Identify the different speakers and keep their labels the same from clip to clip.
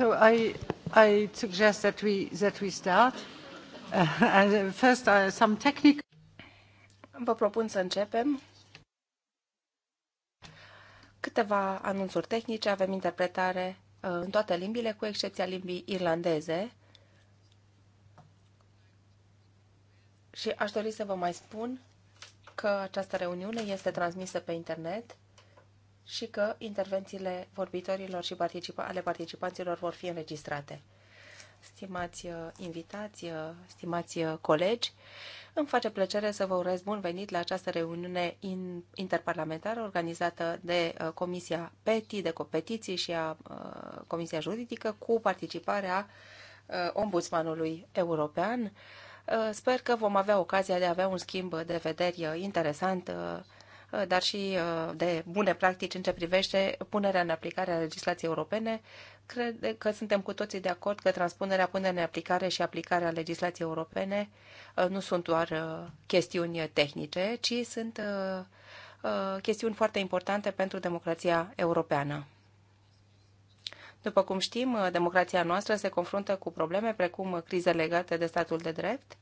Speaker 1: I, suggest that we, that we start. Uh, uh, first, uh, some technical... Vă propun să începem. Câteva anunțuri tehnice. Avem interpretare uh, în toate limbile, cu excepția limbii irlandeze. Și aș dori să vă mai spun că această reuniune este transmisă pe internet și că intervențiile vorbitorilor și participa ale participanților vor fi înregistrate. Stimați uh, invitați, uh, stimați uh, colegi, îmi face plăcere să vă urez bun venit la această reuniune interparlamentară organizată de Comisia PETI, de Competiții și a Comisia Juridică cu participarea Ombudsmanului European. Sper că vom avea ocazia de a avea un schimb de vederi interesant Uh, dar și uh, de bune practici în ce privește punerea în aplicare a legislației europene. Cred că suntem cu toții de acord că transpunerea, punerea în aplicare și aplicarea legislației europene uh, nu sunt doar chestiuni tehnice, ci sunt chestiuni foarte importante pentru democrația europeană. După cum știm, democrația noastră se confruntă cu probleme precum crize legate de statul de drept,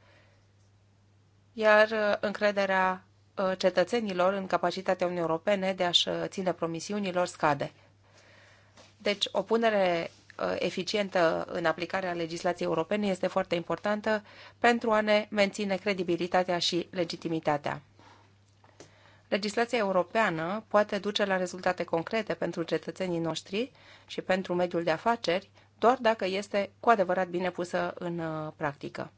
Speaker 1: iar încrederea Uh, cetățenilor în capacitatea Uniunii Europene de a-și uh, ține promisiunilor scade. Deci, o punere uh, eficientă în aplicarea legislației europene este foarte importantă pentru a ne menține credibilitatea și legitimitatea. Legislația europeană poate duce la rezultate concrete pentru cetățenii noștri și pentru mediul de afaceri doar dacă este cu adevărat bine pusă în practică.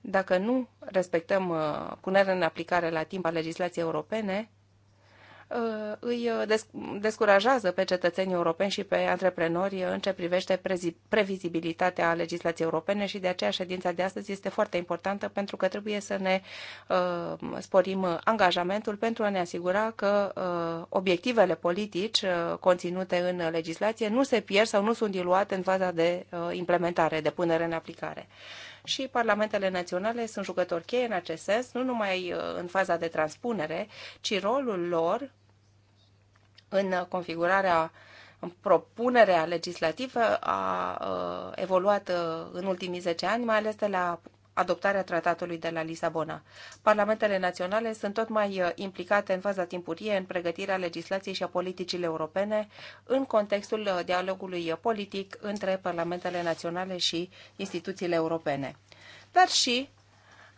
Speaker 1: Dacă nu respectăm uh, punerea în aplicare la timp a legislației europene, uh, îi uh, descurajează pe cetățenii europeni și pe antreprenori în ce privește previzibilitatea legislației europene și de aceea ședința de astăzi este foarte importantă pentru că trebuie să ne sporim angajamentul pentru a ne asigura că obiectivele politici conținute în legislație nu se pierd sau nu sunt diluate în faza de implementare, de punere în aplicare și parlamentele naționale sunt jucători cheie în acest sens, nu numai uh, în faza de transpunere, ci rolul lor în configurarea în propunerea legislativă a uh, evoluat uh, în ultimii 10 ani, mai ales de la adoptarea tratatului de la Lisabona. Parlamentele naționale sunt tot mai uh, implicate în faza timpurie în pregătirea legislației și a politicile europene în contextul uh, dialogului politic între parlamentele naționale și instituțiile europene, dar și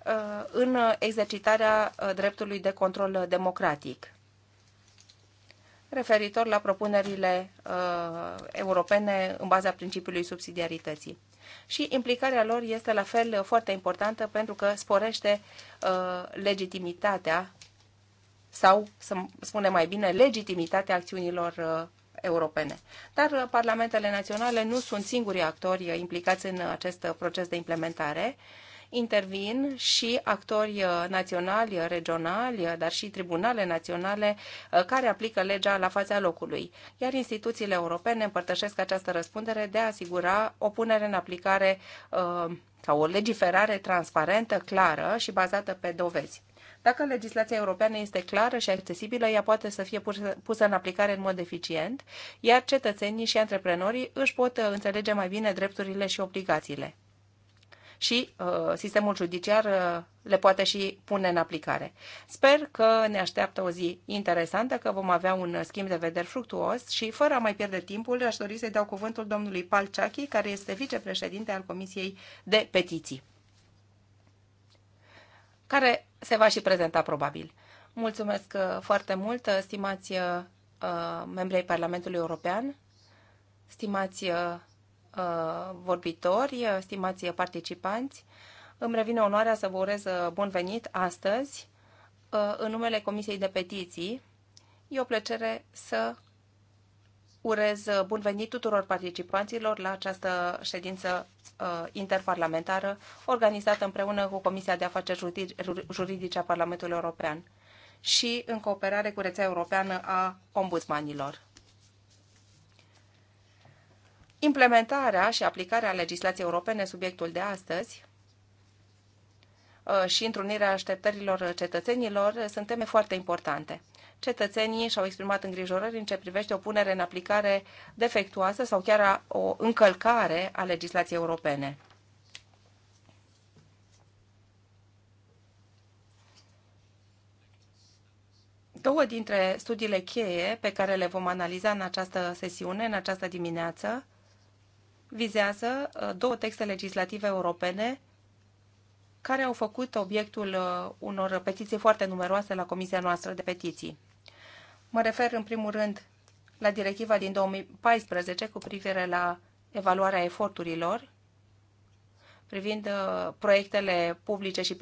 Speaker 1: uh, în exercitarea dreptului de control democratic referitor la propunerile uh, europene în baza principiului subsidiarității. Și implicarea lor este la fel foarte importantă pentru că sporește uh, legitimitatea sau, să spunem mai bine, legitimitatea acțiunilor uh, europene. Dar uh, parlamentele naționale nu sunt singurii actori uh, implicați în acest proces de implementare. Uh, intervin și actori uh, naționali, uh, regionali, uh, dar și tribunale naționale care aplică legea la fața locului, iar instituțiile europene împărtășesc această răspundere de a asigura o punere în aplicare sau o legiferare transparentă, clară și bazată pe dovezi. Dacă legislația europeană este clară și accesibilă, ea poate să fie pusă în aplicare în mod eficient, iar cetățenii și antreprenorii își pot înțelege mai bine drepturile și obligațiile și uh, sistemul judiciar uh, le poate și pune în aplicare. Sper că ne așteaptă o zi interesantă, că vom avea un schimb de vederi fructuos și, fără a mai pierde timpul, aș dori să-i dau cuvântul domnului Palciachi, care este vicepreședinte al Comisiei de Petiții, care se va și prezenta probabil. Mulțumesc uh, foarte mult, stimați uh, membrii Parlamentului European, stimați uh, Uh, vorbitori, uh, stimați participanți. Îmi revine onoarea să vă urez uh, bun venit astăzi în numele Comisiei de Petiții. E o plăcere să urez bun venit tuturor participanților la această ședință interparlamentară organizată împreună cu Comisia de Afaceri Juridice a Parlamentului European și în cooperare cu rețea europeană a ombudsmanilor. Implementarea și aplicarea legislației europene, subiectul de astăzi, uh, și întrunirea așteptărilor cetățenilor uh, sunt teme foarte importante. Cetățenii și-au exprimat îngrijorări în ce privește o punere în aplicare defectuoasă sau chiar o încălcare a legislației europene. Două dintre studiile cheie pe care le vom analiza în această sesiune, în această dimineață, vizează uh, două texte legislative europene care au făcut obiectul uh, unor petiții foarte numeroase la Comisia noastră de petiții. Mă refer în primul rând la directiva din 2014 cu privire la evaluarea eforturilor privind uh, proiectele publice și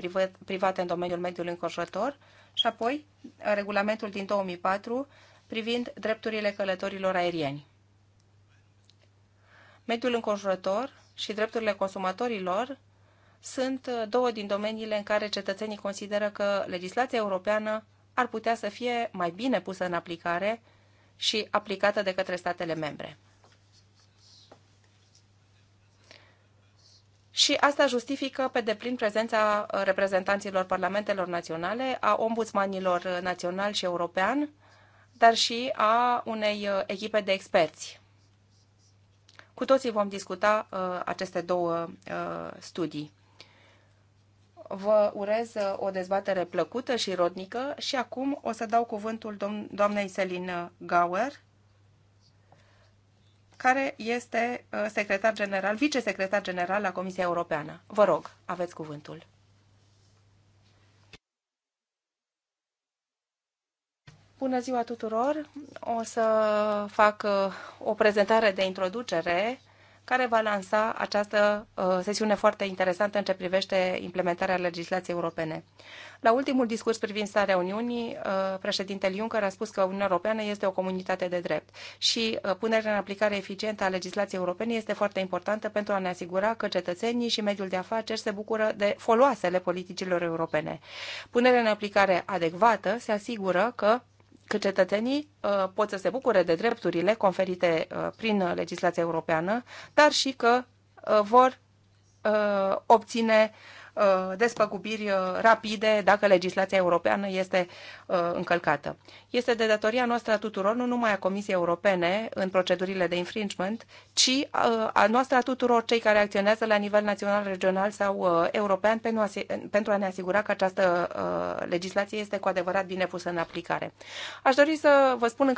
Speaker 1: private în domeniul mediului înconjurător și apoi regulamentul din 2004 privind drepturile călătorilor aerieni. Mediul înconjurător și drepturile consumatorilor sunt uh, două din domeniile în care cetățenii consideră că legislația europeană ar putea să fie mai bine pusă în aplicare și aplicată de către statele membre. Și asta justifică pe deplin prezența uh, reprezentanților parlamentelor naționale, a ombudsmanilor uh, național și european, dar și a unei echipe de experți cu toții vom discuta uh, aceste două uh, studii. Vă urez uh, o dezbatere plăcută și rodnică și acum o să dau cuvântul doamnei Selin Gauer, care este secretar general, vicesecretar general la Comisia Europeană. Vă rog, aveți cuvântul. Bună ziua tuturor! O să fac uh, o prezentare de introducere care va lansa această uh, sesiune foarte interesantă în ce privește implementarea legislației europene. La ultimul discurs privind starea Uniunii, uh, președintele Juncker a spus că Uniunea Europeană este o comunitate de drept și punerea în aplicare eficientă a legislației europene este foarte importantă pentru a ne asigura că cetățenii și mediul de afaceri se bucură de foloasele politicilor europene. Punerea în aplicare adecvată se asigură că că cetățenii uh, pot să se bucure de drepturile conferite uh, prin uh, legislația europeană, dar și că vor obține Uh, despăgubiri uh, rapide dacă legislația europeană este uh, încălcată. Este de datoria noastră a tuturor, nu numai a Comisiei Europene în procedurile de infringement, ci a noastră a tuturor cei care acționează la nivel național, regional sau european pentru a ne asigura că această legislație este cu adevărat bine pusă în aplicare. Aș dori să vă spun în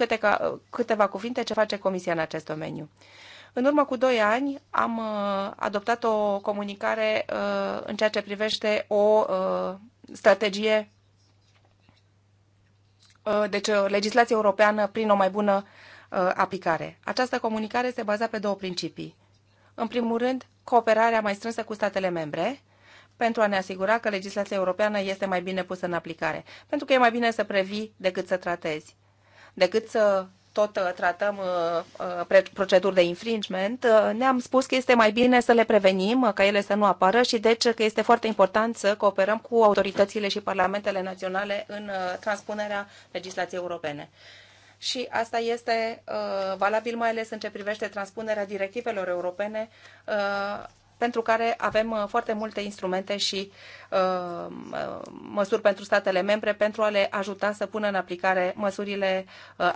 Speaker 1: câteva cuvinte ce face Comisia în acest domeniu. În urmă cu doi ani am uh, adoptat o comunicare uh, în ceea ce privește o uh, strategie, deci o legislație europeană prin o mai bună aplicare. Această comunicare se baza pe două principii. În primul rând, cooperarea mai strânsă cu statele membre, pentru a ne asigura că legislația europeană este mai bine pusă în aplicare. Pentru că e mai bine să previi decât să tratezi, decât să tot uh, tratăm uh, uh, proceduri de infringement, ne-am spus că este mai bine să le prevenim, ca ele să nu apară și deci că este foarte important să cooperăm cu autoritățile și parlamentele naționale în transpunerea legislației europene. Și asta este valabil mai ales în ce privește transpunerea directivelor europene pentru care avem uh, foarte multe instrumente și uh, uh, măsuri pentru statele membre pentru a le ajuta să pună în aplicare măsurile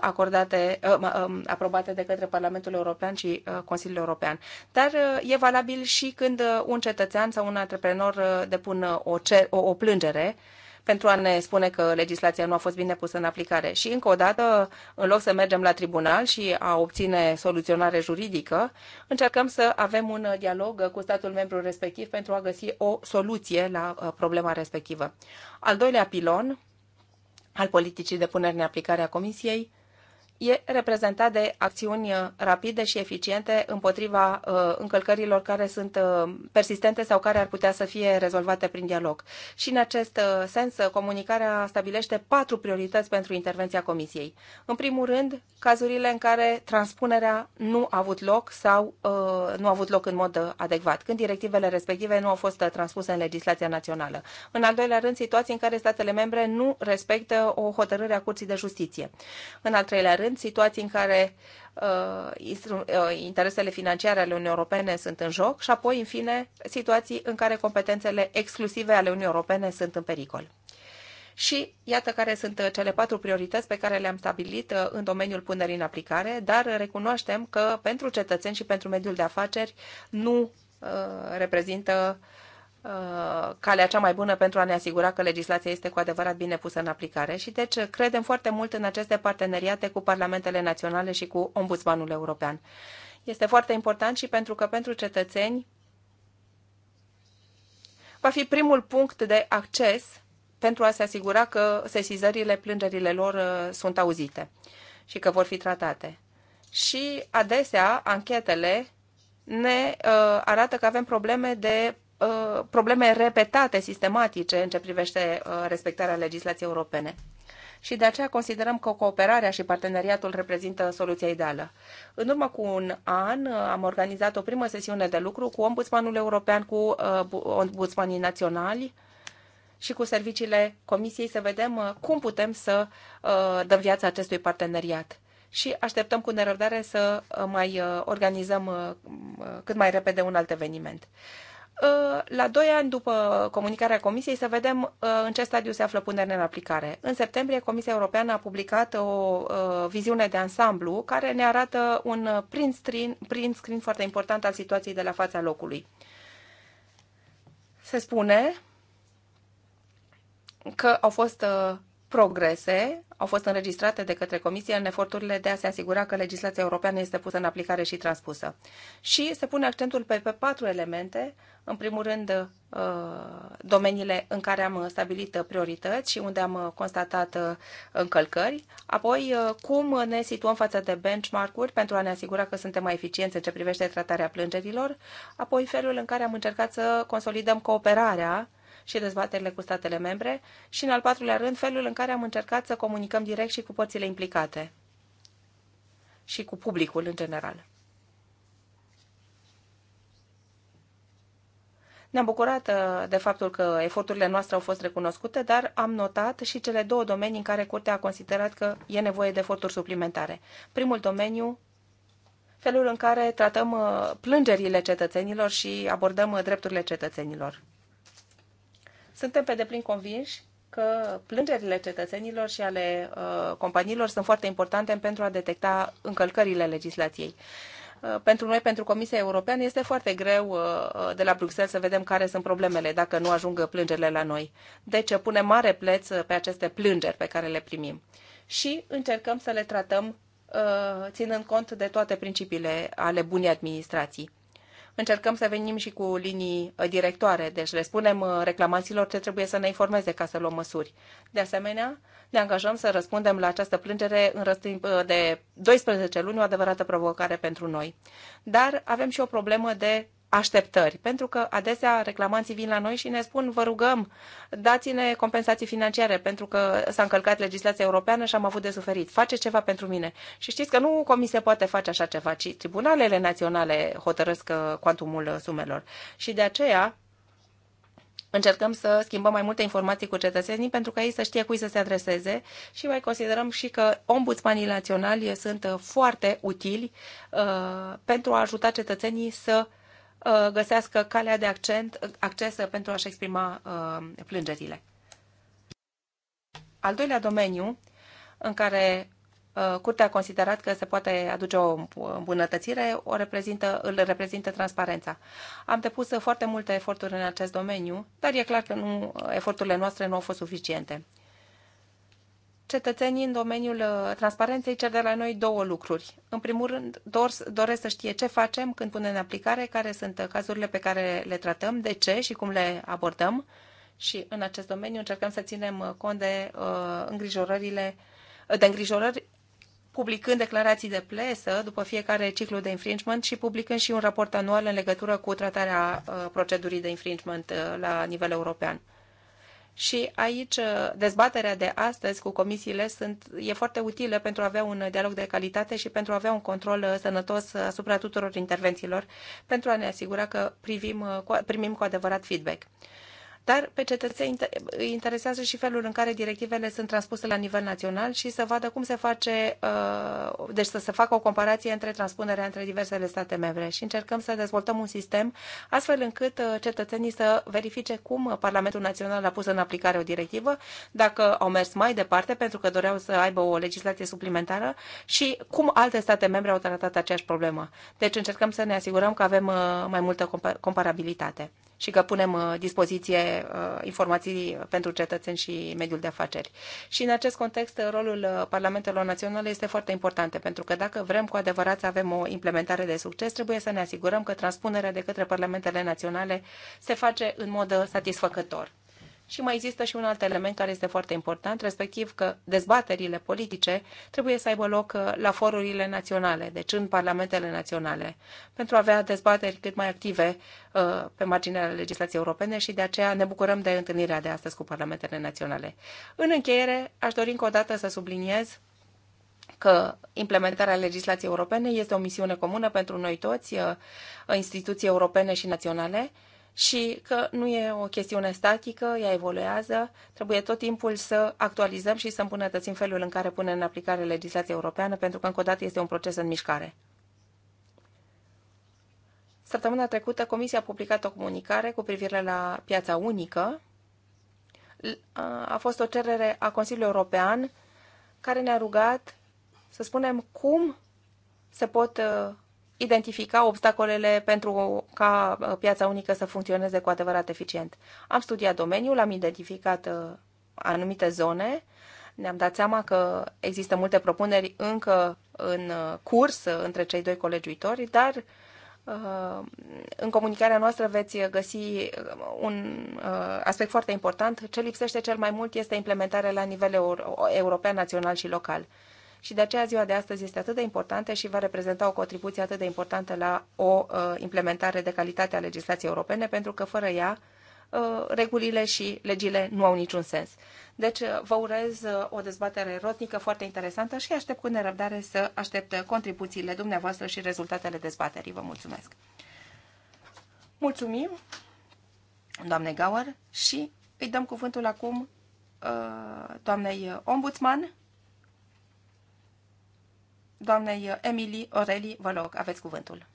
Speaker 1: acordate, um, aprobate de către Parlamentul European și Consiliul European. Dar e valabil și când un cetățean sau un antreprenor depun o, cer, o, o plângere uh, pentru a ne spune că legislația nu a fost bine pusă în aplicare. Și încă o dată, în loc să mergem la tribunal și a obține soluționare juridică, încercăm să avem un dialog cu statul membru respectiv pentru a găsi o soluție la uh, problema respectivă. Al doilea pilon al politicii de punere în aplicare a Comisiei e reprezentat de acțiuni uh, rapide și eficiente împotriva uh, încălcărilor care sunt uh, persistente sau care ar putea să fie rezolvate prin dialog. Și în acest sens, comunicarea stabilește patru priorități pentru intervenția Comisiei. În primul rând, cazurile în care transpunerea nu a avut loc sau nu a avut loc în mod adecvat, când directivele respective nu au fost transpuse în legislația națională. În al doilea rând, situații în care statele membre nu respectă o hotărâre a Curții de Justiție. În al treilea rând, rând, situații în care uh, uh, interesele financiare ale Uniunii Europene sunt în joc și apoi, în fine, situații în care competențele exclusive ale Uniunii Europene sunt în pericol. Și iată care sunt uh, cele patru priorități pe care le-am stabilit în domeniul punerii în aplicare, dar recunoaștem că pentru cetățeni și pentru mediul de afaceri nu uh, reprezintă uh, Uh, calea cea mai bună pentru a ne asigura că legislația este cu adevărat bine pusă în aplicare și deci credem foarte mult în aceste parteneriate cu parlamentele naționale și cu ombudsmanul european. Este foarte important și pentru că pentru cetățeni va fi primul punct de acces pentru a se asigura că sesizările, plângerile lor uh, sunt auzite și că vor fi tratate. Și adesea anchetele ne uh, arată că avem probleme de Uh, probleme repetate, sistematice, în ce privește uh, respectarea legislației europene. Și de aceea considerăm că cooperarea și parteneriatul reprezintă soluția ideală. În urmă cu un an uh, am organizat o primă sesiune de lucru cu Ombudsmanul European, cu ombudsmanii naționali și cu serviciile Comisiei să vedem cum putem să dăm viața acestui parteneriat și așteptăm cu nerăbdare să mai organizăm cât mai repede un alt eveniment. Uh, la doi ani după comunicarea Comisiei să vedem uh, în ce stadiu se află punerea în aplicare. În septembrie, Comisia Europeană a publicat o uh, viziune de ansamblu care ne arată un print screen, print screen foarte important al situației de la fața locului. Se spune că au fost progrese au fost înregistrate de către Comisie în eforturile de a se asigura că legislația europeană este pusă în aplicare și transpusă. Și se pune accentul pe, pe patru elemente. În primul rând, uh, domeniile în care am stabilit priorități și unde am constatat uh, încălcări. Apoi, uh, cum ne situăm față de benchmark-uri pentru a ne asigura că suntem mai eficienți în ce privește tratarea plângerilor. Apoi, felul în care am încercat să consolidăm cooperarea și dezbaterile cu statele membre și, în al patrulea rând, felul în care am încercat să comunicăm direct și cu părțile implicate și cu publicul în general. Ne-am bucurat uh, de faptul că eforturile noastre au fost recunoscute, dar am notat și cele două domenii în care Curtea a considerat că e nevoie de eforturi suplimentare. Primul domeniu, felul în care tratăm uh, plângerile cetățenilor și abordăm uh, drepturile cetățenilor. Suntem pe deplin convinși că plângerile cetățenilor și ale uh, companiilor sunt foarte importante pentru a detecta încălcările legislației. Uh, pentru noi, pentru Comisia Europeană, este foarte greu uh, uh, de la Bruxelles să vedem care sunt problemele dacă nu ajung plângerile la noi. Deci punem mare pleț pe aceste plângeri pe care le primim și încercăm să le tratăm ținând cont de toate principiile ale bunei administrații încercăm să venim și cu linii uh, directoare, deci le spunem uh, reclamanților ce trebuie să ne informeze ca să luăm măsuri. De asemenea, ne angajăm să răspundem la această plângere în răstimp uh, de 12 luni, o adevărată provocare pentru noi. Dar avem și o problemă de așteptări, pentru că adesea reclamanții vin la noi și ne spun, vă rugăm, dați-ne compensații financiare, pentru că s-a încălcat legislația europeană și am avut de suferit. Face ceva pentru mine. Și știți că nu comisia poate face așa ceva, ci tribunalele naționale hotărăsc uh, cuantumul sumelor. Și de aceea încercăm să schimbăm mai multe informații cu cetățenii pentru ca ei să știe cui să se adreseze și mai considerăm și că ombudsmanii naționali sunt uh, foarte utili uh, pentru a ajuta cetățenii să uh, Uh, găsească calea de accent, acces pentru a-și exprima uh, plângerile. Al doilea domeniu în care uh, Curtea a considerat că se poate aduce o îmbunătățire, o reprezintă, îl reprezintă transparența. Am depus foarte multe eforturi în acest domeniu, dar e clar că nu, eforturile noastre nu au fost suficiente cetățenii în domeniul uh, transparenței cer de la noi două lucruri. În primul rând, doresc să știe ce facem când punem în aplicare, care sunt uh, cazurile pe care le tratăm, de ce și cum le abordăm. Și în acest domeniu încercăm să ținem uh, cont de îngrijorările de îngrijorări publicând declarații de plesă după fiecare ciclu de infringement și publicând și un raport anual în legătură cu tratarea procedurii de infringement la nivel european. Și aici uh, dezbaterea de astăzi cu comisiile sunt, e foarte utilă pentru a avea un dialog de calitate și pentru a avea un control uh, sănătos uh, asupra tuturor intervențiilor, pentru a ne asigura că privim, primim cu adevărat feedback dar pe cetățeni îi interesează și felul în care directivele sunt transpuse la nivel național și să vadă cum se face, uh, deci să se facă o comparație între transpunerea între diversele state membre și încercăm să dezvoltăm un sistem astfel încât uh, cetățenii să verifice cum Parlamentul Național a pus în aplicare o directivă, dacă au mers mai departe pentru că doreau să aibă o legislație suplimentară și cum alte state membre au tratat aceeași problemă. Deci încercăm să ne asigurăm că avem uh, mai multă comparabilitate și că punem uh, dispoziție uh, informații pentru cetățeni și mediul de afaceri. Și în acest context, uh, rolul Parlamentelor Naționale este foarte important, pentru că dacă vrem cu adevărat să avem o implementare de succes, trebuie să ne asigurăm că transpunerea de către Parlamentele Naționale se face în mod satisfăcător. Și mai există și un alt element care este foarte important, respectiv că dezbaterile politice trebuie să aibă loc uh, la forurile naționale, deci în parlamentele naționale, pentru a avea dezbateri cât mai active uh, pe marginea legislației europene și de aceea ne bucurăm de întâlnirea de astăzi cu parlamentele naționale. În încheiere, aș dori încă o dată să subliniez că implementarea legislației europene este o misiune comună pentru noi toți, uh, instituții europene și naționale, și că nu e o chestiune statică, ea evoluează, trebuie tot timpul să actualizăm și să îmbunătățim felul în care punem în aplicare legislația europeană, pentru că încă o dată este un proces în mișcare. Săptămâna trecută, Comisia a publicat o comunicare cu privire la piața unică. A fost o cerere a Consiliului European care ne-a rugat să spunem cum se pot uh, identifica obstacolele pentru ca uh, piața unică să funcționeze cu adevărat eficient. Am studiat domeniul, am identificat uh, anumite zone, ne-am dat seama că există multe propuneri încă în uh, curs între cei doi colegiuitori, dar în comunicarea noastră veți găsi un aspect foarte important. Ce lipsește cel mai mult este implementarea la nivel european, național și local și de aceea ziua de astăzi este atât de importantă și va reprezenta o contribuție atât de importantă la o uh, implementare de calitate a legislației europene, pentru că fără ea uh, regulile și legile nu au niciun sens. Deci uh, vă urez o dezbatere rotnică foarte interesantă și aștept cu nerăbdare să aștept contribuțiile dumneavoastră și rezultatele dezbaterii. Vă mulțumesc! Mulțumim, doamne Gauer, și îi dăm cuvântul acum doamnei ombudsman, doamnei Emily Oreli. Vă rog, aveți cuvântul.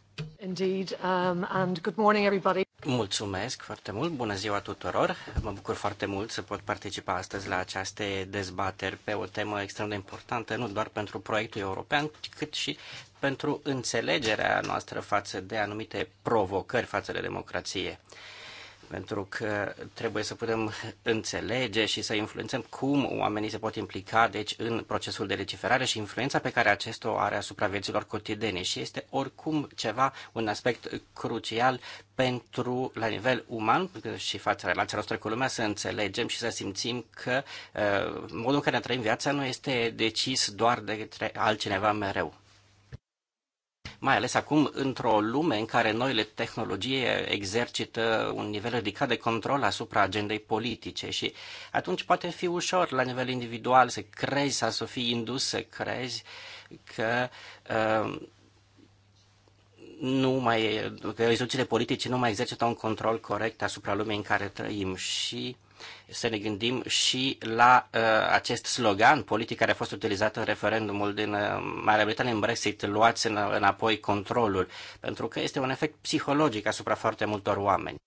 Speaker 1: Indeed, um, and good morning everybody.
Speaker 2: Mulțumesc foarte mult, bună ziua tuturor! Mă bucur foarte mult să pot participa astăzi la aceste dezbateri pe o temă extrem de importantă, nu doar pentru proiectul european, cât și pentru înțelegerea noastră față de anumite provocări față de democrație pentru că trebuie să putem înțelege și să influențăm cum oamenii se pot implica deci, în procesul de legiferare și influența pe care acesta o are asupra vieților cotidiene și este oricum ceva, un aspect crucial pentru, la nivel uman și față relația noastră cu lumea, să înțelegem și să simțim că uh, modul în care ne trăim viața nu este decis doar de către altcineva mereu mai ales acum într-o lume în care noile tehnologii exercită un nivel ridicat de control asupra agendei politice și atunci poate fi ușor la nivel individual să crezi sau să fii indus să crezi că uh, nu mai, că instituțiile politice nu mai exercită un control corect asupra lumii în care trăim și uh, să ne gândim și la uh, acest slogan politic care a fost utilizat în referendumul din uh, Marea Britanie în Brexit, luați în, înapoi controlul, pentru că este un efect psihologic asupra foarte multor oameni.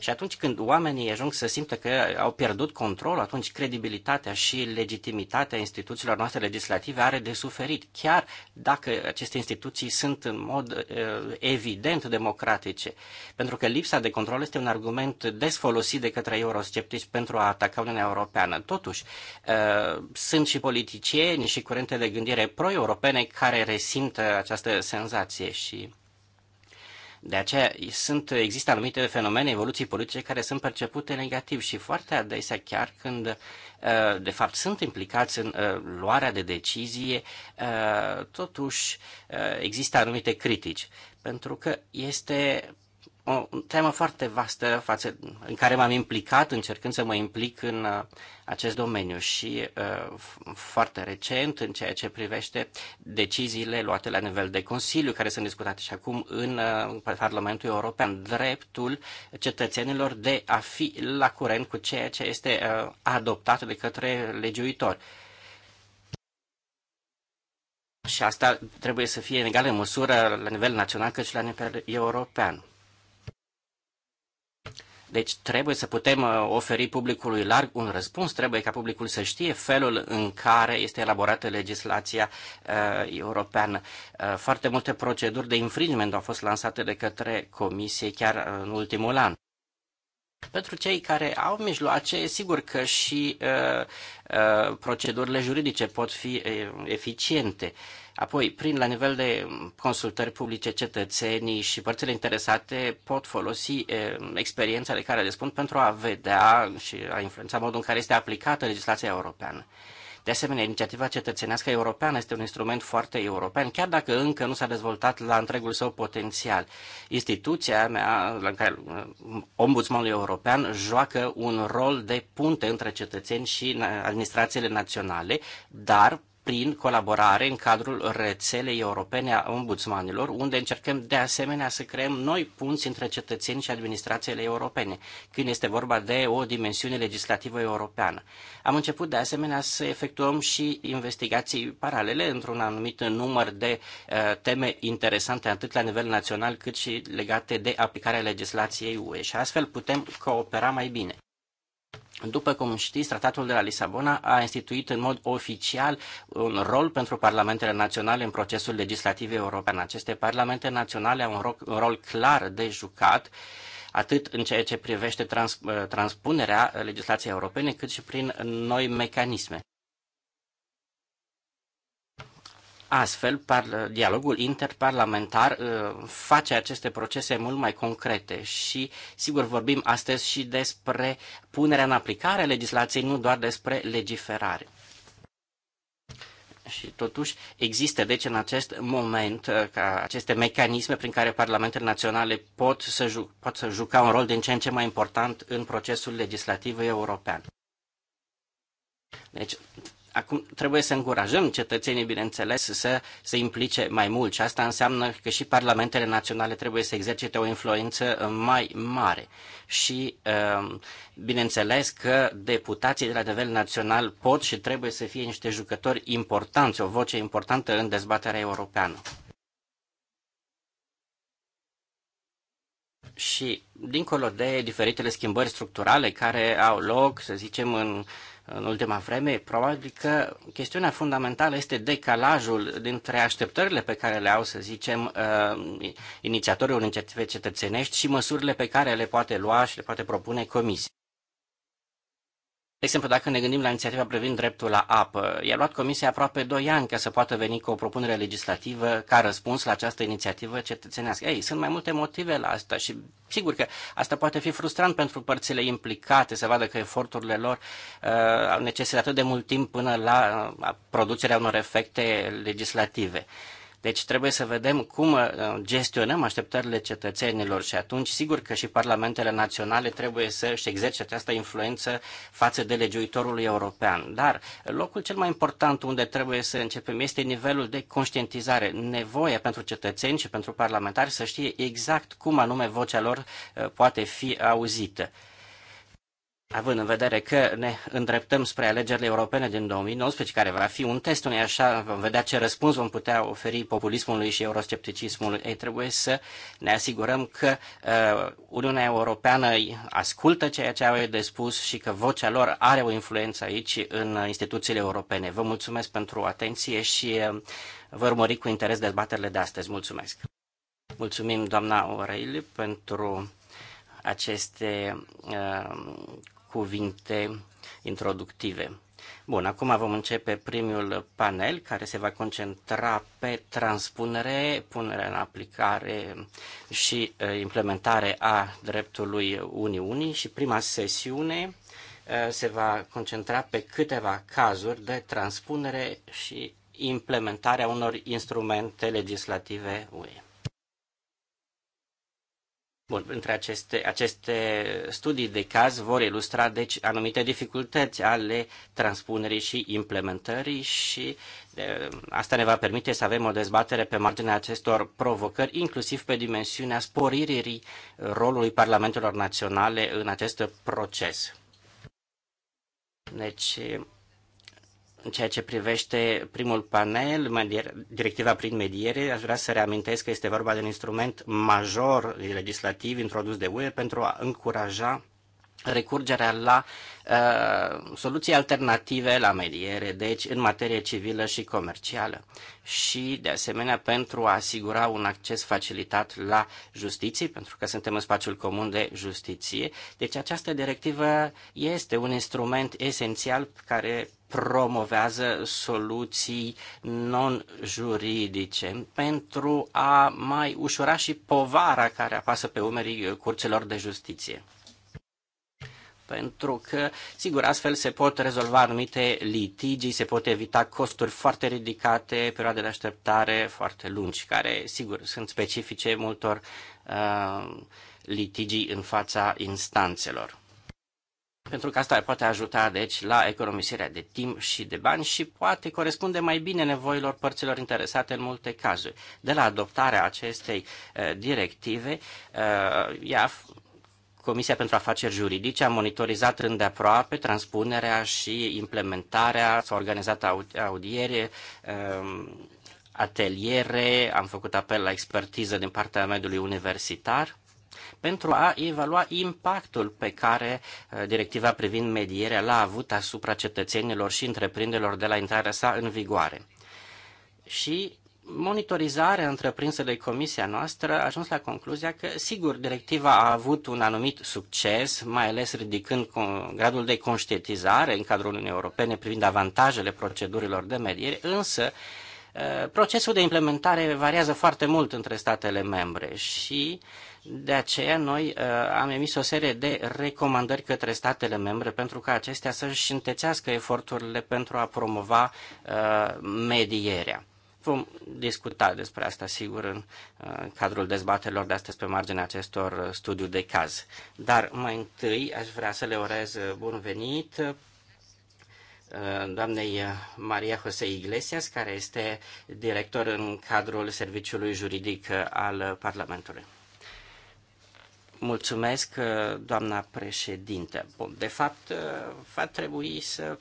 Speaker 2: Și atunci când oamenii ajung să simtă că au pierdut control, atunci credibilitatea și legitimitatea instituțiilor noastre legislative are de suferit, chiar dacă aceste instituții sunt în mod uh, evident democratice. Pentru că lipsa de control este un argument des folosit de către eurosceptici pentru a ataca Uniunea Europeană. Totuși, uh, sunt și politicieni și curente de gândire pro-europene care resimtă această senzație și de aceea sunt, există anumite fenomene, evoluții politice care sunt percepute negativ și foarte adesea chiar când uh, de fapt sunt implicați în uh, luarea de decizie, uh, totuși există anumite critici pentru că este o temă foarte vastă față, în care m-am implicat, încercând să mă implic în uh, acest domeniu și uh, foarte recent în ceea ce privește deciziile luate la nivel de Consiliu, care sunt discutate și acum în uh, Parlamentul European, dreptul cetățenilor de a fi la curent cu ceea ce este adoptat de către legiuitori. Și asta trebuie să fie în egală măsură la nivel național cât și la nivel european. Deci trebuie să putem uh, oferi publicului larg un răspuns, trebuie ca publicul să știe felul în care este elaborată legislația uh, europeană. Uh, foarte multe proceduri de infringement au fost lansate de către Comisie chiar uh, în ultimul an. Pentru cei care au mijloace, sigur că și uh, uh, procedurile juridice pot fi uh, eficiente. Uh, Apoi, prin la nivel de consultări publice, cetățenii și părțile interesate pot folosi experiența de care le spun pentru a vedea și a influența modul în care este aplicată legislația europeană. De asemenea, inițiativa cetățenească europeană este un instrument foarte european, chiar dacă încă nu s-a dezvoltat la întregul său potențial. Instituția mea, la care uh, ombudsmanul european joacă un rol de punte între cetățeni și uh, administrațiile naționale, dar prin colaborare în cadrul rețelei europene a ombudsmanilor, unde încercăm de asemenea să creăm noi punți între cetățeni și administrațiile europene, când este vorba de o dimensiune legislativă europeană. Am început de asemenea să efectuăm și investigații paralele într-un anumit număr de uh, teme interesante, atât la nivel național cât și legate de aplicarea legislației UE și astfel putem coopera mai bine. După cum știți, tratatul de la Lisabona a instituit în mod oficial un rol pentru parlamentele naționale în procesul legislativ european. Aceste parlamente naționale au un rol, un rol clar de jucat atât în ceea ce privește trans, transpunerea legislației europene, cât și prin noi mecanisme. Astfel, par, dialogul interparlamentar uh, face aceste procese mult mai concrete și, sigur, vorbim astăzi și despre punerea în aplicare a legislației, nu doar despre legiferare. Și totuși există, deci, în acest moment, uh, ca aceste mecanisme prin care parlamentele naționale pot să, ju- pot să juca un rol din ce în ce mai important în procesul legislativ european. Deci, Acum trebuie să încurajăm cetățenii, bineînțeles, să se implice mai mult și asta înseamnă că și parlamentele naționale trebuie să exercite o influență mai mare. Și, uh, bineînțeles, că deputații de la nivel național pot și trebuie să fie niște jucători importanți, o voce importantă în dezbaterea europeană. Și, dincolo de diferitele schimbări structurale care au loc, să zicem, în uh, în ultima vreme, probabil că chestiunea fundamentală este decalajul dintre așteptările pe care le au, să zicem, uh, inițiatorii unei cetățenești și măsurile pe care le poate lua și le poate propune comisia. De exemplu, dacă ne gândim la inițiativa privind dreptul la apă, i-a luat Comisia aproape 2 ani ca să poată veni cu o propunere legislativă ca răspuns la această inițiativă cetățenească. Ei, sunt mai multe motive la asta și sigur că asta poate fi frustrant pentru părțile implicate, să vadă că eforturile lor uh, necesitat atât de mult timp până la uh, producerea unor efecte legislative. Uh, deci trebuie să vedem cum uh, gestionăm așteptările cetățenilor și atunci sigur că și parlamentele naționale trebuie să își exerce această influență față de legiuitorul european. Dar locul cel mai important unde trebuie să începem este nivelul de conștientizare, nevoia pentru cetățeni și pentru parlamentari să știe exact cum anume vocea lor uh, poate fi auzită având în vedere că ne îndreptăm spre alegerile europene din 2019, care va fi un test unei așa, vom vedea ce răspuns vom putea oferi populismului și euroscepticismului. Ei trebuie să ne asigurăm că uh, Uniunea Europeană ascultă ceea ce au de spus și că vocea lor are o influență aici în instituțiile europene. Vă mulțumesc pentru atenție și uh, vă urmări cu interes dezbaterile de astăzi. Mulțumesc! Mulțumim, doamna O'Reilly, pentru aceste uh, cuvinte introductive. Bun, acum vom începe primul panel care se va concentra pe transpunere, punere în aplicare și implementare a dreptului Uniunii și prima sesiune se va concentra pe câteva cazuri de transpunere și implementarea unor instrumente legislative UE. Bun, între aceste, aceste studii de caz vor ilustra deci anumite dificultăți ale transpunerii și implementării și de, asta ne va permite să avem o dezbatere pe marginea acestor provocări, inclusiv pe dimensiunea sporirii rolului parlamentelor naționale în acest proces. Deci în ceea ce privește primul panel, directiva prin mediere, aș vrea să reamintesc că este vorba de un instrument major legislativ introdus de UE pentru a încuraja recurgerea la uh, soluții alternative la mediere, deci în materie civilă și comercială și de asemenea pentru a asigura un acces facilitat la justiție, pentru că suntem în spațiul comun de justiție. Deci această directivă este un instrument esențial care promovează soluții non-juridice pentru a mai ușura și povara care apasă pe umerii curților de justiție pentru că, sigur, astfel se pot rezolva anumite litigii, se pot evita costuri foarte ridicate, perioade de așteptare foarte lungi, care, sigur, sunt specifice multor uh, litigii în fața instanțelor. Pentru că asta poate ajuta, deci, la economisirea de timp și de bani și poate corespunde mai bine nevoilor părților interesate în multe cazuri. De la adoptarea acestei uh, directive, uh, ea Comisia pentru Afaceri Juridice a monitorizat îndeaproape transpunerea și implementarea, s a organizat audiere, um, ateliere, am făcut apel la expertiză din partea mediului universitar pentru a evalua impactul pe care uh, directiva privind medierea l-a avut asupra cetățenilor și întreprinderilor de la intrarea sa în vigoare. Și monitorizare întreprinsă de comisia noastră a ajuns la concluzia că, sigur, directiva a avut un anumit succes, mai ales ridicând gradul de conștientizare în cadrul Uniunii Europene privind avantajele procedurilor de mediere, însă ă, procesul de implementare variază foarte mult între statele membre și de aceea noi ă, am emis o serie de recomandări către statele membre pentru ca acestea să-și întețească eforturile pentru a promova ă, medierea. Vom discuta despre asta, sigur, în uh, cadrul dezbaterilor de astăzi pe marginea acestor uh, studiu de caz. Dar mai întâi aș vrea să le urez uh, bun venit doamnei Maria Jose Iglesias, care este director în cadrul Serviciului Juridic al Parlamentului. Mulțumesc, doamna președinte. Bun, de fapt, va trebui să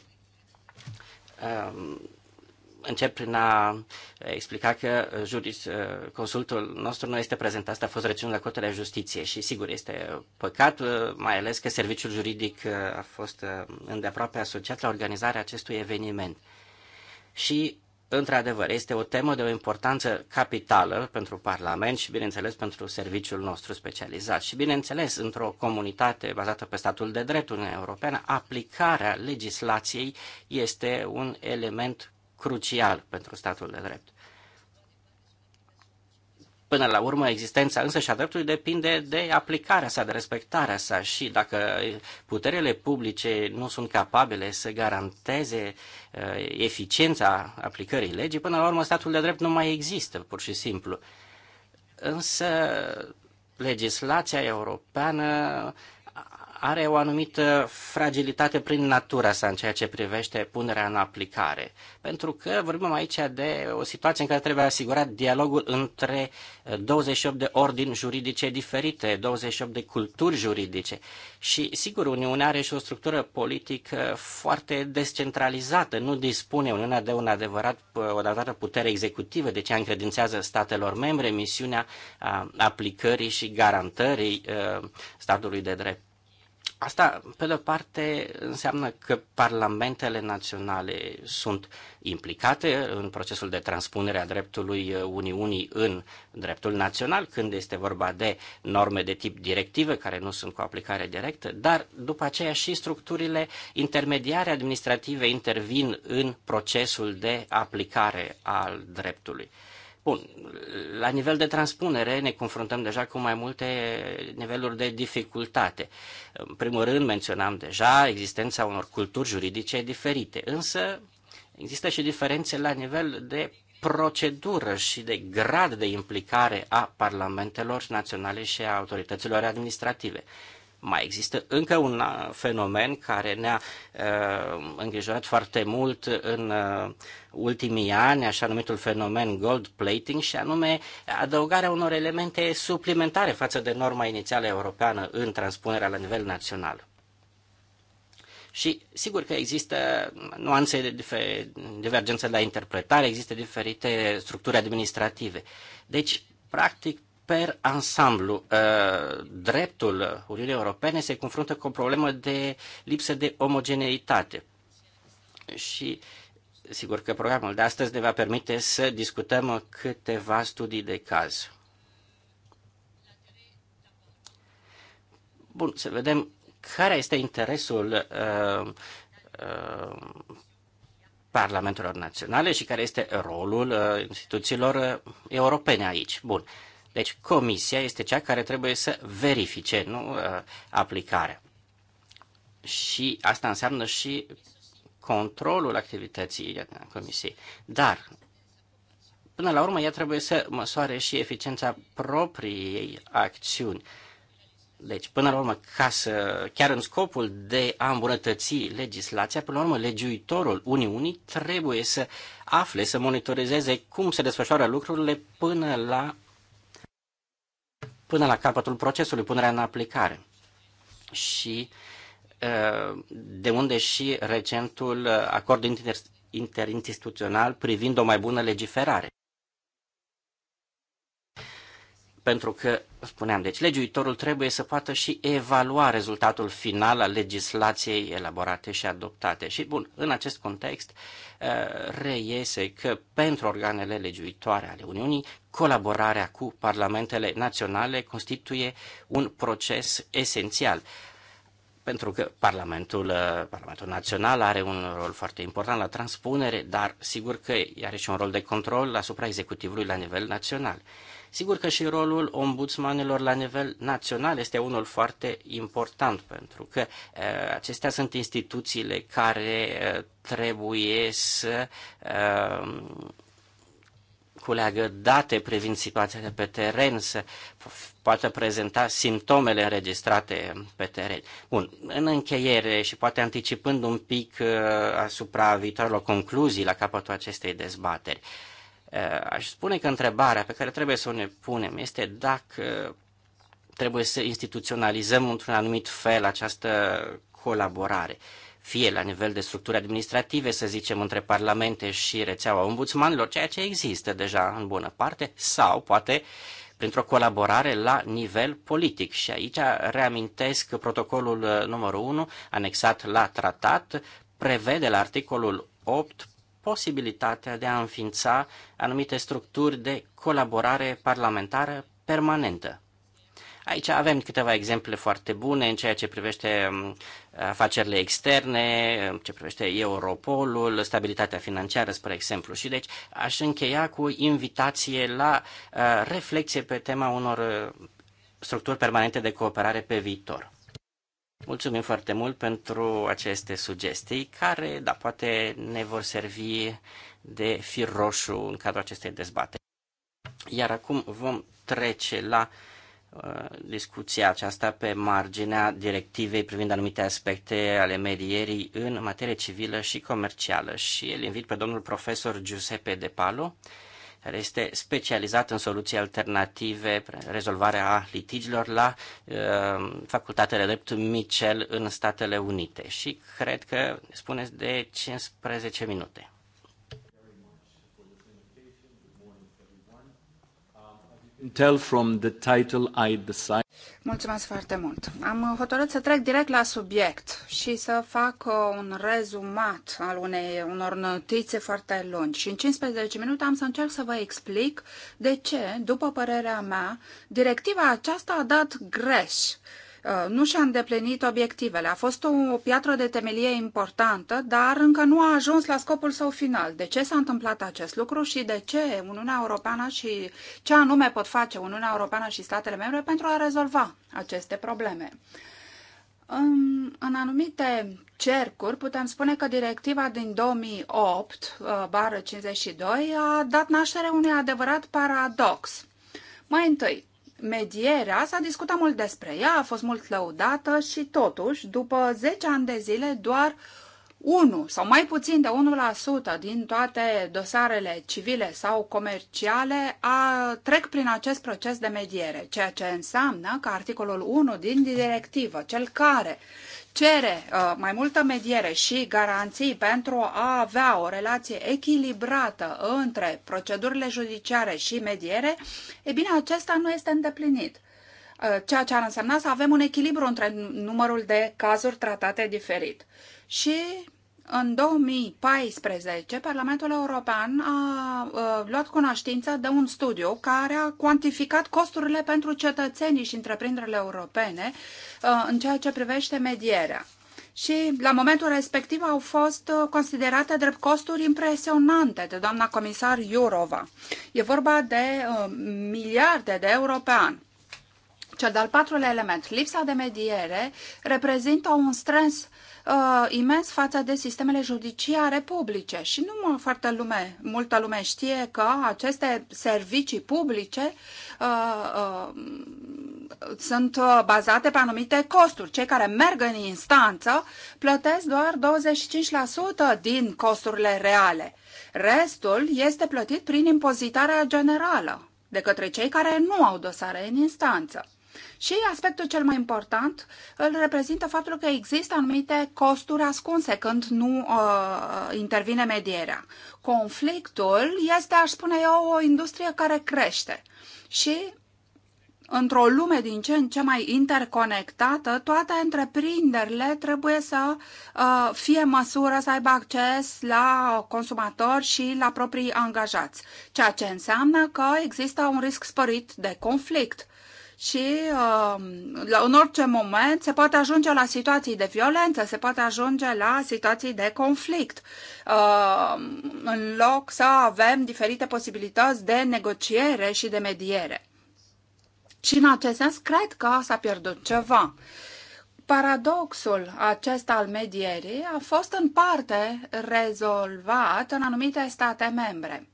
Speaker 2: încep prin a eh, explica că eh, juris, eh, consultul nostru nu este prezent. Asta a fost reținut la Curtea de Justiție și sigur este păcat, mai ales că serviciul juridic a fost îndeaproape asociat la organizarea acestui eveniment. Și într-adevăr, este o temă de o importanță capitală pentru Parlament și, bineînțeles, pentru serviciul nostru specializat. Și, bineînțeles, într-o comunitate bazată pe statul de drept în Europeană, aplicarea legislației este un element crucial pentru statul de drept. Până la urmă, existența însă și a dreptului depinde de aplicarea sa, de respectarea sa și dacă puterile publice nu sunt capabile să garanteze uh, eficiența aplicării legii, până la urmă statul de drept nu mai există, pur și simplu. Însă legislația europeană are o anumită fragilitate prin natura sa în ceea ce privește punerea în aplicare. Pentru că vorbim aici de o situație în care trebuie asigurat dialogul între 28 de ordini juridice diferite, 28 de culturi juridice. Și, sigur, Uniunea are și o structură politică foarte descentralizată. Nu dispune Uniunea de un adevărat, o adevărată putere executivă, de deci ce încredințează statelor membre misiunea aplicării și garantării ă, statului de drept. Asta, pe de-o parte, înseamnă că parlamentele naționale sunt implicate în procesul de transpunere a dreptului Uniunii în dreptul național, când este vorba de norme de tip directive care nu sunt cu aplicare directă, dar după aceea și structurile intermediare administrative intervin în procesul de aplicare al dreptului. Bun, la nivel de transpunere ne confruntăm deja cu mai multe niveluri de dificultate. În primul rând menționam deja existența unor culturi juridice diferite, însă există și diferențe la nivel de procedură și de grad de implicare a parlamentelor naționale și a autorităților administrative mai există încă un uh, fenomen care ne-a uh, îngrijorat foarte mult în uh, ultimii ani, așa numitul fenomen gold plating și anume adăugarea unor elemente suplimentare față de norma inițială europeană în transpunerea la nivel național. Și sigur că există nuanțe de divergențe la interpretare, există diferite structuri administrative. Deci, practic, per ansamblu, uh, dreptul Uniunii Europene se confruntă cu o problemă de lipsă de omogeneitate. Și sigur că programul de astăzi ne va permite să discutăm câteva studii de caz. Bun, să vedem care este interesul uh, uh, parlamentelor naționale și care este rolul uh, instituțiilor uh, europene aici. Bun. Uh, deci comisia este cea care trebuie să verifice, nu uh, aplicarea. Și asta înseamnă și controlul activității comisiei. Dar, până la urmă, ea trebuie să măsoare și eficiența propriei acțiuni. Deci, până la urmă, ca să, chiar în scopul de a îmbunătăți legislația, până la urmă, legiuitorul Uniunii trebuie să afle, să monitorizeze cum se desfășoară lucrurile până la până la capătul procesului, punerea în aplicare. Și de unde și recentul acord interinstituțional privind o mai bună legiferare. Pentru că, spuneam, deci legiuitorul trebuie să poată și evalua rezultatul final al legislației elaborate și adoptate. Și, bun, în acest context uh, reiese că pentru organele legiuitoare ale Uniunii, colaborarea cu parlamentele naționale constituie un proces esențial pentru că Parlamentul, uh, Parlamentul Național are un rol foarte important la transpunere, dar sigur că are și un rol de control asupra executivului la nivel național. Sigur că și rolul ombudsmanilor la nivel național este unul foarte important, pentru că acestea sunt instituțiile care trebuie să culeagă date privind situația de pe teren, să poată prezenta simptomele înregistrate pe teren. Bun, în încheiere și poate anticipând un pic asupra viitoarelor concluzii la capătul acestei dezbateri, uh, Eh, aș spune că întrebarea pe care trebuie să o ne punem este dacă trebuie să instituționalizăm într-un anumit fel această colaborare fie la nivel de structuri administrative, să zicem, între parlamente și rețeaua ombudsmanilor, ceea ce există deja în bună parte, sau poate printr-o colaborare la nivel politic. Și aici reamintesc protocolul eh, numărul 1, anexat la tratat, prevede la articolul 8 posibilitatea de a înființa anumite structuri de colaborare parlamentară permanentă. Aici avem câteva exemple foarte bune în ceea ce privește um, afacerile externe, în ce privește Europolul, stabilitatea financiară, spre exemplu. Și deci aș încheia cu invitație la uh, reflexie pe tema unor uh, structuri permanente de cooperare pe viitor. Mulțumim foarte mult pentru aceste sugestii care, da, poate ne vor servi de fir roșu în cadrul acestei dezbateri. Iar acum vom trece la uh, discuția aceasta pe marginea directivei privind anumite aspecte ale medierii în materie civilă și comercială și îl invit pe domnul profesor Giuseppe De Palo, care este specializat în soluții alternative, rezolvarea litigilor la uh, Facultatea de Drept Michel în Statele Unite. Și cred că spuneți de 15 minute.
Speaker 1: Tell from the title I
Speaker 3: Mulțumesc foarte mult. Am hotărât să trec direct la subiect și să fac uh, un rezumat al unei, unor notițe foarte lungi. Și în 15 minute am să încerc să vă explic de ce, după părerea mea, directiva aceasta a dat greș Uh, nu și-a îndeplinit obiectivele. A fost o piatră de temelie importantă, dar încă nu a ajuns la scopul său final. De ce s-a întâmplat acest lucru și de ce Uniunea Europeană și ce anume pot face Uniunea Europeană și statele membre pentru a rezolva aceste probleme? În, în anumite cercuri putem spune că directiva din 2008, uh, bară 52, a dat naștere unui adevărat paradox. Mai întâi, Medierea s-a discutat mult despre ea, a fost mult lăudată și totuși, după 10 ani de zile, doar 1 sau mai puțin de 1% din toate dosarele civile sau comerciale a, trec prin acest proces de mediere, ceea ce înseamnă că articolul 1 din directivă, cel care cere uh, mai multă mediere și garanții pentru a avea o relație echilibrată între procedurile judiciare și mediere, e bine, acesta nu este îndeplinit. Uh, ceea ce ar însemna să avem un echilibru între numărul de cazuri tratate diferit. Și în 2014, Parlamentul European a, a uh, luat cunoștință de un studiu care a cuantificat costurile pentru cetățenii și întreprinderile europene a, uh, în ceea ce privește medierea. Și la momentul respectiv au fost considerate drept costuri impresionante de doamna comisar Iurova. E vorba de uh, miliarde de euro pe an. Cel de-al patrulea element, lipsa de mediere, reprezintă un stres uh, imens față de sistemele judiciare publice și nu foarte lume, multă lume știe că aceste servicii publice uh, uh, sunt uh, bazate pe anumite costuri. Cei care merg în instanță plătesc doar 25% din costurile reale. Restul este plătit prin impozitarea generală de către cei care nu au dosare în instanță. Și aspectul cel mai important îl reprezintă faptul că există anumite costuri ascunse când nu uh, intervine medierea. Conflictul este, aș spune eu, o industrie care crește. Și într-o lume din ce în ce mai interconectată, toate întreprinderile trebuie să uh, fie măsură să aibă acces la consumatori și la proprii angajați, ceea ce înseamnă că există un risc sporit de conflict și um, la, în orice moment se poate ajunge la situații de violență, se poate ajunge la situații de conflict. Um, în loc să avem diferite posibilități de negociere și de mediere. Și în acest sens, cred că s-a pierdut ceva. Paradoxul acesta al medierii a fost în parte rezolvat în anumite state membre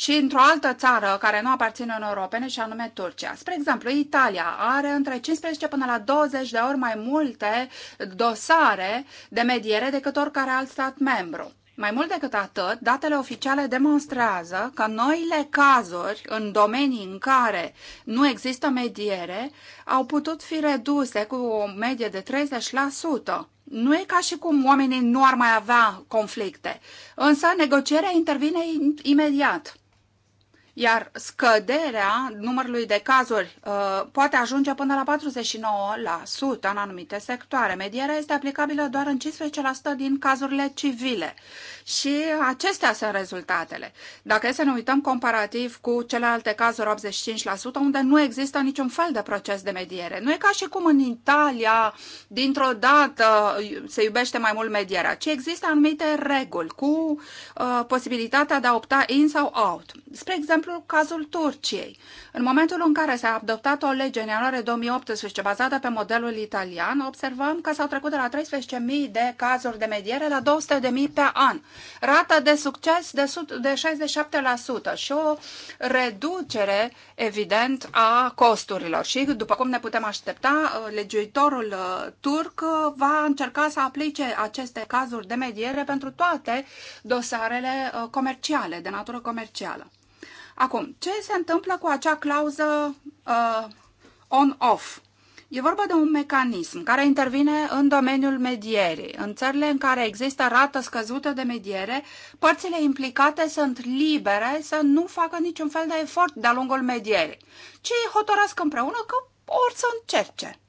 Speaker 3: și într-o altă țară care nu aparține în europene, și anume Turcia. Spre exemplu, Italia are între 15 până la 20 de ori mai multe dosare de mediere decât oricare alt stat membru. Mai mult decât atât, datele oficiale demonstrează că noile cazuri în domenii în care nu există mediere au putut fi reduse cu o medie de 30%. Nu e ca și cum oamenii nu ar mai avea conflicte, însă negocierea intervine imediat iar scăderea numărului de cazuri uh, poate ajunge până la 49% în anumite sectoare. Medierea este aplicabilă doar în 15% din cazurile civile și acestea sunt rezultatele. Dacă e să ne uităm comparativ cu celelalte cazuri 85%, unde nu există niciun fel de proces de mediere. Nu e ca și cum în Italia, dintr-o dată, se iubește mai mult medierea, ci există anumite reguli cu uh, posibilitatea de a opta in sau out. Spre exemplu, cazul Turciei. În momentul în care s-a adoptat o lege în ianuarie 2018 bazată pe modelul italian, observăm că s-au trecut de la 13.000 de cazuri de mediere la 200.000 pe an. Rata de succes de, de 67% și o reducere, evident, a costurilor. Și, după cum ne putem aștepta, legiuitorul uh, turc uh, va încerca să aplice aceste cazuri de mediere pentru toate dosarele uh, comerciale, de natură comercială. Acum, ce se întâmplă cu acea clauză uh, on-off? E vorba de un mecanism care intervine în domeniul medierii. În țările în care există rată scăzută de mediere, părțile implicate sunt libere să nu facă niciun fel de efort de-a lungul medierii, ci hotărăsc împreună că or să încerce.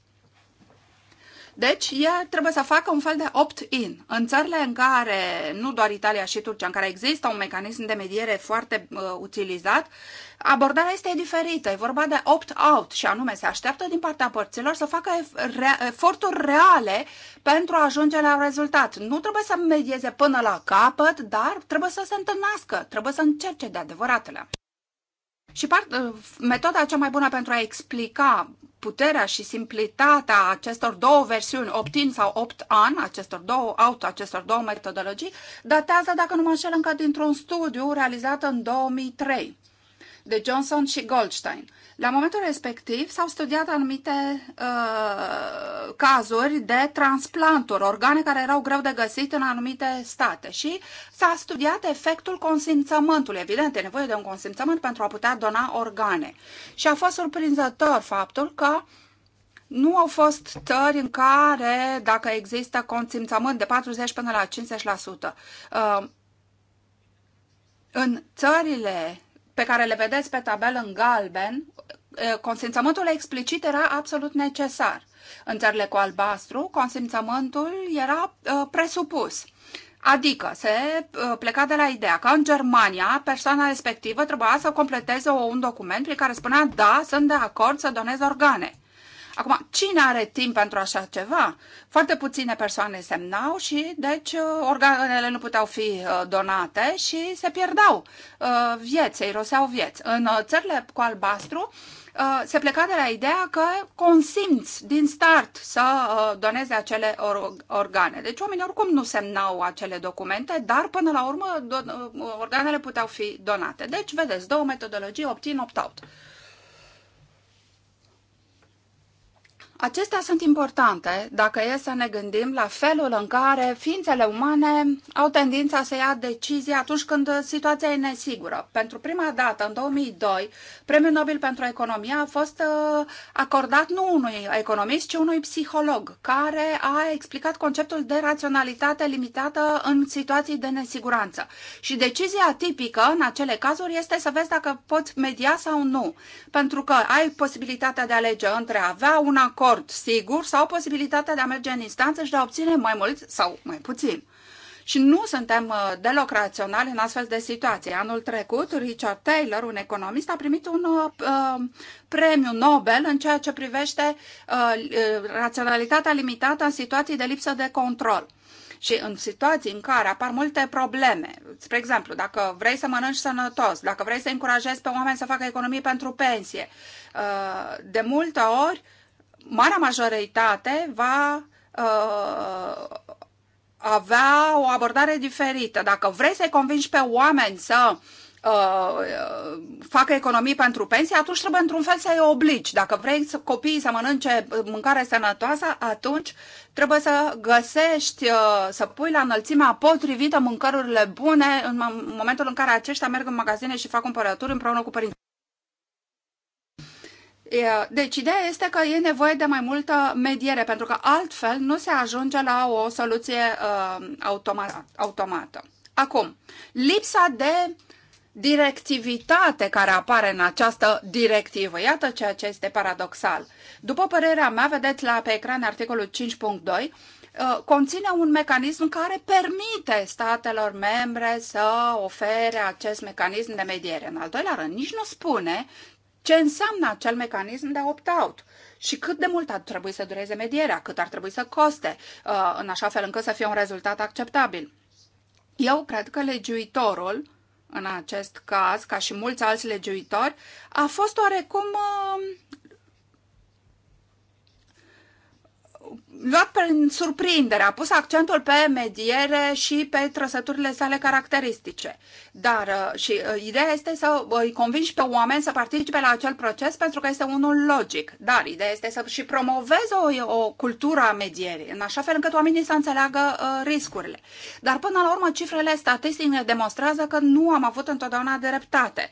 Speaker 3: Deci, ea trebuie să facă un fel de opt-in. În țările în care, nu doar Italia și Turcia, în care există un mecanism de mediere foarte uh, utilizat, abordarea este diferită. E vorba de opt-out și anume se așteaptă din partea părților să facă eforturi reale pentru a ajunge la rezultat. Nu trebuie să medieze până la capăt, dar trebuie să se întâlnească, trebuie să încerce de adevăratele. Și part, uh, metoda cea mai bună pentru a explica puterea și simplitatea acestor două versiuni, opt-in sau opt-an, acestor două auto, acestor două metodologii, datează, dacă nu mă înșel, încă dintr-un studiu realizat în 2003 de Johnson și Goldstein. La momentul respectiv s-au studiat anumite uh, cazuri de transplanturi, organe care erau greu de găsit în anumite state și s-a studiat efectul consimțământului. Evident, e nevoie de un consimțământ pentru a putea dona organe. Și a fost surprinzător faptul că nu au fost țări în care, dacă există consimțământ de 40 până la 50%, uh, în țările pe care le vedeți pe tabel în galben, consimțământul explicit era absolut necesar. În țările cu albastru, consimțământul era presupus. Adică se pleca de la ideea că în Germania persoana respectivă trebuia să completeze un document prin care spunea da, sunt de acord să donez organe. Acum, cine are timp pentru așa ceva? Foarte puține persoane semnau și, deci, uh, organele nu puteau fi uh, donate și se pierdeau uh, vieți, roseau vieți. În țările cu albastru, se pleca de la ideea că consimți din start să doneze acele organe. Deci oamenii oricum nu semnau acele documente, dar până la urmă organele puteau fi donate. Deci, vedeți, două metodologii, opt-in, opt-out. opt in opt out Acestea sunt importante dacă e să ne gândim la felul în care ființele umane au tendința să ia decizii atunci când situația e nesigură. Pentru prima dată, în 2002, Premiul Nobel pentru Economie a fost uh, acordat nu unui economist, ci unui psiholog, care a explicat conceptul de raționalitate limitată în situații de nesiguranță. Și decizia tipică în acele cazuri este să vezi dacă poți media sau nu, pentru că ai posibilitatea de a alege între a avea un acord acord sigur sau posibilitatea de a merge în instanță și de a obține mai mult sau mai puțin. Și nu suntem uh, deloc raționali în astfel de situații. Anul trecut, Richard Taylor, un economist, a primit un uh, uh premiu Nobel în ceea ce privește uh, uh, raționalitatea limitată în situații de lipsă de control. Și în situații în care apar multe probleme, spre exemplu, dacă vrei să mănânci sănătos, dacă vrei să încurajezi pe oameni să facă economii pentru pensie, de multe ori marea majoritate va uh, avea o abordare diferită. Dacă vrei să-i convingi pe oameni să uh, facă economii pentru pensie, atunci trebuie într-un fel să-i obligi. Dacă vrei să copiii să mănânce mâncare sănătoasă, atunci trebuie să găsești, uh, să pui la înălțimea potrivită mâncărurile bune în momentul în care aceștia merg în magazine și fac cumpărături împreună cu părinții. Deci ideea este că e nevoie de mai multă mediere, pentru că altfel nu se ajunge la o soluție uh, automată. Acum, lipsa de directivitate care apare în această directivă. Iată ceea ce este paradoxal. După părerea mea, vedeți la pe ecran articolul 5.2, uh, conține un mecanism care permite statelor membre să ofere acest mecanism de mediere. În al doilea rând, nici nu spune ce înseamnă acel mecanism de opt-out și cât de mult ar trebui să dureze medierea, cât ar trebui să coste, uh, în așa fel încât să fie un rezultat acceptabil. Eu cred că legiuitorul, în acest caz, ca și mulți alți legiuitori, a fost oarecum uh, luat prin surprindere, a pus accentul pe mediere și pe trăsăturile sale caracteristice. Dar uh, și uh, ideea este să uh, îi convingi pe oameni să participe la acel proces pentru că este unul logic. Dar ideea este să și promovezi o, o cultură a medierii, în așa fel încât oamenii să înțeleagă uh, riscurile. Dar până la urmă cifrele statistice ne demonstrează că nu am avut întotdeauna dreptate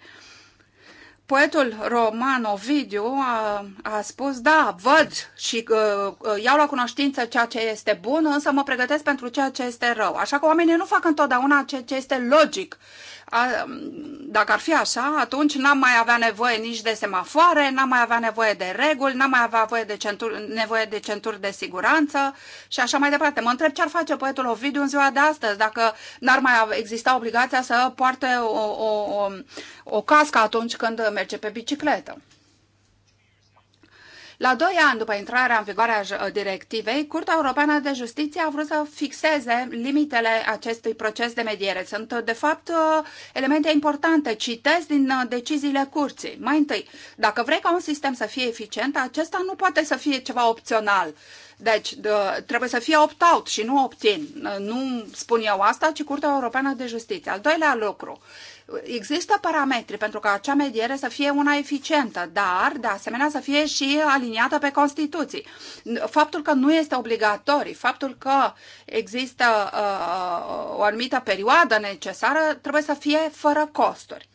Speaker 3: poetul roman Ovidiu a, a spus, da, văd și uh, uh, iau la cunoștință ceea ce este bun, însă mă pregătesc pentru ceea ce este rău. Așa că oamenii nu fac întotdeauna ceea ce este logic, a, dacă ar fi așa, atunci n-am mai avea nevoie nici de semafoare, n-am mai avea nevoie de reguli, n-am mai avea nevoie de, centuri, nevoie de centuri de siguranță și așa mai departe. Mă întreb ce ar face poetul Ovidiu în ziua de astăzi, dacă n-ar mai exista obligația să poarte o, o, o, o cască atunci când merge pe bicicletă. La doi ani după intrarea în vigoare a directivei, Curtea Europeană de Justiție a vrut să fixeze limitele acestui proces de mediere. Sunt, de fapt, uh, elemente importante. Citez din uh, deciziile curții. Mai întâi, dacă vrei ca un sistem să fie eficient, acesta nu poate să fie ceva opțional. Deci, trebuie să fie opt-out și nu opt-in. Uh, nu spun eu asta, ci Curtea Europeană de Justiție. Al doilea lucru, Există parametri pentru ca acea mediere să fie una eficientă, dar, de asemenea, să fie și aliniată pe Constituții. Faptul că nu este obligatoriu, faptul că există uh, uh, o anumită perioadă necesară, trebuie să fie fără costuri.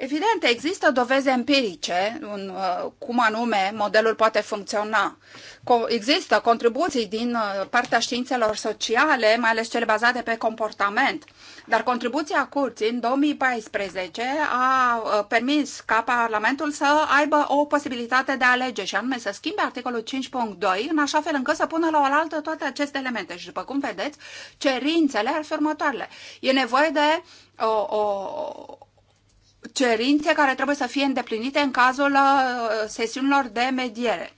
Speaker 3: Evident, există doveze empirice în uh, cum anume modelul poate funcționa. Co- există contribuții din uh, partea științelor sociale, mai ales cele bazate pe comportament. Dar contribuția curții în 2014 a uh, permis ca Parlamentul să aibă o posibilitate de a alege și anume să schimbe articolul 5.2 în așa fel încât să pună la oaltă toate aceste elemente. Și după cum vedeți, cerințele ar fi următoarele. E nevoie de uh, o, o cerințe care trebuie să fie îndeplinite în cazul uh, sesiunilor de mediere.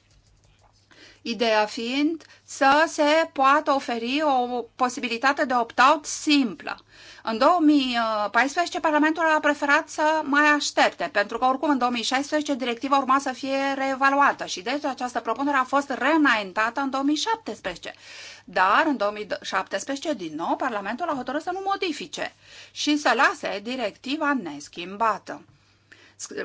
Speaker 3: Ideea fiind să se poată oferi o posibilitate de opt-out simplă. În 2014, Parlamentul a preferat să mai aștepte, pentru că oricum în 2016 directiva urma să fie reevaluată și deci această propunere a fost reînaintată în 2017. Dar în 2017, din nou, Parlamentul a hotărât să nu modifice și să lase directiva neschimbată.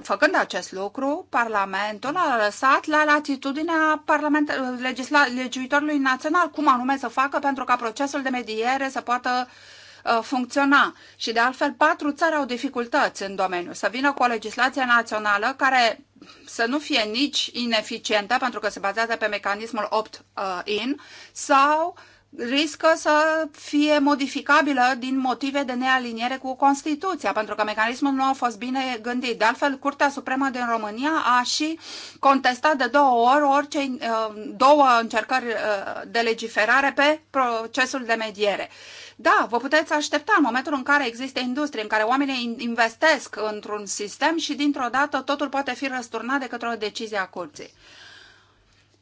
Speaker 3: Făcând acest lucru, Parlamentul a lăsat la latitudinea parlament- legisla- legiuitorului național cum anume să facă pentru ca procesul de mediere să poată ă, funcționa. Și de altfel, patru țări au dificultăți în domeniu. Să vină cu o legislație națională care să nu fie nici ineficientă, pentru că se bazează pe mecanismul opt-in, sau riscă să fie modificabilă din motive de nealiniere cu Constituția, pentru că mecanismul nu a fost bine gândit. De altfel, Curtea Supremă din România a și contestat de două ori orice uh, două încercări uh, de legiferare pe procesul de mediere. Da, vă puteți aștepta în momentul în care există industrie, în care oamenii investesc într-un sistem și dintr-o dată totul poate fi răsturnat de către o decizie a curții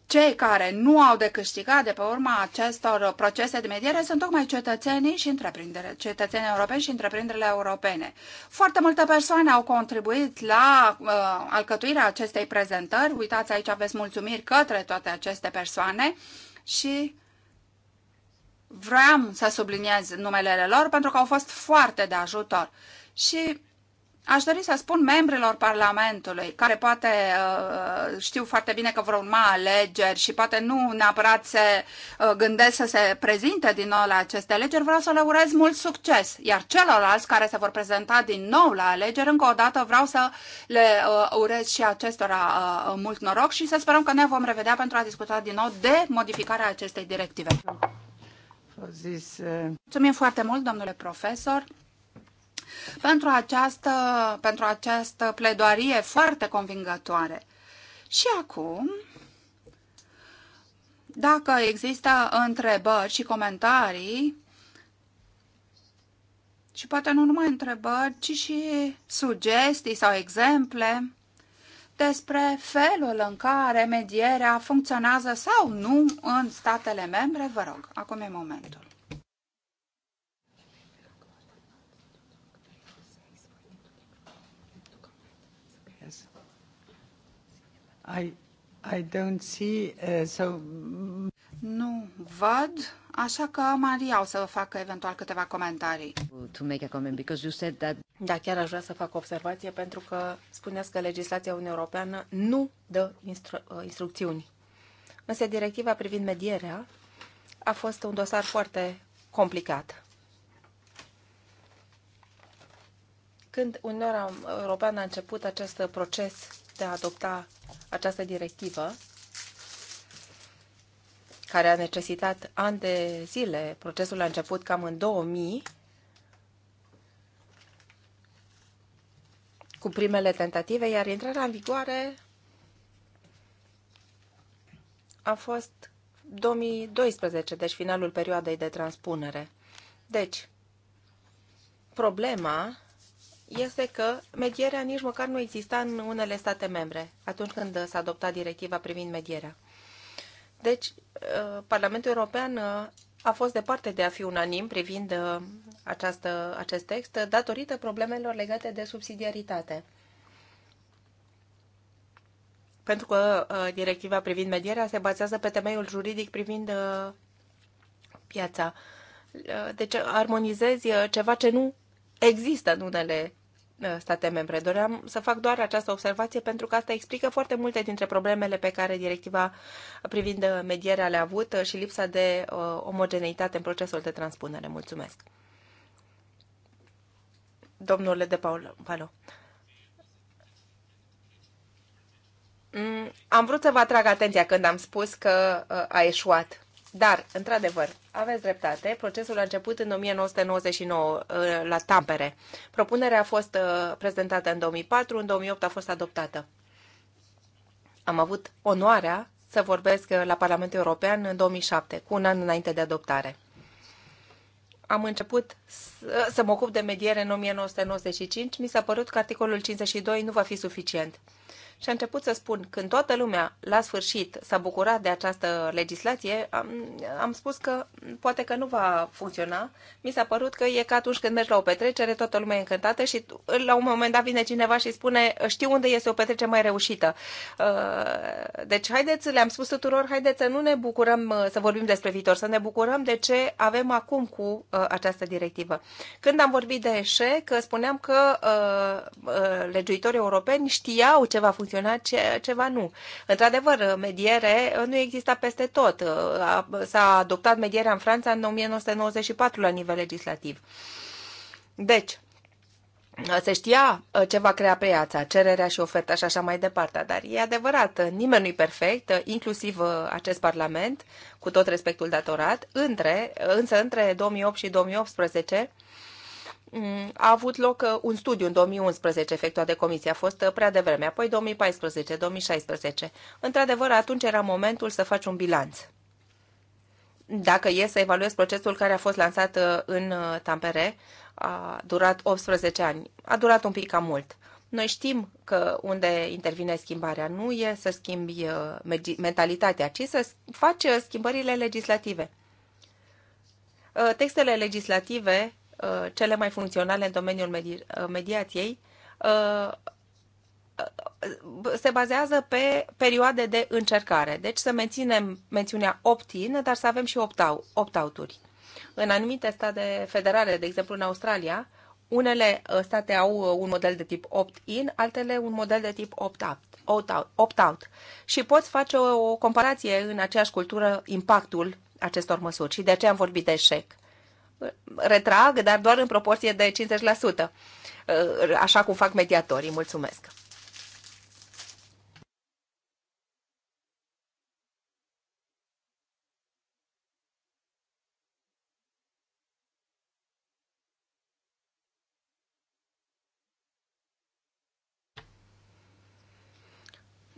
Speaker 3: cei care nu au de câștigat de pe urma acestor procese de mediere sunt tocmai cetățenii și întreprindere, cetățenii europeni și întreprinderile europene. Foarte multe persoane au contribuit la uh, alcătuirea acestei prezentări. Uitați, aici aveți mulțumiri către toate aceste persoane și Vreau să subliniez numelele lor pentru că au fost foarte de ajutor. Și Aș dori să spun membrilor Parlamentului, care poate uh, știu foarte bine că vor urma alegeri și poate nu neapărat se uh, gândesc să se prezinte din nou la aceste alegeri, vreau să le urez mult succes. Iar celorlalți care se vor prezenta din nou la alegeri, încă o dată vreau să le uh, urez și acestora mult noroc și să sperăm că ne vom revedea pentru a discuta din nou de modificarea acestei directive. Mulțumim foarte mult, domnule profesor, pentru această, pentru această pledoarie foarte convingătoare. Și acum, dacă există întrebări și comentarii, și poate nu numai întrebări, ci și sugestii sau exemple, despre felul în care medierea funcționează sau nu în statele membre, vă rog, acum e momentul. Yes. I, I don't see, uh, so... Nu văd, așa că Maria o să vă facă eventual câteva comentarii. To make a comment, because you said that da, chiar aș
Speaker 1: vrea să fac o observație pentru că spuneți că legislația Uniunii Europeană nu dă instru- uh, instrucțiuni. Însă directiva privind medierea a fost un dosar foarte complicat. Când Uniunea Europeană a început acest proces de a adopta această directivă, care a necesitat ani de zile, procesul a început cam în 2000, cu primele tentative, iar intrarea în vigoare a fost 2012, deci finalul perioadei de transpunere. Deci, problema este că medierea nici măcar nu exista în unele state membre atunci când s-a adoptat directiva privind medierea. Deci, uh, Parlamentul European uh, a fost departe de a fi unanim privind uh, această, acest text datorită problemelor legate de subsidiaritate. Pentru că uh, directiva privind medierea se bazează pe temeiul juridic privind uh, piața. Uh, deci armonizezi uh, ceva ce nu există în unele Uh, state membre. Doream să fac doar această observație pentru că asta explică foarte multe dintre problemele pe care directiva privind uh, medierea le-a avut uh, și lipsa de omogeneitate în procesul de transpunere. Mulțumesc. Domnule de Paul Valo. Mm, am vrut să vă atrag atenția când am spus că a eșuat dar, într-adevăr, aveți dreptate, procesul a început în 1999 uh, la Tampere. Propunerea a fost uh, prezentată în 2004, în 2008 a fost adoptată. Am avut onoarea să vorbesc uh, la Parlamentul European în 2007, cu un an înainte de adoptare. Am început să, mă ocup de mediere în 1995, mi s-a părut că articolul 52 nu va fi suficient și a început să spun, când toată lumea la sfârșit s-a bucurat de această legislație, am, am spus că poate că nu va funcționa. Mi s-a părut că e ca atunci când mergi la o petrecere, toată lumea e încântată și la un moment dat vine cineva și spune, știu unde este o petrecere mai reușită. Uh, deci haideți, le-am spus tuturor, haideți să nu ne bucurăm uh, să vorbim despre viitor, să ne bucurăm de ce avem acum cu uh, această directivă. Când am vorbit de eșec, spuneam că legiuitorii europeni știau ce va funcționa funcționa ce, ceva nu. Într-adevăr, mediere uh, nu exista peste tot. Uh, s-a adoptat medierea în Franța în 1994 la nivel legislativ. Deci, uh, se știa ce va crea piața, cererea și oferta și așa mai departe, dar e adevărat, nimeni nu-i perfect, inclusiv acest Parlament, cu tot respectul datorat, între, însă între 2008 și 2018 Mm, a avut loc uh, un studiu în 2011 efectuat de comisie, a fost uh, prea devreme, apoi 2014-2016. Într-adevăr, atunci era momentul să faci un bilanț. Dacă e să evaluezi procesul care a fost lansat uh, în Tampere, a durat 18 ani, a durat un pic cam mult. Noi știm că unde intervine schimbarea nu e să schimbi mentalitatea, ci să faci schimbările legislative. Textele legislative Uh, cele mai funcționale în domeniul uh, mediației uh, se bazează pe perioade de încercare. Deci să menținem mențiunea opt-in, dar să avem și opt-out-uri. În anumite state federale, de exemplu în Australia, unele state au un model de tip opt-in, altele un model de tip opt-out. Opt-out. Și poți face o comparație în aceeași cultură impactul acestor măsuri și de aceea am vorbit de eșec retrag, dar doar în proporție de 50%, uh, așa cum fac mediatorii. Mulțumesc!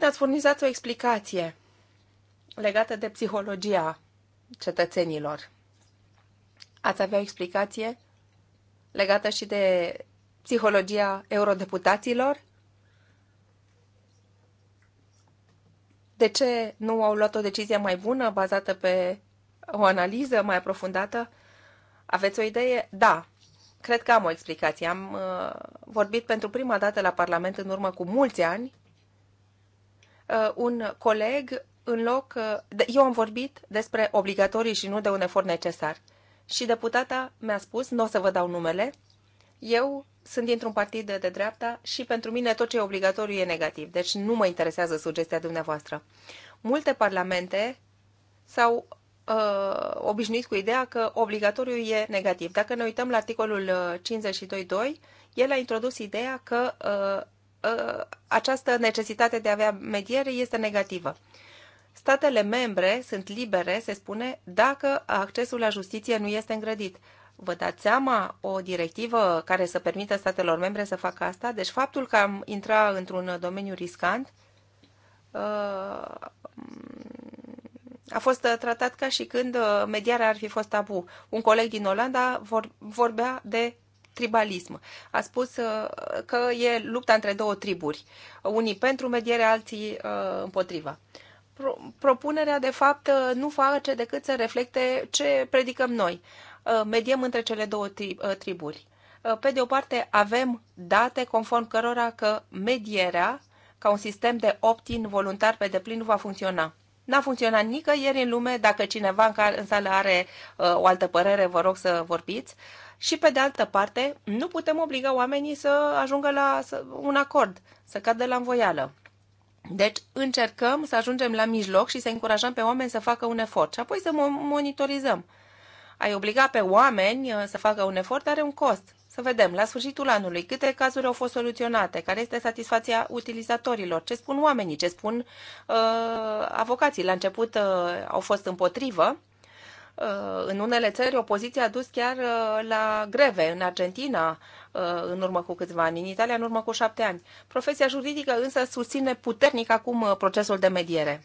Speaker 1: ați furnizat o explicație legată de psihologia cetățenilor. Ați avea o explicație legată și de psihologia eurodeputaților? De ce nu au luat o decizie mai bună, bazată pe o analiză mai aprofundată? Aveți o idee? Da, cred că am o explicație. Am uh, vorbit pentru prima dată la Parlament în urmă cu mulți ani. Uh, un coleg, în loc. Uh, eu am vorbit despre obligatorii și nu de un efort necesar. Uh, și deputata mi-a spus, nu o să vă dau numele, eu sunt dintr-un partid de, dreapta și pentru mine tot ce e obligatoriu e negativ, deci nu mă interesează sugestia dumneavoastră. Multe parlamente s-au uh, obișnuit cu ideea că obligatoriu e negativ. Dacă ne uităm la articolul 52.2, uh, el a introdus ideea că uh, uh, această necesitate de a avea mediere este negativă. Uh, statele membre sunt libere, se spune, dacă accesul la justiție nu este îngrădit. Vă dați seama o directivă care să permită statelor membre să facă asta? Deci faptul că am intrat într-un domeniu riscant uh, a fost tratat ca și când uh, mediarea ar fi fost tabu. Un coleg din Olanda vorbea de tribalism. A spus uh, că e lupta între două triburi, unii pentru mediere, alții împotriva. Pro propunerea, de fapt, uh, nu face decât să reflecte ce predicăm noi. Uh, mediem între cele două tri uh, triburi. Pe de o parte, avem date conform cărora că medierea, ca un sistem de opt-in voluntar pe deplin, nu va funcționa. N-a funcționat nicăieri în lume. Dacă cineva în sală are o altă părere, vă rog să vorbiți. Și pe de altă parte, nu putem obliga oamenii să ajungă la un acord, să cadă la învoială. Deci încercăm să ajungem la mijloc și să încurajăm pe oameni să facă un efort și apoi să monitorizăm. Ai obliga pe oameni uh, să facă un efort are un cost. Să vedem, la sfârșitul anului, câte cazuri au fost soluționate, care este satisfacția utilizatorilor, ce spun oamenii, ce spun uh, avocații. La început uh, au fost împotrivă, Uh, în unele țări opoziția a dus chiar uh, la greve. În Argentina, uh, în urmă cu câțiva ani, în Italia, în urmă cu șapte ani. Profesia juridică însă susține puternic acum procesul de mediere.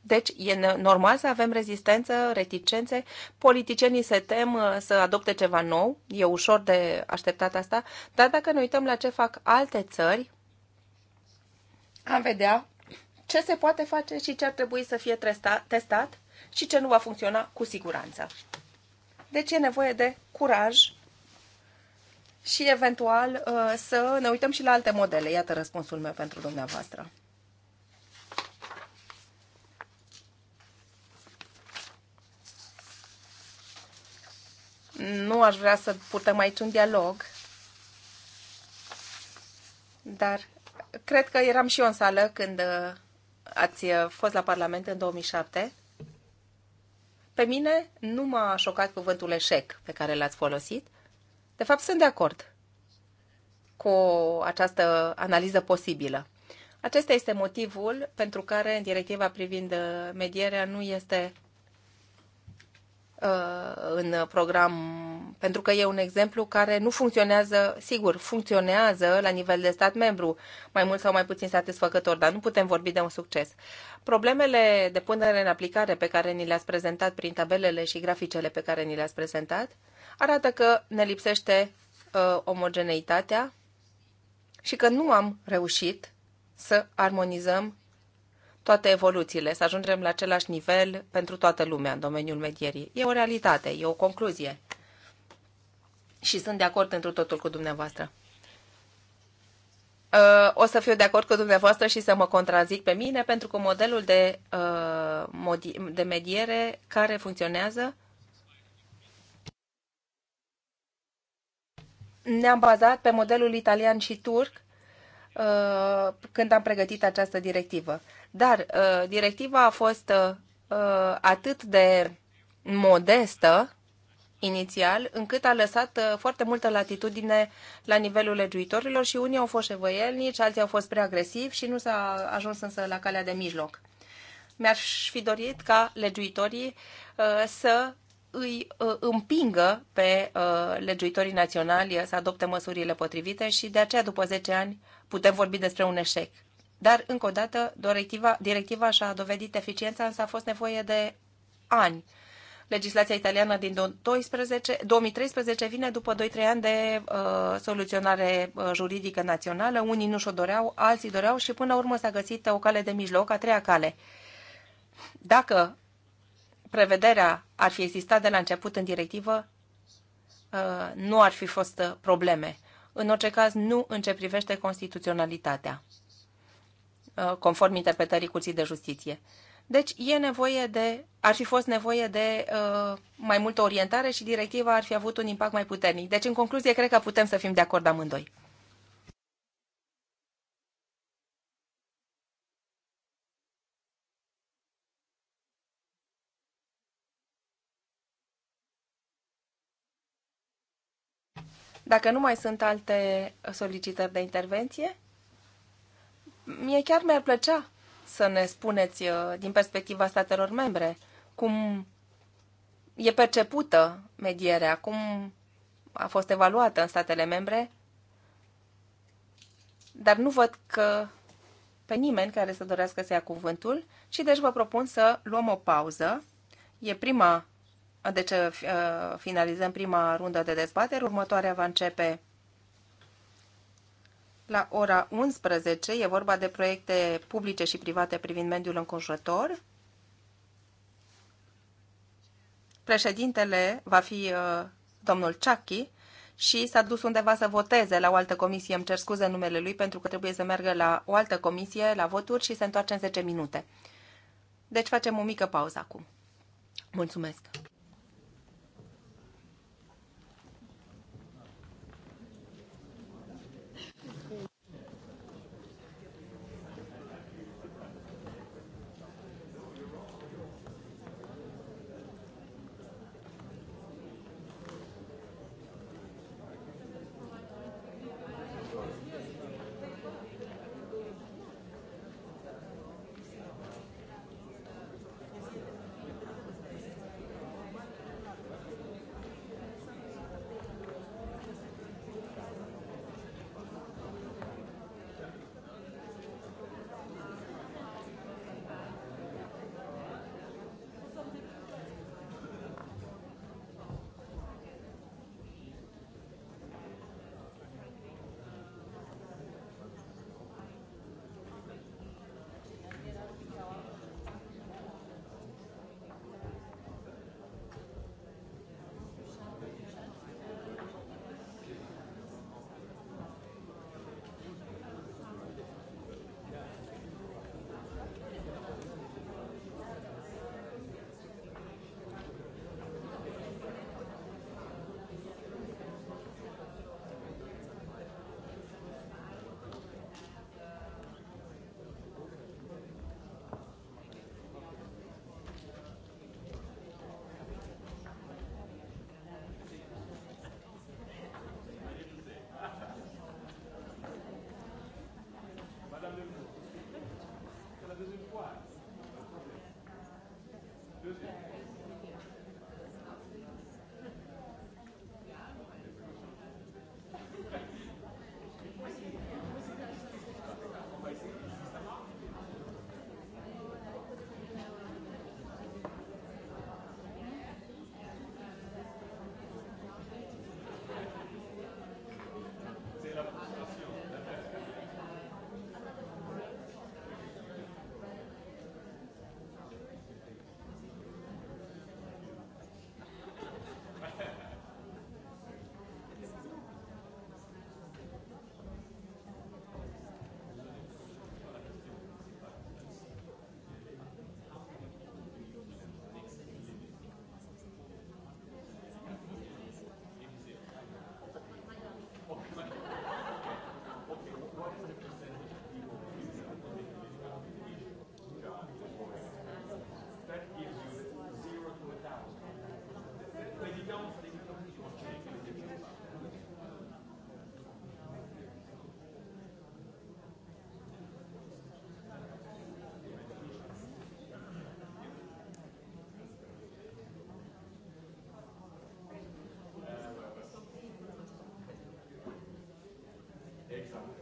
Speaker 1: Deci e normal să avem rezistență, reticențe. Politicienii se tem să adopte ceva nou, e ușor de așteptat asta, dar dacă ne uităm la ce fac alte țări, am vedea ce se poate face și ce ar trebui să fie testat și ce nu va funcționa cu siguranță. Deci e nevoie de curaj și eventual uh, să ne uităm și la alte modele. Iată răspunsul meu pentru dumneavoastră. Nu aș vrea să purtăm aici un dialog, dar cred că eram și eu în sală când uh, ați uh, fost la Parlament în 2007 pe mine nu m-a șocat cuvântul eșec pe care l-ați folosit. De fapt, sunt de acord cu această analiză posibilă. Acesta este motivul pentru care în directiva privind medierea nu este Uh, în program, pentru că e un exemplu care nu funcționează, sigur, funcționează la nivel de stat membru, mai mult sau mai puțin satisfăcător, dar nu putem vorbi de un succes. Problemele de punere în aplicare pe care ni le-ați prezentat prin tabelele și graficele pe care ni le-ați prezentat arată că ne lipsește uh, omogeneitatea și că nu am reușit să armonizăm toate evoluțiile, să ajungem la același nivel pentru toată lumea în domeniul medierii. E o realitate, e o concluzie. Și sunt de acord întru totul cu dumneavoastră. Ă, o să fiu de acord cu dumneavoastră și să mă contrazic pe mine, pentru că modelul de, ă, de mediere care funcționează ne-am bazat pe modelul italian și turc, Uh, când am pregătit această directivă. Dar uh, directiva a fost uh, atât de modestă inițial, încât a lăsat foarte multă latitudine la nivelul legiuitorilor și unii au fost șevăielnici, alții au fost prea agresivi și nu s-a ajuns însă la calea de mijloc. Mi-aș fi dorit ca legiuitorii să îi uh, împingă pe uh, legiuitorii naționali să adopte măsurile potrivite și de aceea după 10 ani putem vorbi despre un eșec. Dar, încă o dată, directiva, directiva și-a dovedit eficiența, însă a fost nevoie de ani. Legislația italiană din 2012, 2013 vine după 2-3 ani de uh, soluționare uh, juridică națională. Unii nu și-o doreau, alții doreau și până la urmă s-a găsit o cale de mijloc, a treia cale. Dacă prevederea ar fi existat de la început în directivă, uh, nu ar fi fost uh, probleme. În orice caz, nu în ce privește constituționalitatea, uh, conform interpretării Curții de Justiție. Deci e nevoie de, ar fi fost nevoie de mai multă orientare și directiva ar fi avut un impact mai puternic. Deci, în concluzie, cred că putem să fim de acord amândoi. Dacă nu mai sunt alte solicitări de intervenție, mie chiar mi-ar plăcea să ne spuneți uh, din perspectiva statelor membre cum e percepută medierea, cum a fost evaluată în statele membre, dar nu văd că pe nimeni care să dorească să ia cuvântul și deci vă propun să luăm o pauză. E prima deci finalizăm prima rundă de dezbatere. Următoarea va începe la ora 11. E vorba de proiecte publice și private privind mediul înconjurător. Președintele va fi uh, domnul Ciachi și s-a dus undeva să voteze la o altă comisie. Îmi cer scuze numele lui pentru că trebuie să meargă la o altă comisie, la voturi și se întoarce în 10 minute. Deci facem o mică pauză acum. Mulțumesc! Exact.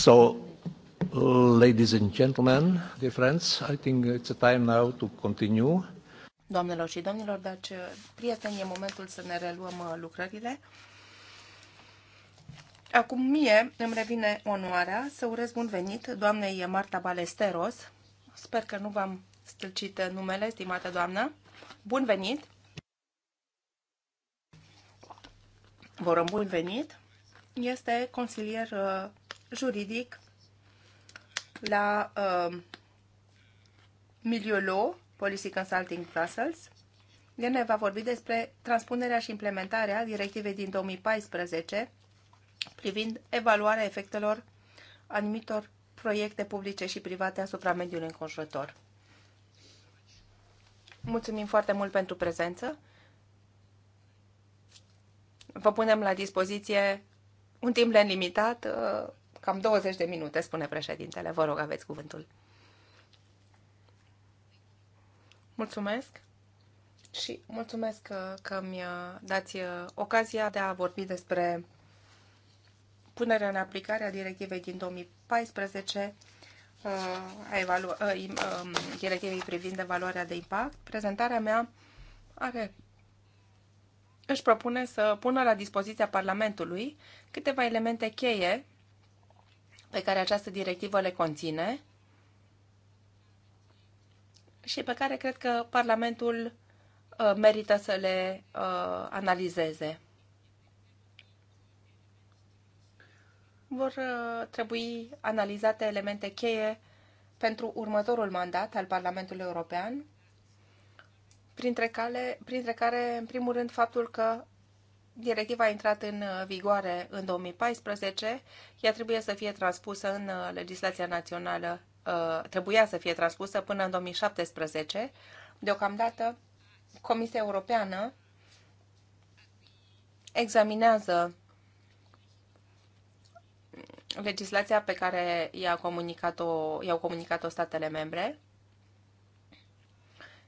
Speaker 1: So, uh, ladies and gentlemen, dear friends, I think it's a time now to continue. Doamnelor și domnilor, deci, prieteni, e momentul să ne reluăm uh, lucrările. Acum mie îmi revine onoarea să urez bun venit doamnei Marta Balesteros. Sper că nu v-am stâlcit numele, stimată doamnă. Bun venit! Vă urăm bun venit! Este consilier uh, juridic la uh, Milieu Law, Policy Consulting Brussels. El ne va vorbi despre transpunerea și implementarea directivei din 2014 privind evaluarea efectelor anumitor proiecte publice și private asupra mediului înconjurător. Mulțumim foarte mult pentru prezență. Vă punem la dispoziție un timp limitat uh, cam 20 de minute, spune președintele. Vă rog, aveți cuvântul. Mulțumesc și mulțumesc că, uh, că mi uh, dați uh, ocazia de a vorbi despre punerea în aplicare a directivei din 2014 a evalu- um, directivei privind evaluarea de impact. Prezentarea mea are își propune să pună la dispoziția Parlamentului câteva elemente cheie pe care această directivă le conține și pe care cred că Parlamentul uh, merită să le uh, analizeze. Vor uh, trebui analizate elemente cheie pentru următorul mandat al Parlamentului European, printre care, printre care, în primul rând, faptul că Directiva a intrat în uh, vigoare în 2014. Ea trebuie să fie transpusă în uh, legislația națională, uh, trebuia să fie transpusă până în 2017. Deocamdată, Comisia Europeană examinează legislația pe care i-au comunicat-o, i-au comunicat-o statele membre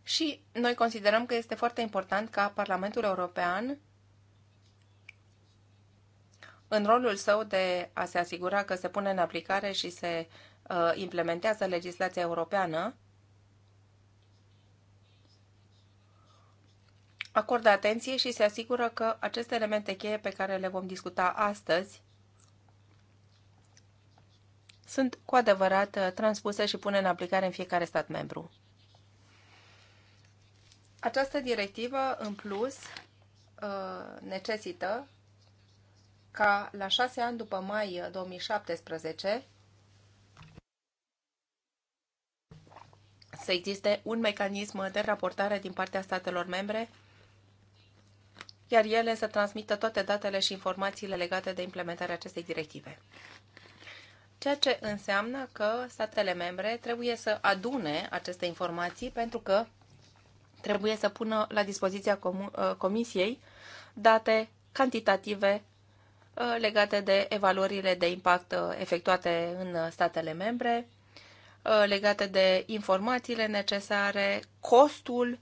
Speaker 1: și noi considerăm că este foarte important ca Parlamentul European în rolul său de a se asigura că se pune în aplicare și se uh, implementează legislația europeană, acordă atenție și se asigură că aceste elemente cheie pe care le vom discuta astăzi sunt cu adevărat uh, transpuse și pune în aplicare în fiecare stat membru. Această directivă, în plus, uh, necesită ca la șase ani după mai 2017 uh, să existe un mecanism de raportare din partea statelor membre, iar ele să transmită toate datele și informațiile legate de implementarea acestei directive. Ceea ce înseamnă că statele membre trebuie să adune aceste informații pentru că trebuie să pună la dispoziția uh, Comisiei date cantitative Uh, legate de evaluările de impact uh, efectuate în statele membre, uh, legate de informațiile necesare, costul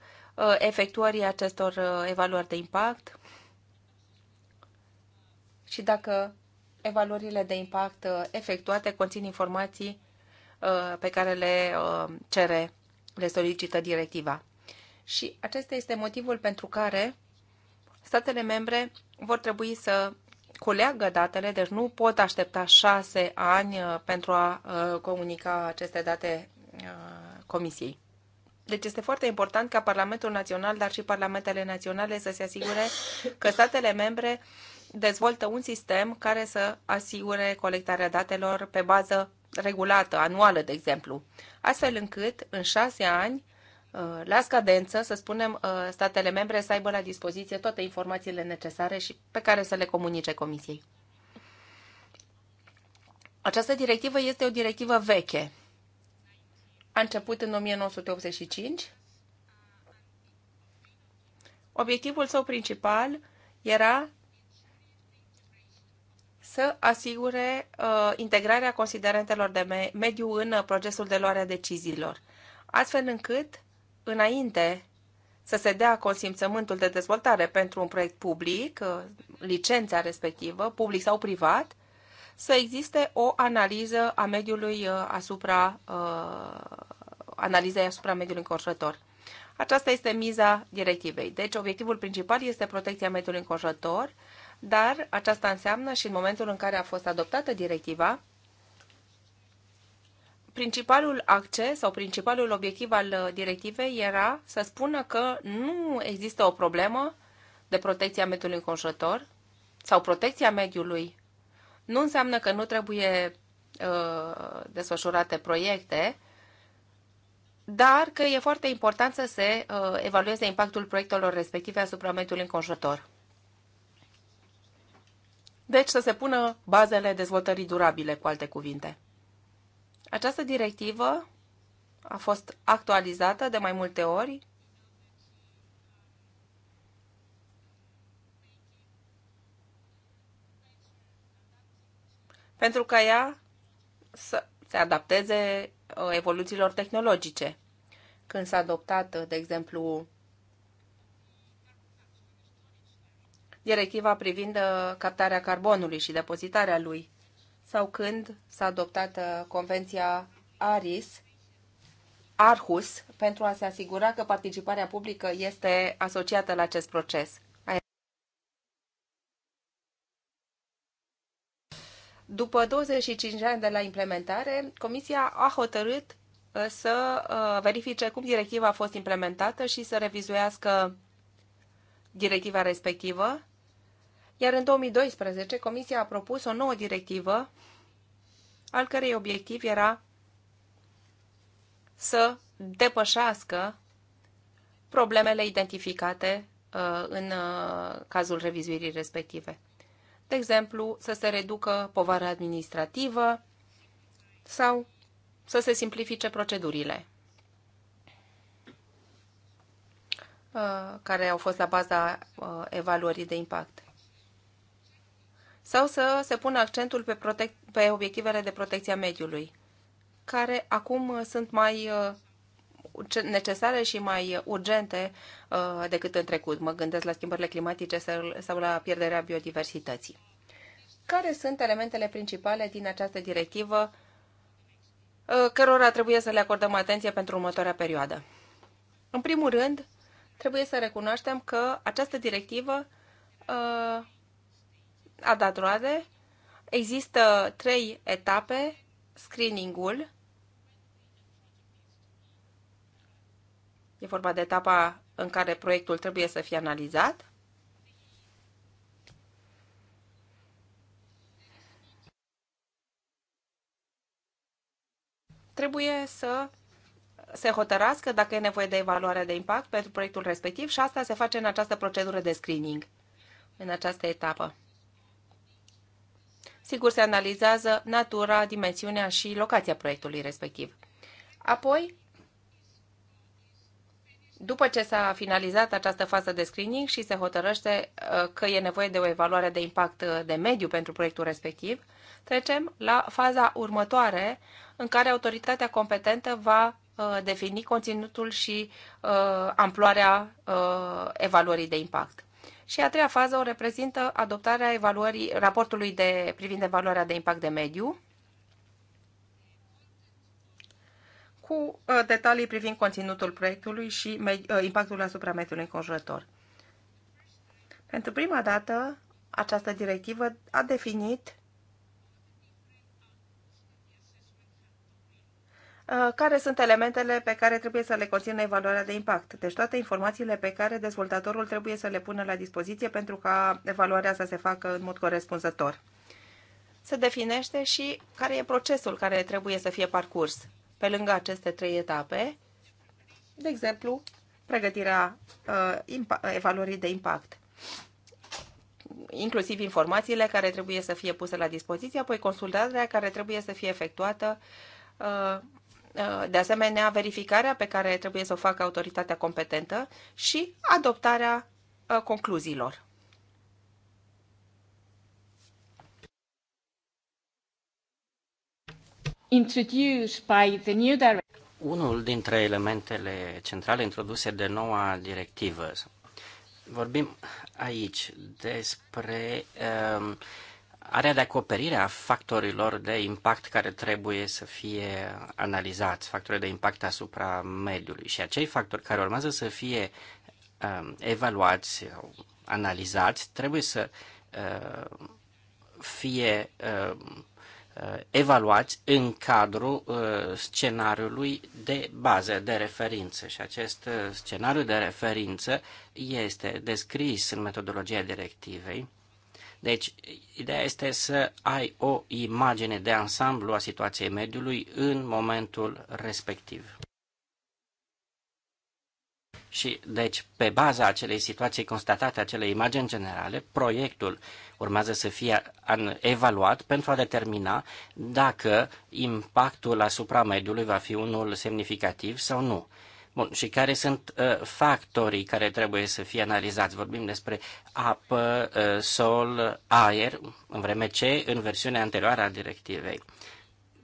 Speaker 1: efectuării acestor evaluări de impact și dacă evaluările de impact efectuate conțin informații pe care le cere, le solicită directiva. Și acesta este motivul pentru care statele membre vor trebui să culeagă datele, deci nu pot aștepta șase ani uh, pentru a uh, comunica aceste date uh, Comisiei. Deci este foarte important ca Parlamentul Național, dar și Parlamentele Naționale să se asigure că statele membre dezvoltă un sistem care să asigure colectarea datelor pe bază regulată, anuală, de exemplu, astfel încât în șase ani Uh, la scadență, să spunem, uh, statele membre să aibă la dispoziție toate informațiile necesare și pe care să le comunice Comisiei. Această directivă este o directivă veche. A început în 1985. Obiectivul său principal era să asigure uh, integrarea considerentelor de mediu în uh, procesul de luare a deciziilor, astfel încât înainte să se dea consimțământul de dezvoltare pentru un proiect public, uh, licența respectivă, public sau privat, să existe o analiză a mediului uh, asupra uh, analizei asupra mediului înconjurător. Aceasta este miza directivei. Deci, obiectivul principal este protecția mediului înconjurător, dar aceasta înseamnă și în momentul în care a fost adoptată directiva, principalul acces sau principalul obiectiv al uh, directivei era să spună că nu există o problemă de protecția mediului înconjurător sau protecția mediului. Nu înseamnă că nu trebuie uh, desfășurate proiecte, dar că e foarte important să se uh, evalueze impactul proiectelor respective asupra mediului înconjurător. Deci să se pună bazele dezvoltării durabile, cu alte cuvinte. Această directivă a fost actualizată de mai multe ori. Pentru ca ea să se adapteze uh, evoluțiilor tehnologice. Când s-a adoptat, uh, de exemplu, directiva privind uh, captarea carbonului și depozitarea lui sau când s-a adoptat uh, Convenția ARIS, Arhus, pentru a se asigura că participarea publică este asociată la acest proces. După 25 de ani de la implementare, Comisia a hotărât uh, să uh, verifice cum directiva a fost implementată și să revizuiască directiva respectivă iar în 2012 Comisia a propus o nouă directivă, al cărei obiectiv era să depășească problemele identificate uh, în uh, cazul revizuirii respective. De exemplu, să se reducă povara administrativă sau să se simplifice procedurile uh, care au fost la baza evaluării de impact sau să se pună accentul pe, protec- pe obiectivele de protecție a mediului, care acum sunt mai uh, necesare și mai urgente uh, decât în trecut. Mă gândesc la schimbările climatice sau la pierderea biodiversității. Care sunt elementele principale din această directivă uh, cărora trebuie să le acordăm atenție pentru următoarea perioadă? În primul rând, trebuie să recunoaștem că această directivă a dat roade. Există trei etape, screening-ul, e vorba de etapa în care proiectul trebuie să fie analizat, trebuie să se hotărască dacă e nevoie de evaluare de impact pentru proiectul respectiv și asta se face în această procedură de screening, în această etapă. Sigur, se analizează natura, dimensiunea și locația proiectului respectiv. Apoi, după ce s-a finalizat această fază de screening și se hotărăște uh, că e nevoie de o evaluare de impact uh, de mediu pentru proiectul respectiv, trecem la faza următoare în care autoritatea competentă va uh, defini conținutul și amploarea evaluării de impact și a treia fază o reprezintă adoptarea evaluării raportului de, privind evaluarea de impact de mediu cu uh, detalii privind conținutul proiectului și uh, impactul asupra mediului înconjurător. Pentru prima dată, această directivă a definit Uh, care sunt elementele pe care trebuie să le conțină evaluarea de impact. Deci toate informațiile pe care dezvoltatorul trebuie să le pună la dispoziție pentru ca evaluarea să se facă în mod corespunzător. Se definește și care e procesul care trebuie să fie parcurs pe lângă aceste trei etape, de exemplu, pregătirea uh, evaluării de impact inclusiv informațiile care trebuie să fie puse la dispoziție, apoi consultarea care trebuie să fie efectuată uh, Uh, de asemenea verificarea pe care trebuie să o facă autoritatea competentă și adoptarea uh, concluziilor. by the new
Speaker 2: unul dintre elementele centrale introduse de noua directivă. Vorbim aici despre uh, area de acoperire a factorilor de impact care trebuie să fie analizați, factorii de impact asupra mediului și acei factori care urmează să fie uh, evaluați, analizați, trebuie să uh, fie uh, uh, evaluați în cadrul uh, scenariului de bază, de referință. Și acest uh, scenariu de referință este descris în metodologia directivei deci, ideea este să ai o imagine de ansamblu a situației mediului în momentul respectiv. Și, deci, pe baza acelei situații constatate, acelei imagini generale, proiectul urmează să fie evaluat pentru a determina dacă impactul asupra mediului va fi unul semnificativ sau nu. Bun, și care sunt uh, factorii care trebuie să fie analizați? Vorbim despre apă, uh, sol, aer, în vreme ce în versiunea anterioară a directivei.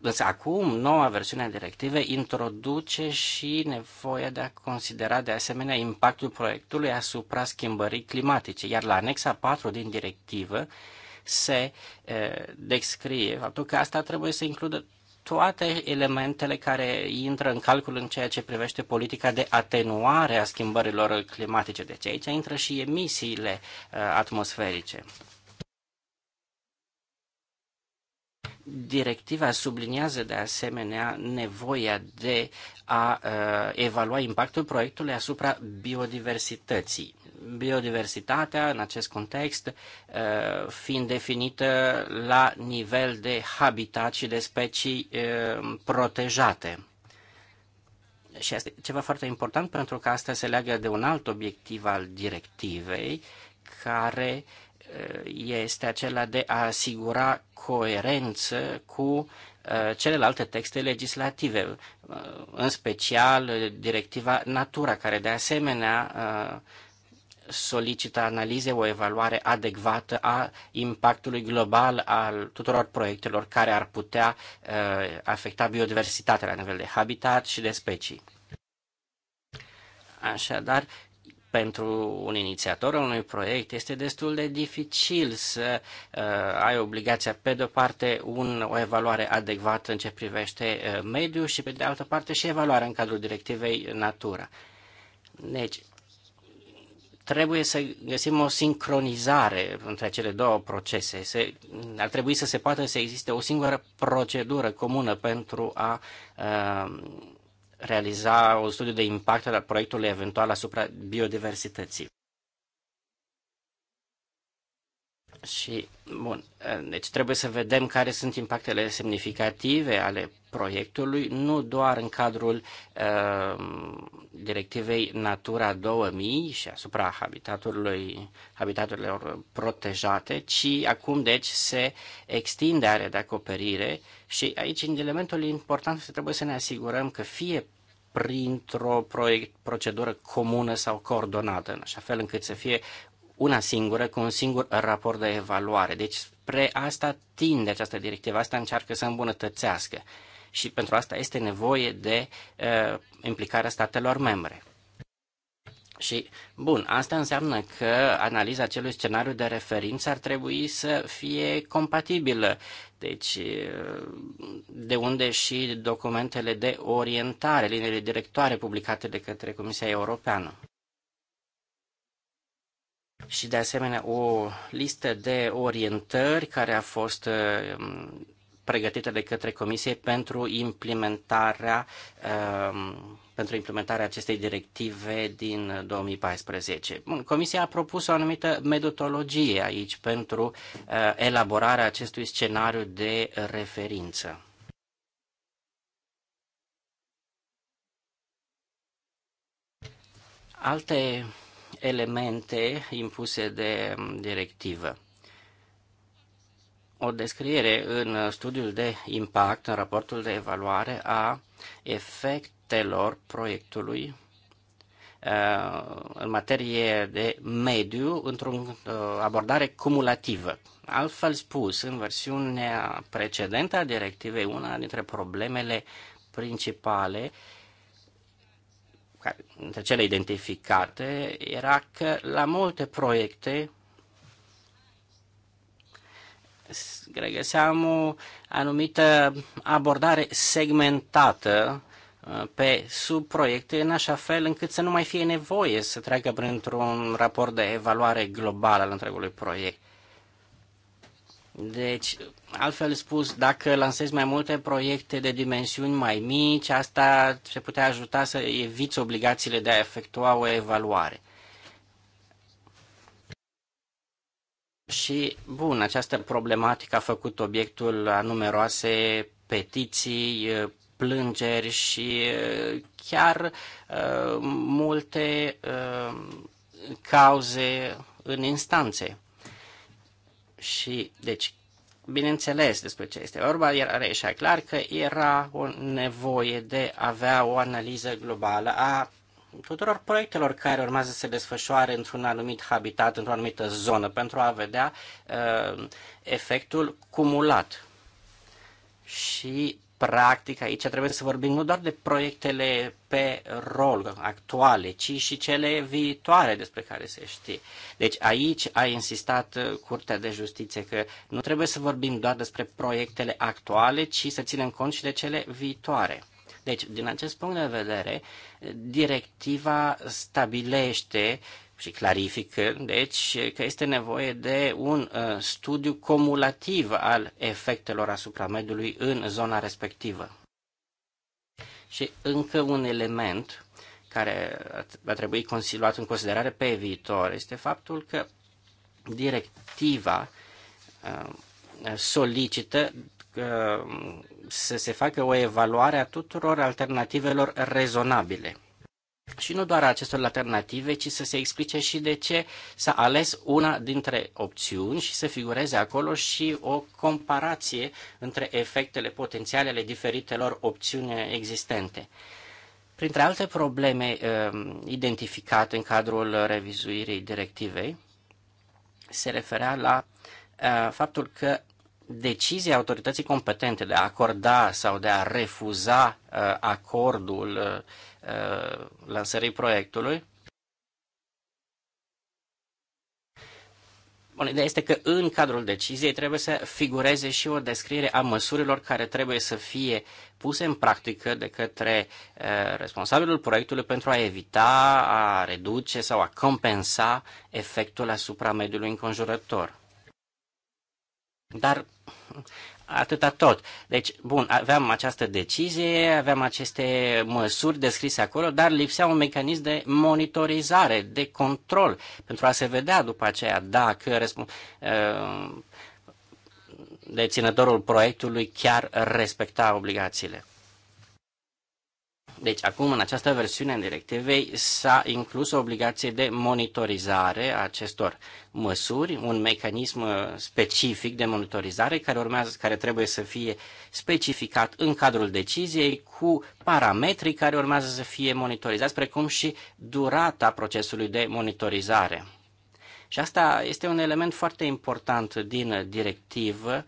Speaker 2: Însă acum, noua versiune a directivei introduce și nevoia de a considera de asemenea impactul proiectului asupra schimbării climatice, iar la anexa 4 din directivă se uh, descrie faptul că asta trebuie să includă toate elementele care intră în calcul în ceea ce privește politica de atenuare a schimbărilor climatice. Deci aici intră și emisiile uh, atmosferice. Directiva subliniază de asemenea nevoia de a uh, evalua impactul proiectului asupra biodiversității. Biodiversitatea, în acest context, uh, fiind definită la nivel de habitat și de specii uh, protejate. Și asta e ceva foarte important pentru că asta se leagă de un alt obiectiv al directivei, care uh, este acela de a asigura coerență cu uh, celelalte texte legislative, uh, în special uh, directiva Natura, care de asemenea solicită analize, o evaluare adecvată a impactului global al tuturor proiectelor care ar putea afecta biodiversitatea la nivel de habitat și de specii. Așadar, pentru un inițiator al unui proiect este destul de dificil să uh, ai obligația, pe de-o parte, un, o evaluare adecvată în ce privește uh, mediul și, pe de altă parte, și evaluarea în cadrul directivei Natura. Deci, trebuie să găsim o sincronizare între cele două procese. Se, ar trebui să se poată să existe o singură procedură comună pentru a uh, realiza un studiu de impact al proiectului eventual asupra biodiversității. Și, bun, deci trebuie să vedem care sunt impactele semnificative ale proiectului, nu doar în cadrul uh, directivei Natura 2000 și asupra habitatului, habitaturilor protejate, ci acum, deci, se extinde area de acoperire și aici, în elementul important, trebuie să ne asigurăm că fie printr-o procedură comună sau coordonată, în așa fel încât să fie una singură, cu un singur raport de evaluare. Deci spre asta tinde această directivă, asta încearcă să îmbunătățească. Și pentru asta este nevoie de uh, implicarea statelor membre. Și, bun, asta înseamnă că analiza acelui scenariu de referință ar trebui să fie compatibilă. Deci, uh, de unde și documentele de orientare, liniile directoare publicate de către Comisia Europeană și de asemenea o listă de orientări care a fost um, pregătită de către Comisie pentru implementarea, um, pentru implementarea acestei directive din 2014. Comisia a propus o anumită metodologie aici pentru uh, elaborarea acestui scenariu de referință. Alte elemente impuse de mm, directivă. O descriere în studiul de impact, în raportul de evaluare a efectelor proiectului uh, în materie de mediu într-o uh, abordare cumulativă. Altfel spus, în versiunea precedentă a directivei, una dintre problemele principale care, între cele identificate, era că la multe proiecte regăseam o anumită abordare segmentată uh, pe subproiecte în așa fel încât să nu mai fie nevoie să treacă printr-un raport de evaluare globală al întregului proiect. Deci, altfel spus, dacă lansezi mai multe proiecte de dimensiuni mai mici, asta se putea ajuta să eviți obligațiile de a efectua o evaluare. Și, bun, această problematică a făcut obiectul a numeroase petiții, plângeri și chiar uh, multe uh, cauze în instanțe. Și, deci, bineînțeles despre ce este vorba, era reieșea clar că era o nevoie de a avea o analiză globală a tuturor proiectelor care urmează să se desfășoare într-un anumit habitat, într-o anumită zonă, pentru a vedea uh, efectul cumulat. Și Practic, aici trebuie să vorbim nu doar de proiectele pe rol actuale, ci și cele viitoare despre care se știe. Deci aici a insistat uh, Curtea de Justiție că nu trebuie să vorbim doar despre proiectele actuale, ci să ținem cont și de cele viitoare. Deci, din acest punct de vedere, directiva stabilește și clarifică. deci, că este nevoie de un uh, studiu cumulativ al efectelor asupra mediului în zona respectivă. Și încă un element care va trebui consiluat în considerare pe viitor este faptul că directiva uh, solicită uh, să se facă o evaluare a tuturor alternativelor rezonabile – și nu doar acestor alternative, ci să se explice și de ce s-a ales una dintre opțiuni și să figureze acolo și o comparație între efectele potențiale ale diferitelor opțiuni existente. Printre alte probleme ehm, identificate în cadrul revizuirii directivei, se referea la eh, faptul că decizia autorității competente de a acorda sau de a refuza uh, acordul uh, uh, lansării proiectului. Bun, ideea este că în cadrul deciziei trebuie să figureze și o descriere a măsurilor care trebuie să fie puse în practică de către uh, responsabilul proiectului pentru a evita, a reduce sau a compensa efectul asupra mediului înconjurător. Dar atâta tot. Deci, bun, aveam această decizie, aveam aceste măsuri descrise acolo, dar lipsea un mecanism de monitorizare, de control, pentru a se vedea după aceea dacă uh, deținătorul proiectului chiar respecta obligațiile. Deci acum în această versiune a directivei s-a inclus o obligație de monitorizare a acestor măsuri, un mecanism uh, specific de monitorizare care urmează, care trebuie să fie specificat în cadrul deciziei cu parametrii care urmează să fie monitorizați, precum și durata procesului de monitorizare. Și asta este un element foarte important din directivă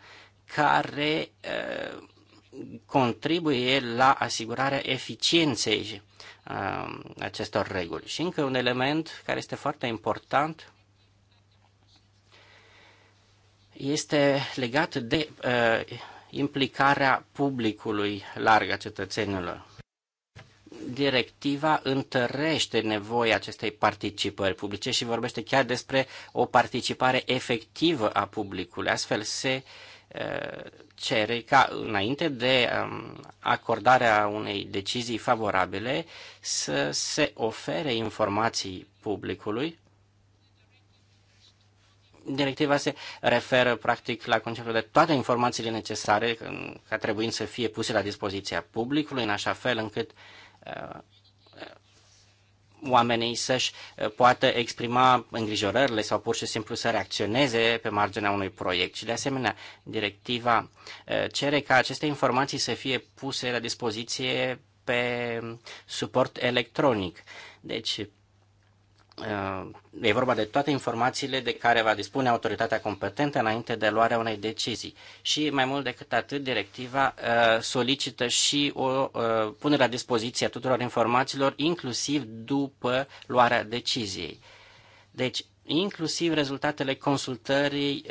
Speaker 2: care uh, contribuie la asigurarea eficienței uh, acestor reguli. Și încă un element care este foarte important este legat de uh, implicarea publicului larg a cetățenilor. Directiva întărește nevoia acestei participări publice și vorbește chiar despre o participare efectivă a publicului. Astfel se uh, cere ca înainte de um, acordarea unei decizii favorabile să se ofere informații publicului. Directiva se referă practic la conceptul de toate informațiile necesare ca trebuind să fie puse la dispoziția publicului în așa fel încât uh, oamenii să-și uh, poată exprima îngrijorările sau pur și simplu să reacționeze pe marginea unui proiect. Și de asemenea, directiva uh, cere ca aceste informații să fie puse la dispoziție pe suport electronic. Deci, Uh, e vorba de toate informațiile de care va dispune autoritatea competentă înainte de luarea unei decizii. Și mai mult decât atât, directiva uh, solicită și o uh, punere la dispoziție a tuturor informațiilor, inclusiv după luarea deciziei. Deci, inclusiv rezultatele consultării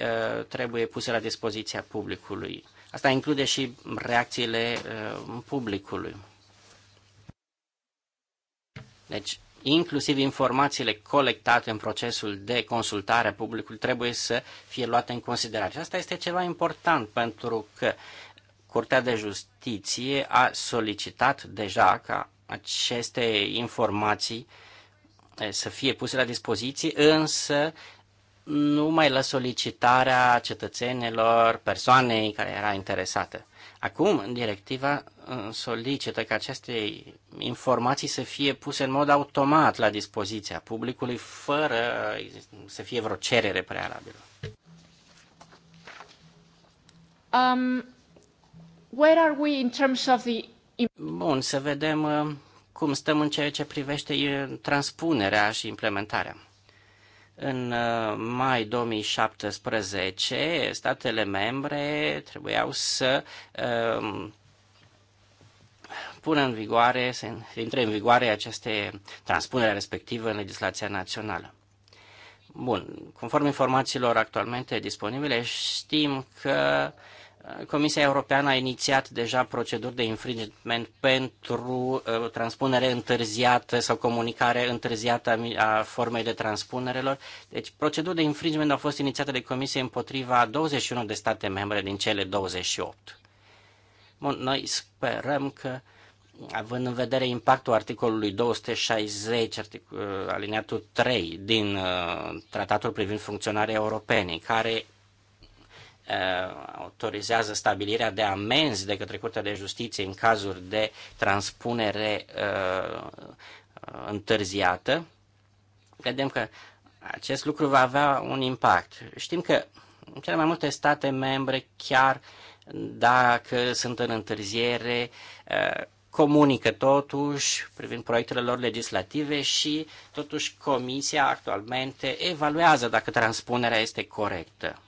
Speaker 2: trebuie puse la dispoziția publicului. Asta include și reacțiile publicului. Deci, inclusiv informațiile colectate în procesul de consultare publicul trebuie să fie luate în considerare. Și asta este ceva important pentru că Curtea de Justiție a solicitat deja ca aceste informații să fie puse la dispoziție, însă numai la solicitarea cetățenilor, persoanei care era interesată. Acum, directiva uh, solicită ca aceste informații să fie puse în mod automat la dispoziția publicului, fără uh, să fie vreo cerere prealabilă.
Speaker 3: Um, where are we in terms of the...
Speaker 2: Bun, să vedem uh, cum stăm în ceea ce privește transpunerea și implementarea. În uh, mai 2017, statele membre trebuiau să um, pună în vigoare, să intre în vigoare aceste transpunere respectivă în legislația națională. Bun, conform informațiilor actualmente disponibile, știm că uh, Comisia Europeană a inițiat deja proceduri de infringement pentru uh, transpunere întârziată sau comunicare întârziată a, formei de transpunerelor. Deci, proceduri de infringement au fost inițiate de Comisie împotriva 21 de state membre din cele 28. Bun, noi sperăm că, având în vedere impactul articolului 260, articol, uh, aliniatul 3 din uh, Tratatul privind funcționarea europene, care Uh, autorizează stabilirea de amenzi de către Curtea de Justiție în cazuri de transpunere uh, întârziată, vedem că acest lucru va avea un impact. Știm că în cele mai multe state membre, chiar dacă sunt în întârziere, uh, comunică totuși privind proiectele lor legislative și totuși Comisia actualmente evaluează dacă transpunerea este corectă.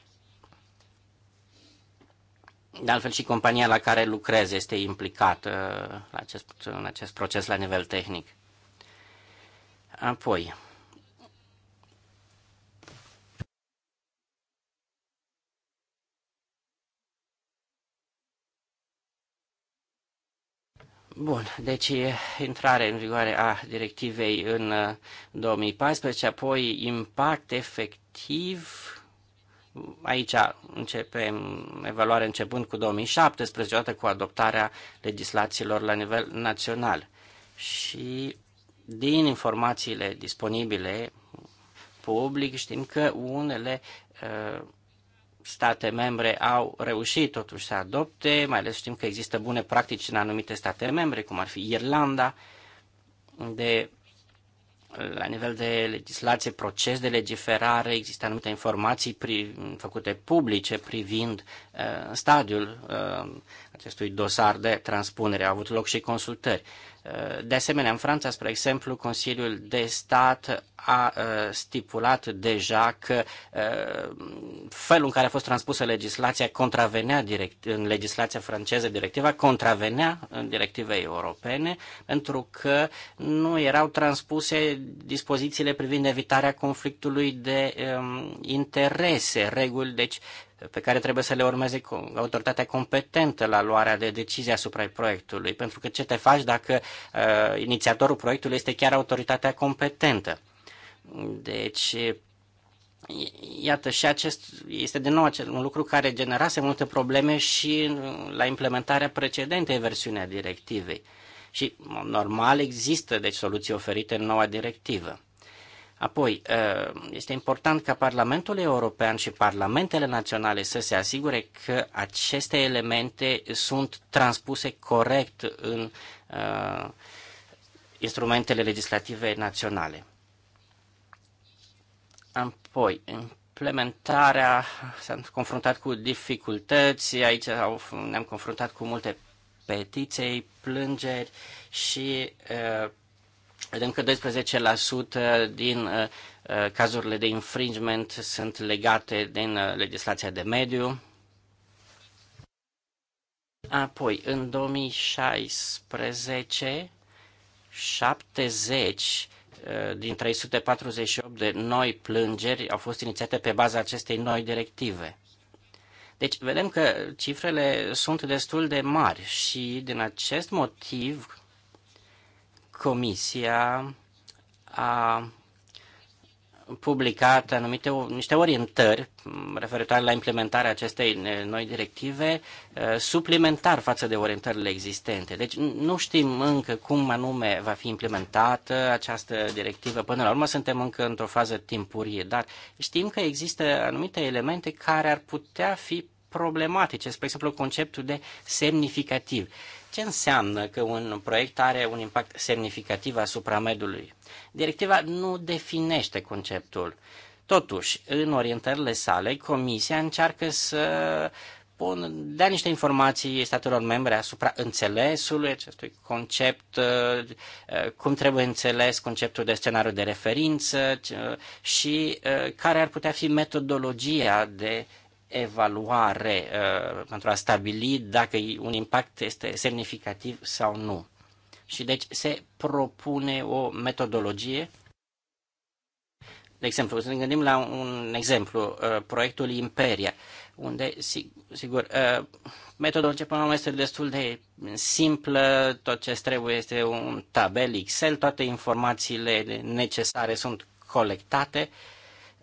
Speaker 2: De altfel și compania la care lucrez este implicată uh, la acest, în acest proces la nivel tehnic. Apoi, Bun, deci intrare în vigoare a directivei în 2014, uh, apoi impact efectiv Aici începem evaluarea, începând cu 2017, odată cu adoptarea legislațiilor la nivel național. Și din informațiile disponibile public știm că unele uh, state membre au reușit totuși să adopte, mai ales știm că există bune practici în anumite state membre, cum ar fi Irlanda, de la nivel de legislație, proces de legiferare, există anumite informații pri, făcute publice privind uh, stadiul uh, acestui dosar de transpunere. Au avut loc și consultări. De asemenea, în Franța, spre exemplu, Consiliul de Stat a uh, stipulat deja că uh, felul în care a fost transpusă legislația contravenea direct, în legislația franceză, directiva contravenea în directivei europene, pentru că nu erau transpuse dispozițiile privind evitarea conflictului de um, interese, reguli, deci pe care trebuie să le urmeze autoritatea competentă la luarea de decizie asupra proiectului. Pentru că ce te faci dacă uh, inițiatorul proiectului este chiar autoritatea competentă? Deci, iată, și acest este de nou acest un lucru care generase multe probleme și la implementarea precedentei versiuni a directivei. Și, normal, există, deci, soluții oferite în noua directivă. Apoi, ă, este important ca Parlamentul European și Parlamentele Naționale să se asigure că aceste elemente sunt transpuse corect în ă, instrumentele legislative naționale. Apoi, implementarea s-a confruntat cu dificultăți, aici ne-am confruntat cu multe petiții, plângeri și uh, Vedem că 12% din uh, uh, cazurile de infringement sunt legate din uh, legislația de mediu. Apoi, în 2016, 70 din 348 de noi plângeri au fost inițiate pe baza acestei noi directive. Deci vedem că cifrele sunt destul de mari și din acest motiv Comisia a publicat anumite, niște orientări referitoare la implementarea acestei noi directive, eh, suplimentar față de orientările existente. Deci nu știm încă cum anume va fi implementată această directivă. Până la urmă suntem încă într-o fază timpurie, dar știm că există anumite elemente care ar putea fi problematice, spre exemplu conceptul de semnificativ. Ce înseamnă că un proiect are un impact semnificativ asupra mediului? Directiva nu definește conceptul. Totuși, în orientările sale, Comisia încearcă să pun, dea niște informații statelor membre asupra înțelesului acestui concept, uh, uh, cum trebuie înțeles conceptul de scenariu de referință și uh, care ar putea fi metodologia de evaluare uh, pentru a stabili dacă un impact este semnificativ sau nu. Și deci se propune o metodologie. De exemplu, să ne gândim la un exemplu, uh, proiectul Imperia, unde, sigur, uh, metodologia până la urmă este destul de simplă, tot ce trebuie este un tabel Excel, toate informațiile necesare sunt colectate,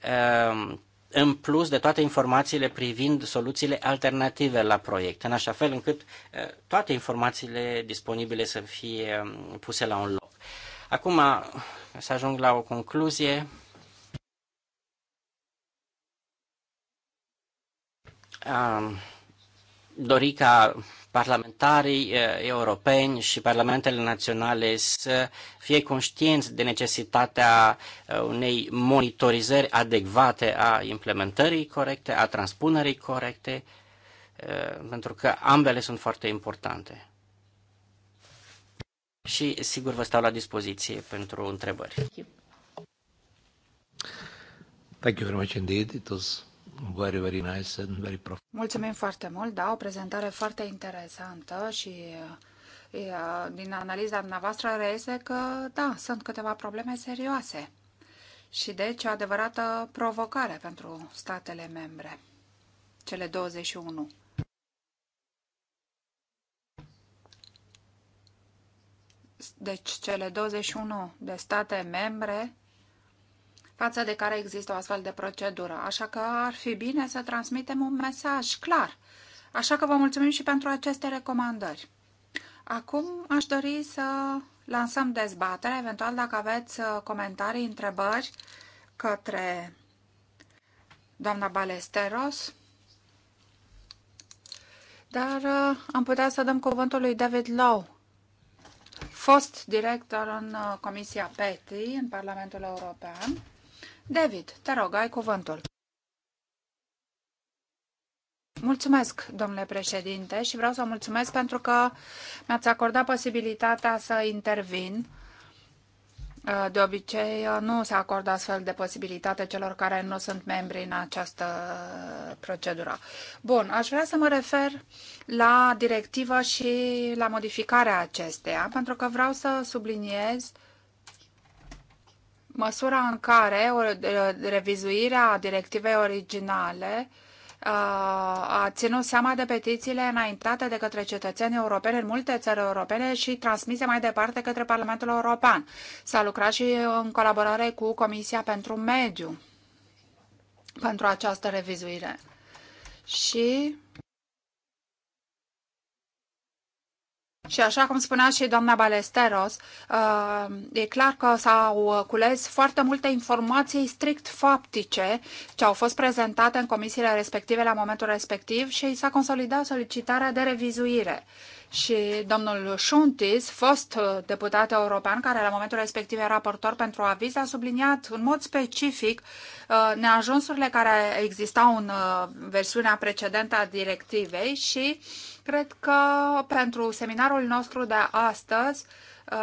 Speaker 2: uh, în plus de toate informațiile privind soluțiile alternative la proiect, în așa fel încât eh, toate informațiile disponibile să fie mm, puse la un loc. Acum eh, să ajung la o concluzie. Am dori ca parlamentarii eh, europeni și parlamentele naționale să fie conștienți de necesitatea eh, unei monitorizări adecvate a implementării corecte, a transpunerii corecte, eh, pentru că ambele sunt foarte importante. Și sigur vă stau la dispoziție pentru întrebări. Thank you very much
Speaker 1: indeed. It was very, very nice and very
Speaker 3: Mulțumim foarte mult, da, o prezentare foarte interesantă și din analiza dumneavoastră reiese că, da, sunt câteva probleme serioase și deci o adevărată provocare pentru statele membre, cele 21. Deci cele 21 de state membre față de care există o astfel de procedură. Așa că ar fi bine să transmitem un mesaj clar. Așa că vă mulțumim și pentru aceste recomandări. Acum aș dori să lansăm dezbaterea, eventual dacă aveți uh, comentarii, întrebări către doamna Balesteros. Dar uh, am putea să dăm cuvântul lui David Lowe, fost director în uh, Comisia PETI în Parlamentul European. David, te rog, ai cuvântul. Mulțumesc, domnule președinte, și vreau să mulțumesc pentru că mi-ați acordat posibilitatea să intervin. Uh, de obicei, uh, nu se acordă astfel de posibilitate celor care nu sunt membri în această uh, procedură. Bun, aș vrea să mă refer la directivă și la modificarea acesteia, pentru că vreau să subliniez uh, măsura în care revizuirea directivei originale uh, a ținut seama de petițiile înaintate de către cetățeni europeni în multe țări europene și transmise mai departe către Parlamentul European. S-a lucrat și în colaborare cu Comisia pentru Mediu pentru această revizuire. Și Și așa cum spunea și doamna Balesteros, uh, e clar că s-au cules foarte multe informații strict faptice ce au fost prezentate în comisiile respective la momentul respectiv și s-a consolidat solicitarea de revizuire. Și domnul Șuntis, fost uh, deputat european, care la momentul respectiv era raportor pentru aviz, a subliniat în mod specific uh, neajunsurile care existau în versiunea precedentă a directivei și uh, Cred că pentru seminarul nostru de astăzi, uh,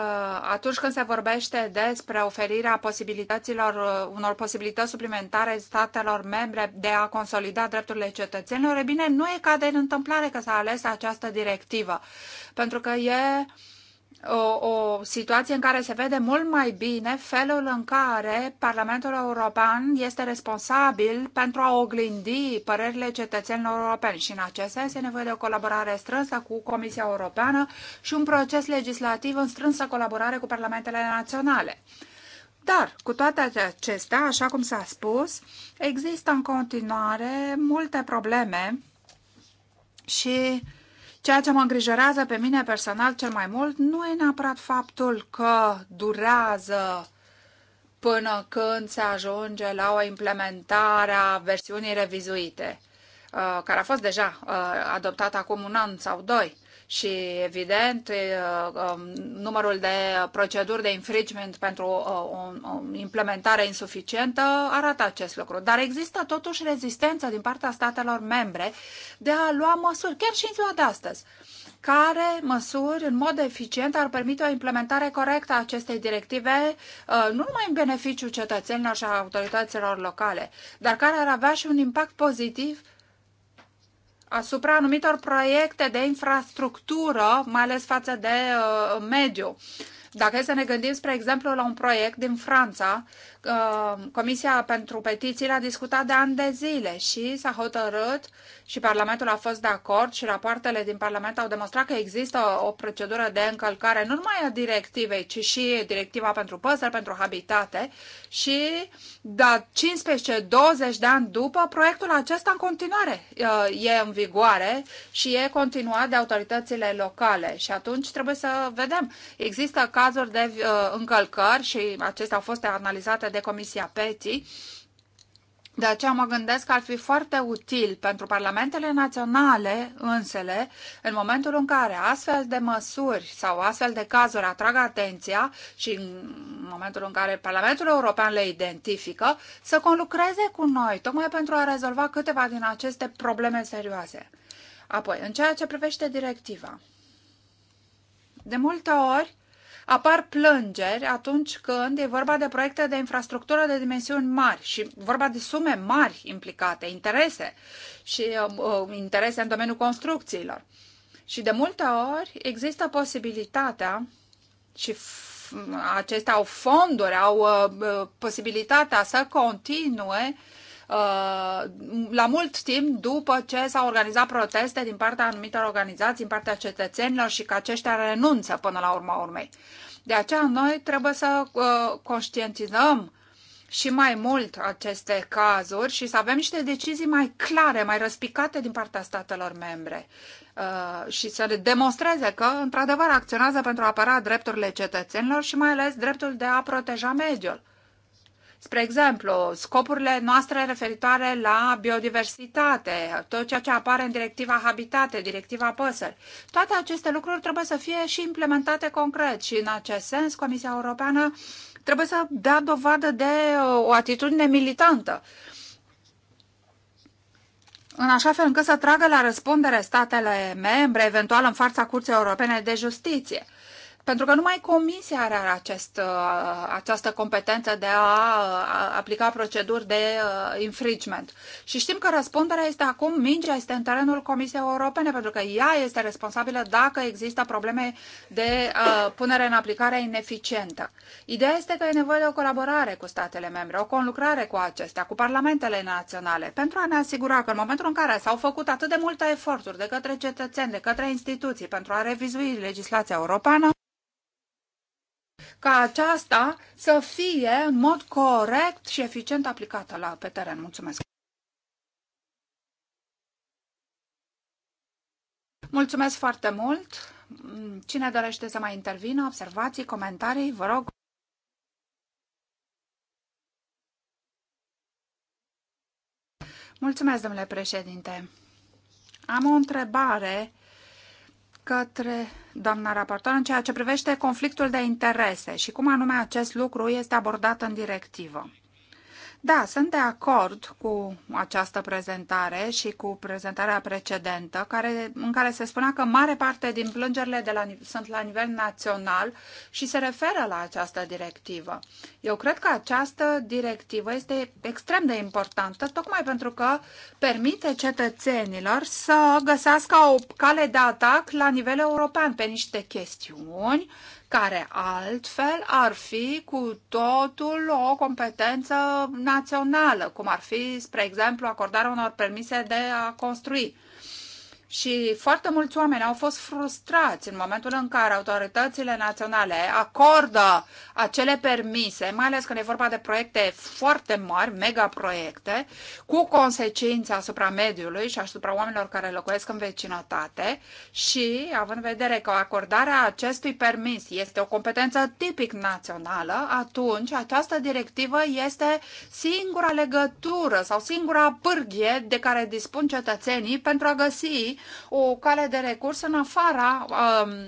Speaker 3: atunci când se vorbește despre oferirea posibilităților, uh, unor posibilități suplimentare statelor membre de a consolida drepturile cetățenilor, e bine, nu e ca de întâmplare că s-a ales această directivă, pentru că e o, o situație în care se vede mult mai bine felul în care Parlamentul European este responsabil pentru a oglindi părerile cetățenilor europeni și în acest sens e nevoie de o colaborare strânsă cu Comisia Europeană și un proces legislativ în strânsă colaborare cu parlamentele naționale. Dar, cu toate acestea, așa cum s-a spus, există în continuare multe probleme și uh, Ceea ce mă îngrijorează pe mine personal cel mai mult nu e neapărat faptul că durează până când se ajunge la o implementare a versiunii revizuite, uh, care a fost deja uh, adoptată acum un an sau doi și, evident, um, numărul de proceduri de infringement pentru uh, o implementare insuficientă arată acest lucru. Dar există totuși rezistență din partea statelor membre de a lua măsuri, chiar și în ziua de astăzi care măsuri în mod eficient ar permite o implementare corectă a acestei directive, uh, nu numai în beneficiul cetățenilor și a autorităților locale, dar care ar avea și un impact pozitiv asupra anumitor proiecte de infrastructură, mai ales față de uh, mediu. Dacă e să ne gândim, spre exemplu, la un proiect din Franța Uh, Comisia pentru Petițiile a discutat de ani de zile și s-a hotărât și Parlamentul a fost de acord și rapoartele din Parlament au demonstrat că există o procedură de încălcare nu numai a directivei, ci și directiva pentru păsări, pentru habitate și da, 15-20 de ani după, proiectul acesta în continuare uh, e în vigoare și e continuat de autoritățile locale și atunci trebuie să vedem. Există cazuri de uh, încălcări și acestea au fost analizate de Comisia PETI. De aceea mă gândesc că ar fi foarte util pentru parlamentele naționale însele, în momentul în care astfel de măsuri sau astfel de cazuri atrag atenția și în momentul în care Parlamentul European le identifică, să conlucreze cu noi, tocmai pentru a rezolva câteva din aceste probleme serioase. Apoi, în ceea ce privește directiva, de multe ori apar plângeri atunci când e vorba de proiecte de infrastructură de dimensiuni mari și vorba de sume mari implicate, interese și uh, uh interese în domeniul construcțiilor. Și de multe ori există posibilitatea și acestea au fonduri, au uh, uh posibilitatea să continue uh, Uh, la mult timp după ce s-au organizat proteste din partea anumitor organizații, din partea cetățenilor și că aceștia renunță până la urma urmei. De aceea noi trebuie să uh, conștientizăm și mai mult aceste cazuri și să avem niște decizii mai clare, mai răspicate din partea statelor membre uh, și să le demonstreze că, într-adevăr, acționează pentru a apăra drepturile cetățenilor și mai ales dreptul de a proteja mediul. Spre exemplu, scopurile noastre referitoare la biodiversitate, tot ceea ce apare în directiva Habitate, directiva Păsări, toate aceste lucruri trebuie să fie și implementate concret și în acest sens Comisia Europeană trebuie să dea dovadă de uh, o atitudine militantă în așa fel încât să tragă la răspundere statele membre, eventual în fața Curții Europene de Justiție. Pentru că numai Comisia are acest, uh, această competență de a uh, aplica proceduri de uh, infringement. Și știm că răspunderea este acum, mingea este în terenul Comisiei Europene, pentru că ea este responsabilă dacă există probleme de punere în aplicare ineficientă. Ideea este că e nevoie de o colaborare cu statele membre, o conlucrare cu acestea, cu parlamentele naționale, pentru a ne asigura că în momentul în care s-au făcut atât de multe eforturi de către cetățeni, de către instituții pentru a revizui legislația europeană, ca aceasta să fie în mod corect și eficient aplicată la, pe teren. Mulțumesc! Mulțumesc foarte mult! Cine dorește să mai intervină, observații, comentarii, vă rog. Mulțumesc, domnule președinte. Am o întrebare către doamna raportor în ceea ce privește conflictul de interese și cum anume acest lucru este abordat în directivă. Da, sunt de acord cu această prezentare și cu prezentarea precedentă, care, în care se spunea că mare parte din plângerile de la, sunt la nivel național și se referă la această directivă. Eu cred că această directivă este extrem de importantă, tocmai pentru că permite cetățenilor să găsească o cale de atac la nivel european pe niște chestiuni care altfel ar fi cu totul o competență națională, cum ar fi, spre exemplu, acordarea unor permise de a construi. Și foarte mulți oameni au fost frustrați în momentul în care autoritățile naționale acordă acele permise, mai ales când e vorba de proiecte foarte mari, mega proiecte, cu consecințe asupra mediului și asupra oamenilor care locuiesc în vecinătate și având în vedere că acordarea acestui permis este o competență tipic națională, atunci această directivă este singura legătură sau singura pârghie de care dispun cetățenii pentru a găsi o cale de recurs în afara um,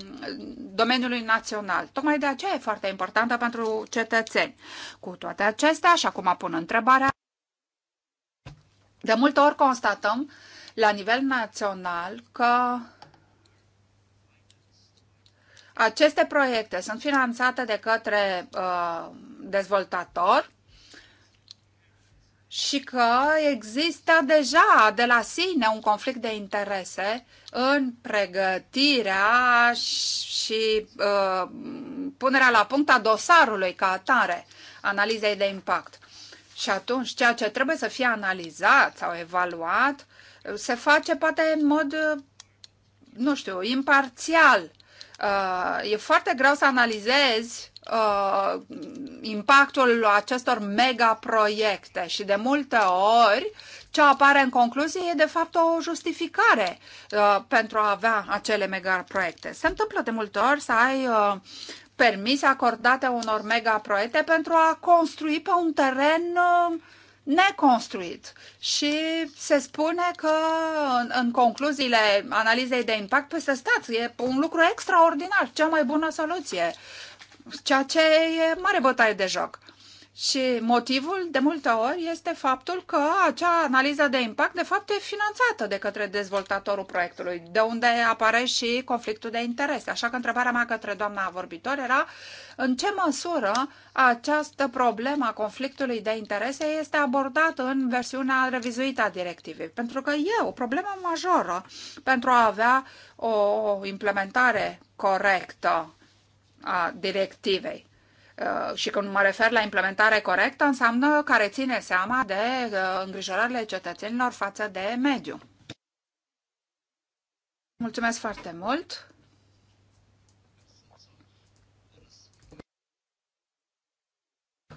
Speaker 3: domeniului național. Tocmai de aceea e foarte importantă pentru cetățeni. Cu toate acestea, și acum pun întrebarea, de multe ori constatăm la nivel național că aceste proiecte sunt finanțate de către uh, dezvoltatori și că există deja de la sine un conflict de interese în pregătirea și uh, punerea la punct a dosarului ca atare, analizei de impact. Și atunci, ceea ce trebuie să fie analizat sau evaluat se face poate în mod, uh, nu știu, imparțial Uh, e foarte greu să analizezi uh, impactul acestor mega proiecte și de multe ori ce apare în concluzie e de fapt o justificare uh, pentru a avea acele mega proiecte. Se întâmplă de multe ori să ai uh, permise acordate unor mega proiecte pentru a construi pe un teren uh, neconstruit. Și se spune că în, în concluziile analizei de impact peste stați, e un lucru extraordinar, cea mai bună soluție, ceea ce e mare bătaie de joc. Și motivul, de multe ori, este faptul că acea analiză de impact, de fapt, e finanțată de către dezvoltatorul proiectului, de unde apare și conflictul de interese. Așa că întrebarea mea către doamna vorbitor era în ce măsură această problemă a conflictului de interese este abordată în versiunea revizuită a directivei. Pentru că e o problemă majoră pentru a avea o implementare corectă a directivei. Uh, și când mă refer la implementare corectă, înseamnă care ține seama de uh, îngrijorările cetățenilor față de mediu. Mulțumesc foarte mult!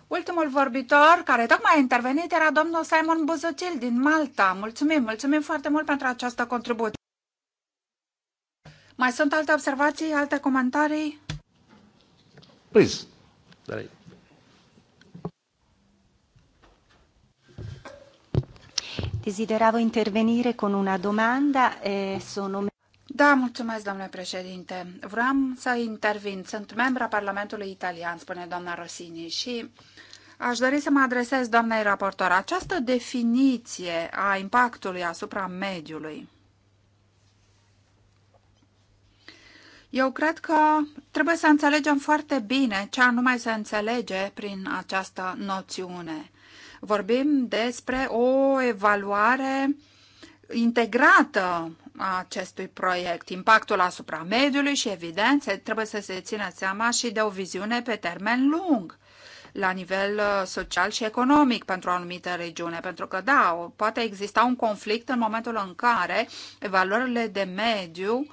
Speaker 3: Ultimul vorbitor care tocmai a intervenit era domnul Simon Buzucil din Malta. Mulțumim, mulțumim foarte mult pentru această contribuție. Mai sunt alte observații, alte comentarii?
Speaker 1: Please. Desideravo intervenire con una domanda. e sono... Da, mulțumesc,
Speaker 3: domnule președinte. Vreau să intervin. Sunt membra Parlamentului Italian, spune doamna Rosini, și Aș dori să mă adresez doamnei raportor. Această definiție a impactului asupra mediului Eu cred că trebuie să înțelegem foarte bine ce anume se înțelege prin această noțiune. Vorbim despre o evaluare integrată a acestui proiect, impactul asupra mediului și, evident, trebuie să se țină seama și de o viziune pe termen lung la nivel uh, social și economic pentru o anumită regiune. Pentru că, da, poate exista un conflict în momentul în care evaluările de mediu uh,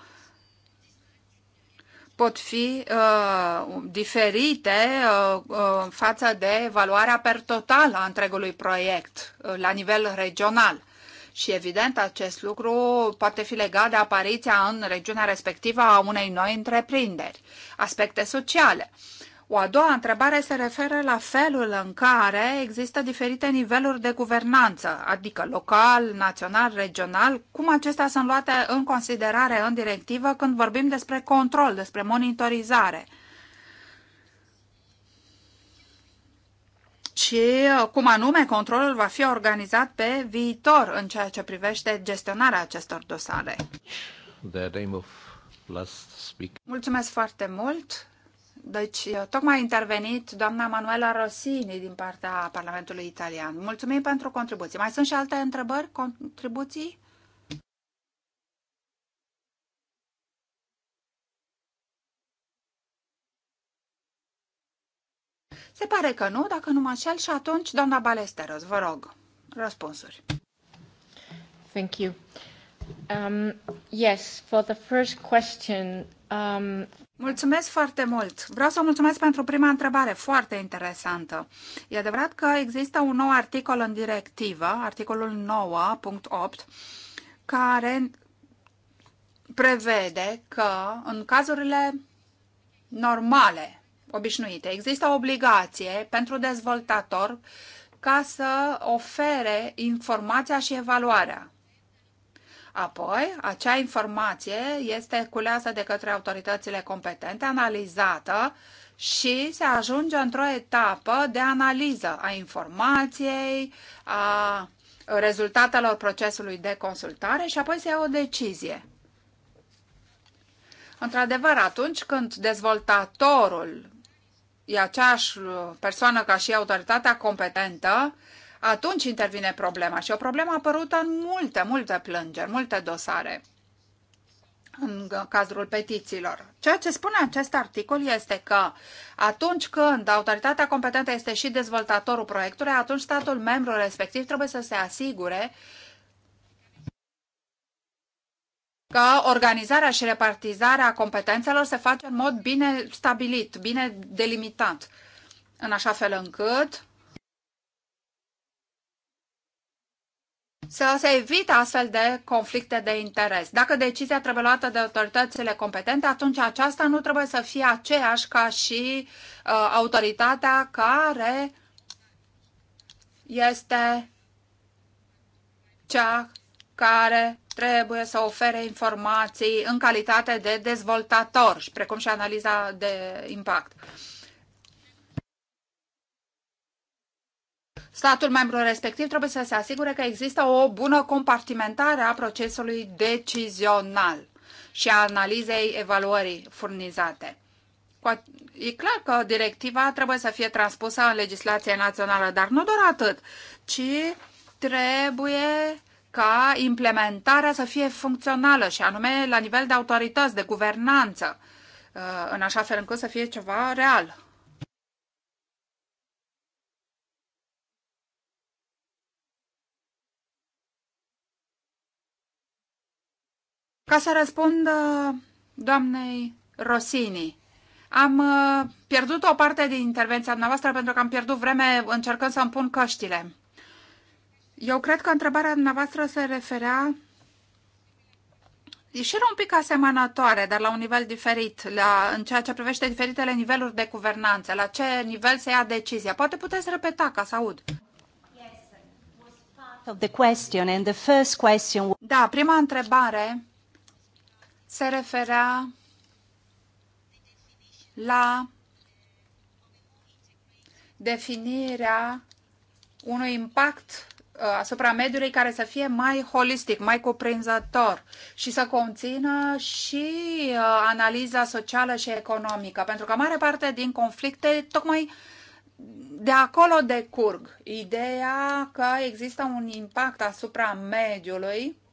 Speaker 3: pot fi uh, diferite uh, uh, față de evaluarea per total a întregului proiect uh, la nivel regional. Și evident, acest lucru poate fi legat de apariția în regiunea respectivă a unei noi întreprinderi, aspecte sociale. Uh, o a doua întrebare se referă la felul în care există diferite niveluri de guvernanță, adică local, național, regional, cum acestea sunt luate în considerare în directivă când vorbim despre control, despre monitorizare. și uh, cum anume controlul va fi organizat pe viitor în ceea ce privește gestionarea acestor dosare. Mulțumesc foarte mult. Deci, uh, tocmai a intervenit doamna Manuela Rossini din partea Parlamentului Italian. Mulțumim pentru contribuții. Mai sunt și alte întrebări, contribuții? Se pare că nu, dacă nu mă înșel, și atunci, doamna Balesteros, vă rog, răspunsuri. Thank you. Um, yes,
Speaker 1: for the first
Speaker 3: question, um, Mulțumesc foarte mult! Vreau să mulțumesc pentru prima întrebare, foarte interesantă. E adevărat că există un nou articol în directivă, articolul 9.8, care prevede că în cazurile normale, obișnuite, există o obligație pentru dezvoltator ca să ofere informația și evaluarea Apoi, acea informație este culeasă de către autoritățile competente, analizată și se ajunge într-o etapă de analiză a informației, a rezultatelor procesului de consultare și apoi se ia o decizie. Într-adevăr, atunci când dezvoltatorul e aceeași persoană ca și autoritatea competentă, atunci intervine problema și o problemă apărută în multe, multe plângeri, multe dosare în cadrul petițiilor. Ceea ce spune acest articol este că atunci când autoritatea competentă este și dezvoltatorul proiectului, atunci statul membru respectiv trebuie să se asigure că organizarea și repartizarea competențelor se face în mod bine stabilit, bine delimitat, în așa fel încât să se evite astfel de conflicte de interes. Dacă decizia trebuie luată de autoritățile competente, atunci aceasta nu trebuie să fie aceeași ca și uh, autoritatea care este cea care trebuie să ofere informații în calitate de dezvoltator, precum și analiza de impact. Uh, Statul membru respectiv trebuie să se asigure că există o bună compartimentare a procesului decizional și a analizei evaluării furnizate. E clar că directiva trebuie să fie transpusă în legislația națională, dar nu doar atât, ci trebuie ca implementarea să fie funcțională și anume la nivel de autorități, de guvernanță, uh, în așa fel încât să fie ceva real. Ca să răspund doamnei Rosini, am uh, pierdut o parte din intervenția noastră pentru că am pierdut vreme încercând să mi pun căștile. Eu cred că întrebarea dumneavoastră se referea și era un pic asemănătoare, dar la un nivel diferit, la, în ceea ce privește diferitele niveluri de guvernanță, la ce nivel se ia decizia. Poate puteți repeta ca să aud. Da, prima întrebare se referea la definirea unui impact uh, asupra mediului care să fie mai holistic, mai cuprinzător și să conțină și uh, analiza socială și economică, pentru că mare parte din conflicte tocmai de acolo decurg ideea că există un impact asupra mediului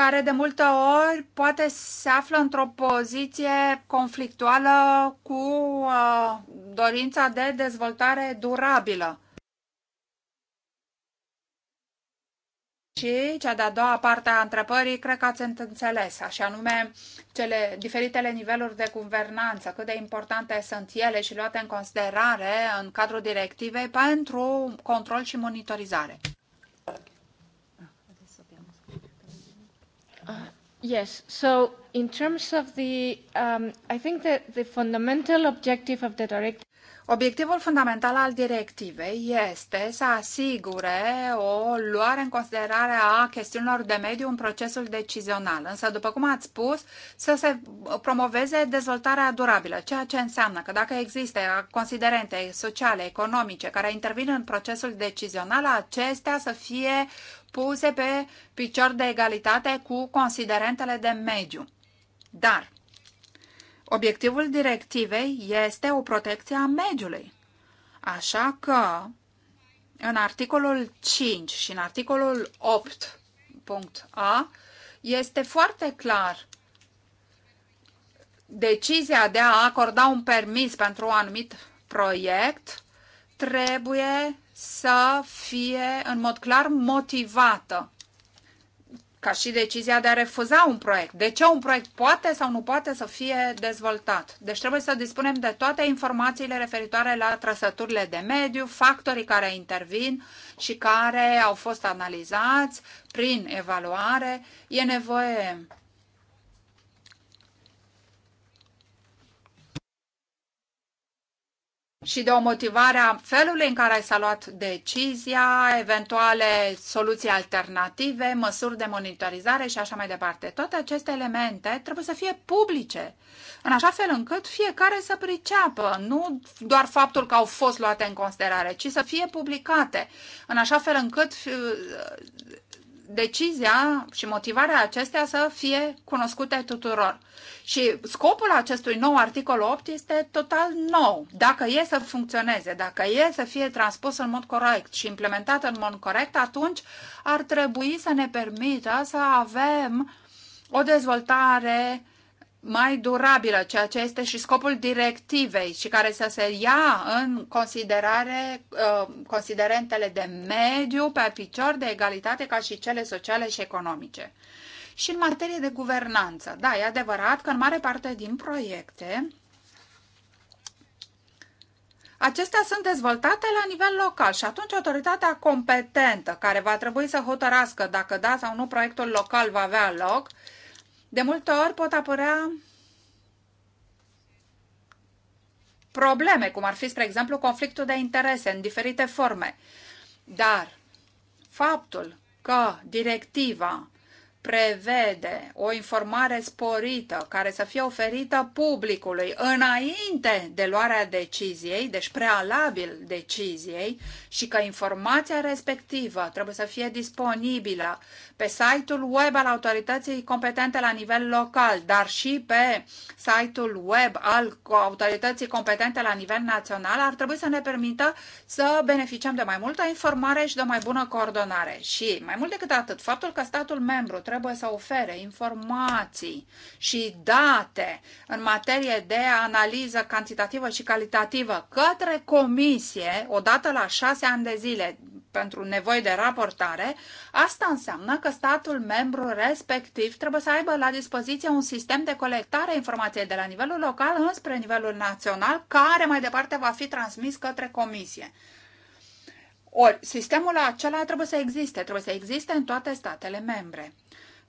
Speaker 3: care de multe ori poate se află într-o poziție conflictuală cu uh, dorința de dezvoltare durabilă. Și cea de-a doua parte a întrebării, cred că ați înțeles, așa anume cele diferitele niveluri de guvernanță, cât de importante sunt ele și luate în considerare în cadrul directivei pentru control și monitorizare.
Speaker 1: Yes. So in terms of the, um, I think that the fundamental objective of the directive Obiectivul
Speaker 3: fundamental al directivei este să asigure o luare în considerare a chestiunilor de mediu în procesul decizional, însă, după cum ați spus, să se promoveze dezvoltarea durabilă, ceea ce înseamnă că dacă există considerente sociale, economice, care intervin în procesul decizional, acestea să fie puse pe picior de egalitate cu considerentele de mediu. Dar obiectivul directivei este o protecție a mediului. Așa că în articolul 5 și în articolul 8.a este foarte clar decizia de a acorda un permis pentru un anumit proiect trebuie să fie în mod clar motivată ca și decizia de a refuza un proiect. De ce un proiect poate sau nu poate să fie dezvoltat? Deci trebuie să dispunem de toate informațiile referitoare la trăsăturile de mediu, factorii care intervin și care au fost analizați prin evaluare. E nevoie și de o motivare a felului în care s-a luat decizia, eventuale soluții alternative, măsuri de monitorizare și așa mai departe. Toate aceste elemente trebuie să fie publice, în așa fel încât fiecare să priceapă, nu doar faptul că au fost luate în considerare, ci să fie publicate, în așa fel încât uh, decizia și motivarea acestea să fie cunoscute tuturor. Și scopul acestui nou articol 8 este total nou. Dacă e să funcționeze, dacă e să fie transpus în mod corect și implementat în mod corect, atunci ar trebui să ne permită să avem o dezvoltare uh, mai durabilă, ceea ce este și scopul directivei și care să se ia în considerare uh, considerentele de mediu pe picior de egalitate ca și cele sociale și economice. Și în materie de guvernanță, da, e adevărat că în mare parte din proiecte Acestea sunt dezvoltate la nivel local și atunci autoritatea competentă care va trebui să hotărască dacă da sau nu proiectul local va avea loc, uh, de multe ori pot apărea probleme, cum ar fi, spre exemplu, conflictul de interese în diferite forme. Dar faptul că directiva prevede o informare sporită care să fie oferită publicului înainte de luarea deciziei, deci prealabil deciziei, și că informația respectivă trebuie să fie disponibilă pe site-ul web al autorității competente la nivel local, dar și pe site-ul web al autorității competente la nivel național, ar trebui să ne permită să beneficiem de mai multă informare și de mai bună coordonare. Și mai mult decât atât, faptul că statul membru trebuie trebuie să ofere informații și date în materie de analiză cantitativă și calitativă către comisie odată la șase ani de zile pentru nevoi de raportare, asta înseamnă că statul membru respectiv trebuie să aibă la dispoziție un sistem de colectare a informației de la nivelul local înspre nivelul național, care mai departe va fi transmis către comisie. Ori, sistemul acela trebuie să existe, trebuie să existe în toate statele membre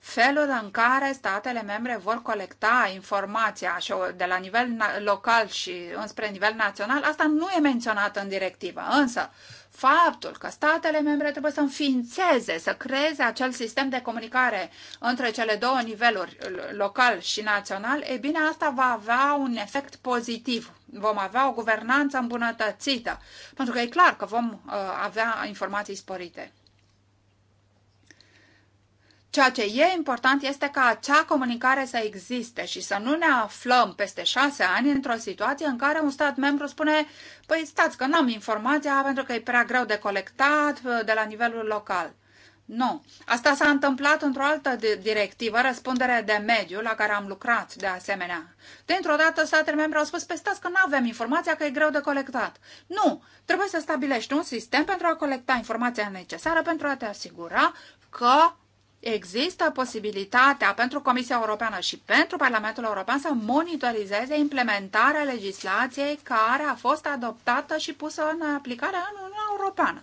Speaker 3: felul în care statele membre vor colecta informația și de la nivel local și înspre nivel național, asta nu e menționat în directivă. Însă, faptul că statele membre trebuie să înființeze, să creeze acel sistem de comunicare între cele două niveluri, local și național, e bine, asta va avea un efect pozitiv. Vom avea o guvernanță îmbunătățită, pentru că e clar că vom uh, avea informații sporite. Ceea ce e important este ca acea comunicare să existe și să nu ne aflăm peste șase ani într-o situație în care un stat membru spune păi stați că n-am informația pentru că e prea greu de colectat uh, de la nivelul local. Nu. Asta s-a întâmplat într-o altă directivă, răspundere de mediu, la care am lucrat de asemenea. Dintr-o dată, statele membre au spus, pe păi, stați că nu avem informația, că e greu de colectat. Nu. Trebuie să stabilești un sistem pentru a colecta informația necesară, pentru a te asigura că există posibilitatea pentru Comisia Europeană și pentru Parlamentul European să monitorizeze implementarea legislației care a fost adoptată și pusă
Speaker 1: în aplicare în Uniunea Europeană.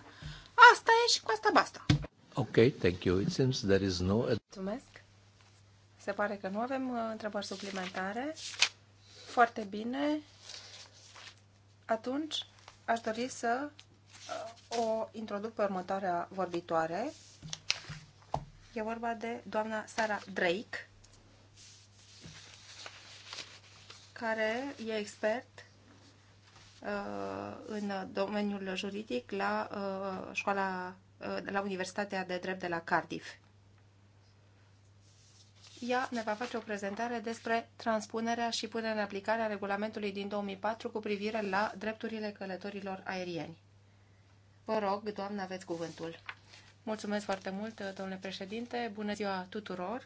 Speaker 1: Asta e și cu asta basta.
Speaker 2: Ok, thank you.
Speaker 1: It seems there is no... Mulțumesc. Se pare că nu avem uh, întrebări suplimentare. Foarte bine. Atunci, aș dori să uh, o introduc pe următoarea vorbitoare, E vorba de doamna Sara Drake, care e expert uh, în domeniul juridic la uh, școala, uh, la Universitatea de Drept de la Cardiff. Ea ne va face o prezentare despre transpunerea și punerea în aplicare a regulamentului din 2004 cu privire la drepturile călătorilor aerieni. Vă rog, doamnă, aveți cuvântul. Mulțumesc foarte mult, domnule președinte. Bună ziua tuturor.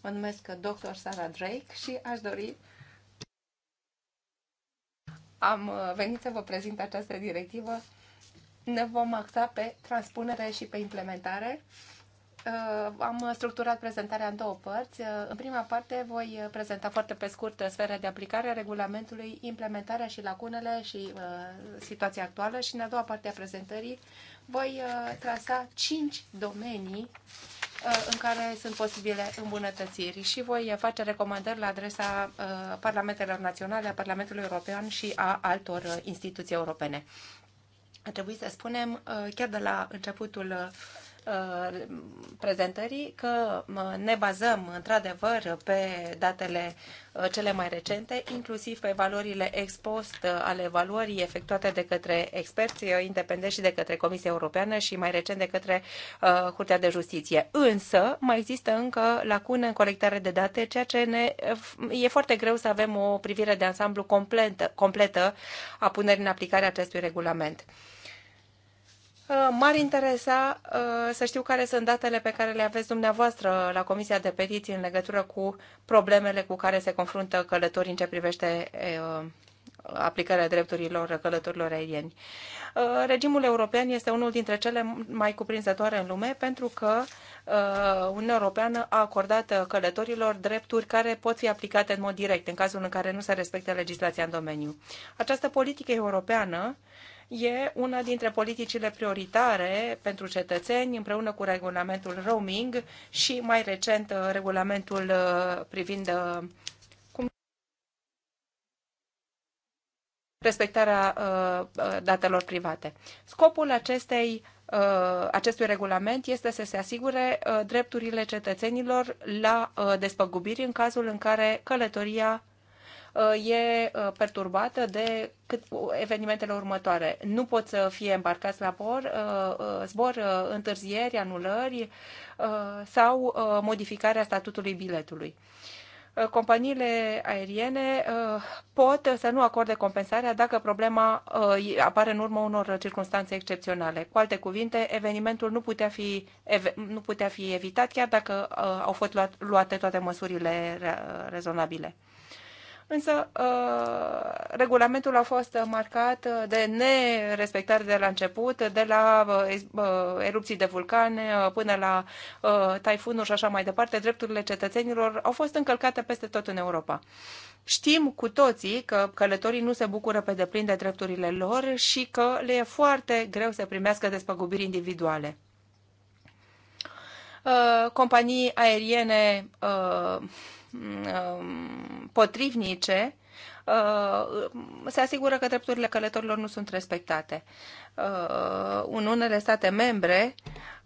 Speaker 1: Mă numesc Dr. Sara Drake și aș dori am uh, venit să vă prezint această directivă. Ne vom axa pe transpunere și pe implementare. Uh, am structurat prezentarea în două părți. Uh, în prima parte voi prezenta foarte pe scurt sfera de aplicare a regulamentului, implementarea și lacunele și uh, situația actuală și în a doua parte a prezentării voi trasa cinci domenii în care sunt posibile îmbunătățiri și voi face recomandări la adresa Parlamentelor Naționale, a Parlamentului European și a altor instituții europene. A trebuit să spunem chiar de la începutul Uh, prezentării că ne bazăm într-adevăr pe datele uh, cele mai recente, inclusiv pe valorile ex post uh, ale evaluării efectuate de către experți independenți și de către Comisia Europeană și mai recent de către Curtea de Justiție. Însă mai există încă lacune în colectare de date, ceea ce ne e foarte greu să avem o privire de ansamblu completă, completă a punerii în aplicare acestui regulament. Uh, m-ar interesa uh, să știu care sunt datele pe care le aveți dumneavoastră la Comisia de Petiții în legătură cu problemele cu care se confruntă călătorii în ce privește uh, aplicarea drepturilor călătorilor aerieni. Regimul european este unul dintre cele mai cuprinzătoare în lume pentru că Uniunea Europeană a acordat călătorilor drepturi care pot fi aplicate în mod direct în cazul în care nu se respectă legislația în domeniu. Această politică europeană e una dintre politicile prioritare pentru cetățeni împreună cu regulamentul roaming și mai recent regulamentul uh, privind uh, respectarea uh, datelor private. Scopul acestei acestui regulament este să se asigure drepturile cetățenilor la despăgubiri în cazul în care călătoria e perturbată de cât, evenimentele următoare. Nu pot să fie îmbarcați la bor, zbor, întârzieri, anulări sau modificarea statutului biletului companiile aeriene pot să nu acorde compensarea dacă problema apare în urma unor circunstanțe excepționale. Cu alte cuvinte, evenimentul nu putea fi, nu putea fi evitat chiar dacă au fost luate toate măsurile rezonabile însă uh, regulamentul a fost marcat uh, de nerespectare de la început, de la uh, erupții de vulcane până la taifunuri și așa mai departe. Drepturile cetățenilor au fost încălcate peste tot în Europa. Știm cu toții că călătorii nu se bucură pe deplin de drepturile lor și că le e foarte greu să primească despăgubiri individuale companii aeriene Um, potrivnice uh, se asigură că drepturile călătorilor nu sunt respectate. Uh, în unele state membre,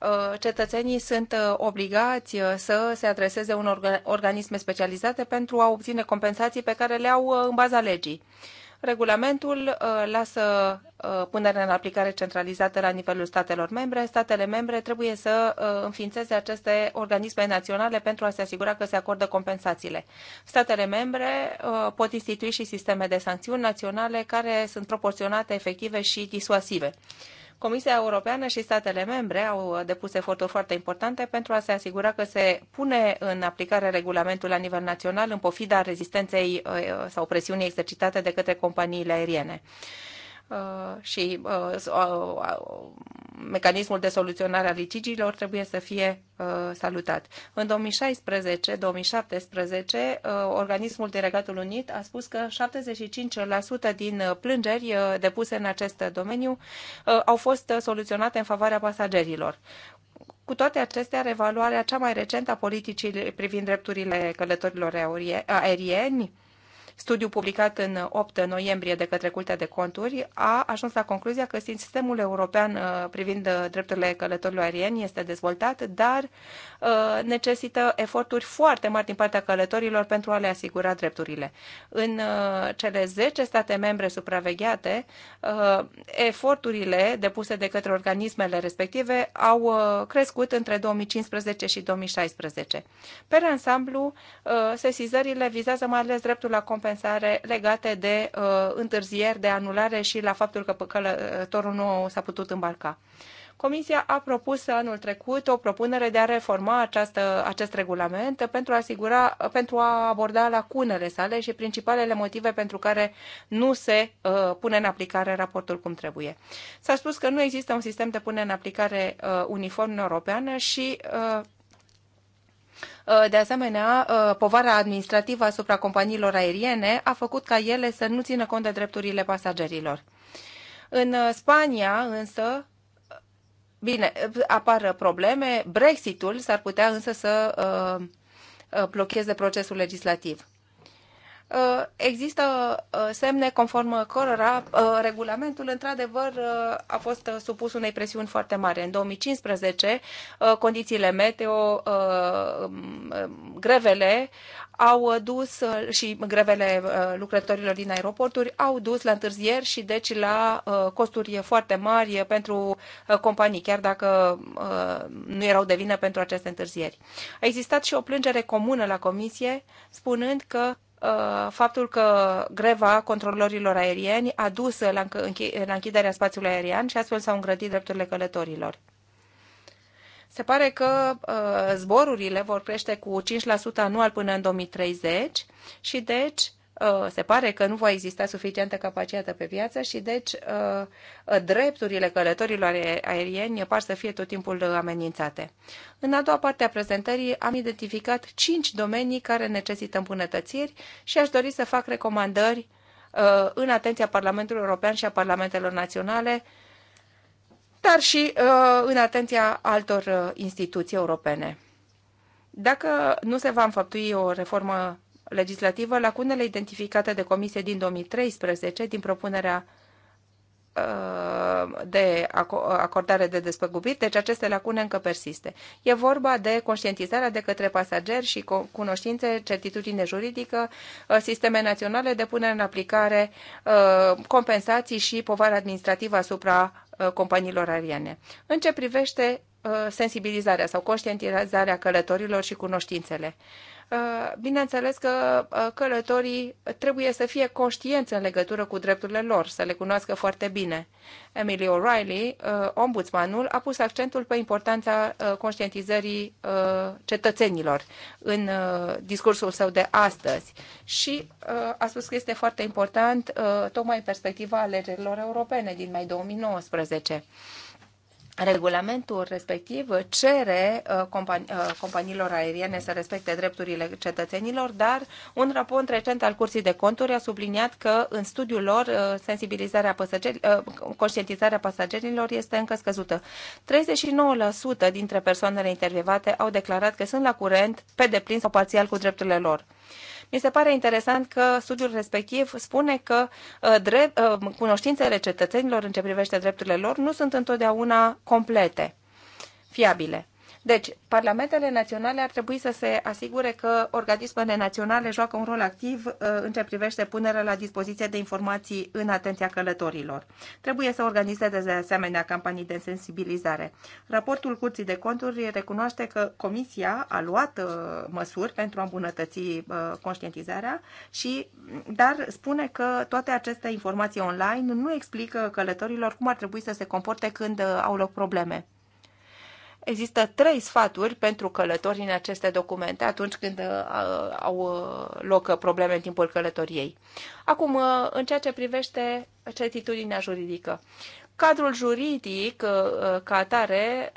Speaker 1: uh, cetățenii sunt obligați să se adreseze unor organisme specializate pentru a obține compensații pe care le au în baza legii. Regulamentul uh, lasă uh, punerea în aplicare centralizată la nivelul statelor membre. Statele membre trebuie să uh, înființeze aceste organisme naționale pentru a se asigura că se acordă compensațiile. Statele membre pot institui și sisteme de sancțiuni naționale care sunt proporționate, efective și disuasive. Comisia Europeană și statele membre au depus eforturi foarte importante pentru a se asigura că se pune în aplicare regulamentul la nivel național în pofida rezistenței uh, sau presiunii exercitate de către companiile aeriene. Uh, și uh, uh, mecanismul de soluționare a litigiilor trebuie să fie salutat. În 2016-2017, organismul Delegatul Unit a spus că 75% din plângeri depuse în acest domeniu au fost soluționate în favoarea pasagerilor. Cu toate acestea, revaluarea cea mai recentă a politicii privind drepturile călătorilor aerieni, Studiu publicat în 8 noiembrie de către Curtea de Conturi a ajuns la concluzia că sistemul european uh, privind uh, drepturile călătorilor aerieni este dezvoltat, dar uh, necesită eforturi foarte mari din partea călătorilor pentru a le asigura drepturile. În cele 10 state membre supravegheate, eforturile depuse de către organismele respective au crescut între 2015 și 2016. Pe ansamblu, sesizările vizează mai ales dreptul la competență compensare legate de uh, întârzieri, de anulare și la faptul că călătorul nu s-a putut îmbarca. Comisia a propus anul trecut o propunere de a reforma această, acest regulament pentru a, asigura, pentru a aborda lacunele sale și principalele motive pentru care nu se uh, pune în aplicare raportul cum trebuie. S-a spus că nu există un sistem de pune în aplicare uh, uniform în europeană și uh, Uh, de asemenea, uh, povara administrativă asupra companiilor aeriene a făcut ca ele să nu țină cont de drepturile pasagerilor. În uh, Spania, însă, bine, apar probleme. Brexitul s-ar putea însă să blocheze procesul legislativ. Uh, există uh, semne conform cărora uh, regulamentul într-adevăr a fost supus unei presiuni foarte mare. În 2015, condițiile meteo, um, grevele au dus și grevele lucrătorilor din aeroporturi au dus la întârzieri și deci la costuri foarte mari pentru companii, chiar dacă nu erau de vină pentru aceste întârzieri. A existat și o plângere comună la comisie spunând că Uh, faptul că greva controlorilor aerieni a dus la, închi- la închiderea spațiului aerian și astfel s-au îngrădit drepturile călătorilor. Se pare că uh, zborurile vor crește cu 5% anual până în 2030 și deci Uh, se pare că nu va exista suficientă capacitate pe piață și deci uh, uh, drepturile călătorilor aerieni par să fie tot timpul amenințate. În a doua parte a prezentării am identificat cinci domenii care necesită îmbunătățiri și aș dori să fac recomandări în atenția Parlamentului European și a Parlamentelor Naționale, dar și în atenția altor instituții europene. Dacă nu se va înfăptui o reformă legislativă, lacunele identificate de comisie din 2013 din propunerea uh, de acordare de despăgubiri, deci aceste lacune încă persiste. E vorba de conștientizarea de către pasageri și cunoștințe, certitudine juridică, uh, sisteme naționale de punere în aplicare, uh, compensații și povară administrativă asupra companiilor aeriene. În ce privește sensibilizarea sau conștientizarea călătorilor și cunoștințele. Uh, bineînțeles că uh, călătorii trebuie să fie conștienți în legătură cu drepturile lor, să le cunoască foarte bine. Emily O'Reilly, uh, ombudsmanul, a pus accentul pe importanța conștientizării cetățenilor în discursul său de astăzi și a spus că este foarte important tocmai în perspectiva alegerilor europene din mai 2019. Regulamentul respectiv cere uh, uh, companiilor aeriene să respecte drepturile cetățenilor, dar un raport recent al Curții de Conturi a subliniat că în studiul lor uh, sensibilizarea pasagerilor, conștientizarea pasagerilor este încă scăzută. 39% dintre persoanele intervievate au declarat că sunt la curent pe deplin sau parțial cu drepturile lor. Mi se pare interesant că studiul respectiv spune că uh, drept, uh, cunoștințele cetățenilor în ce privește drepturile lor nu sunt întotdeauna complete, fiabile. Deci, parlamentele naționale ar trebui să se asigure că organismele naționale joacă un rol activ uh, în ce privește punerea la dispoziție de informații în atenția călătorilor. Trebuie să organizeze de asemenea campanii de sensibilizare. Raportul Curții de Conturi recunoaște că Comisia a luat uh, măsuri pentru a îmbunătăți uh, conștientizarea, și, mm, dar spune că toate aceste informații online nu explică călătorilor cum ar trebui să se comporte când au loc probleme. Există trei sfaturi pentru călători în aceste documente atunci când uh, au uh, loc probleme în timpul călătoriei. Acum, uh, în ceea ce privește certitudinea juridică. Cadrul juridic ca atare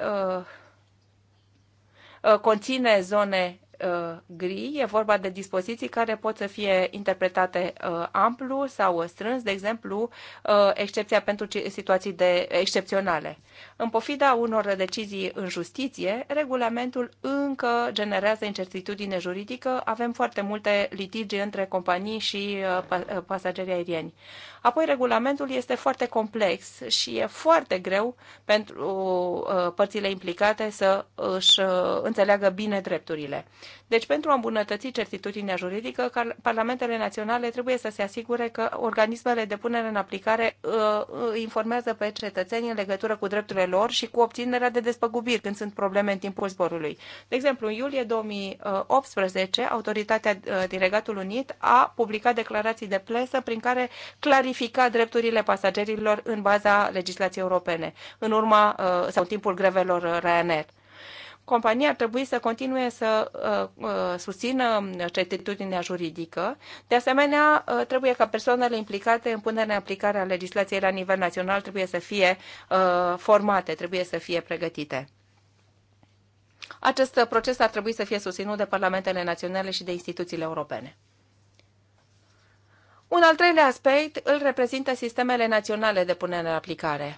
Speaker 1: conține zone Uh, gri, e vorba de dispoziții care pot să fie interpretate uh, amplu sau strâns, de exemplu, uh, excepția pentru situații de excepționale. În pofida unor decizii în justiție, regulamentul încă generează incertitudine juridică, avem foarte multe litigi între companii și pasagerii aerieni. Apoi, regulamentul este foarte complex și e foarte greu pentru uh, părțile implicate să își uh, înțeleagă bine drepturile. Deci, pentru a îmbunătăți certitudinea juridică, parlamentele naționale trebuie să se asigure că organismele de punere în aplicare uh, uh, informează pe cetățenii în legătură cu drepturile lor și cu obținerea de despăgubiri când sunt probleme în timpul zborului. De exemplu, în iulie 2018, Autoritatea uh, din Regatul Unit a publicat declarații de plesă prin care clarifica drepturile pasagerilor în baza legislației europene, în urma uh, sau în timpul grevelor Ryanair compania ar trebui să continue să uh, uh, susțină certitudinea juridică. De asemenea, uh, trebuie ca persoanele implicate în punerea în aplicare a legislației la nivel național trebuie să fie uh, formate, trebuie să fie pregătite. Acest proces ar trebui să fie susținut de parlamentele naționale și de instituțiile europene. Un al treilea aspect îl reprezintă sistemele naționale de punere în aplicare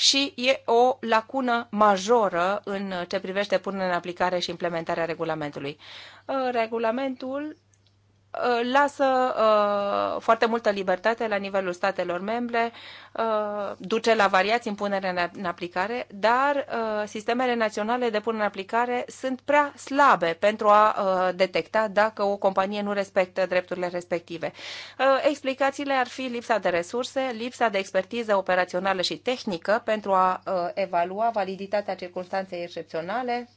Speaker 1: și e o lacună majoră în ce privește punerea în aplicare și implementarea regulamentului. Regulamentul Uh, lasă uh, foarte multă libertate la nivelul statelor membre, uh, duce la variații în punere în aplicare, dar uh, sistemele naționale de punere în aplicare sunt prea slabe pentru a uh, detecta dacă o companie nu respectă drepturile respective. Uh, explicațiile ar fi lipsa de resurse, lipsa de expertiză operațională și tehnică pentru a evalua validitatea circunstanței excepționale,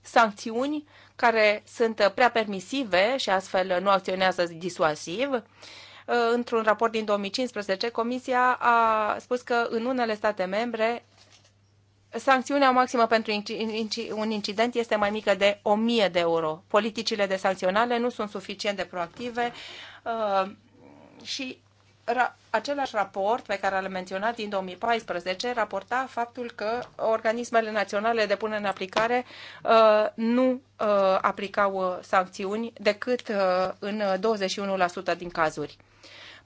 Speaker 1: sancțiuni care sunt prea permisive și astfel nu acționează disuasiv. Uh, într-un raport din 2015, Comisia a spus că în unele state membre sancțiunea maximă pentru un incident este mai mică de 1000 de euro. Politicile de sancționare nu sunt suficient de proactive uh, și ra- același raport pe care l-am menționat din 2014 raporta faptul că organismele naționale de punere în aplicare uh, nu uh, aplicau uh, sancțiuni decât în 21% din cazuri.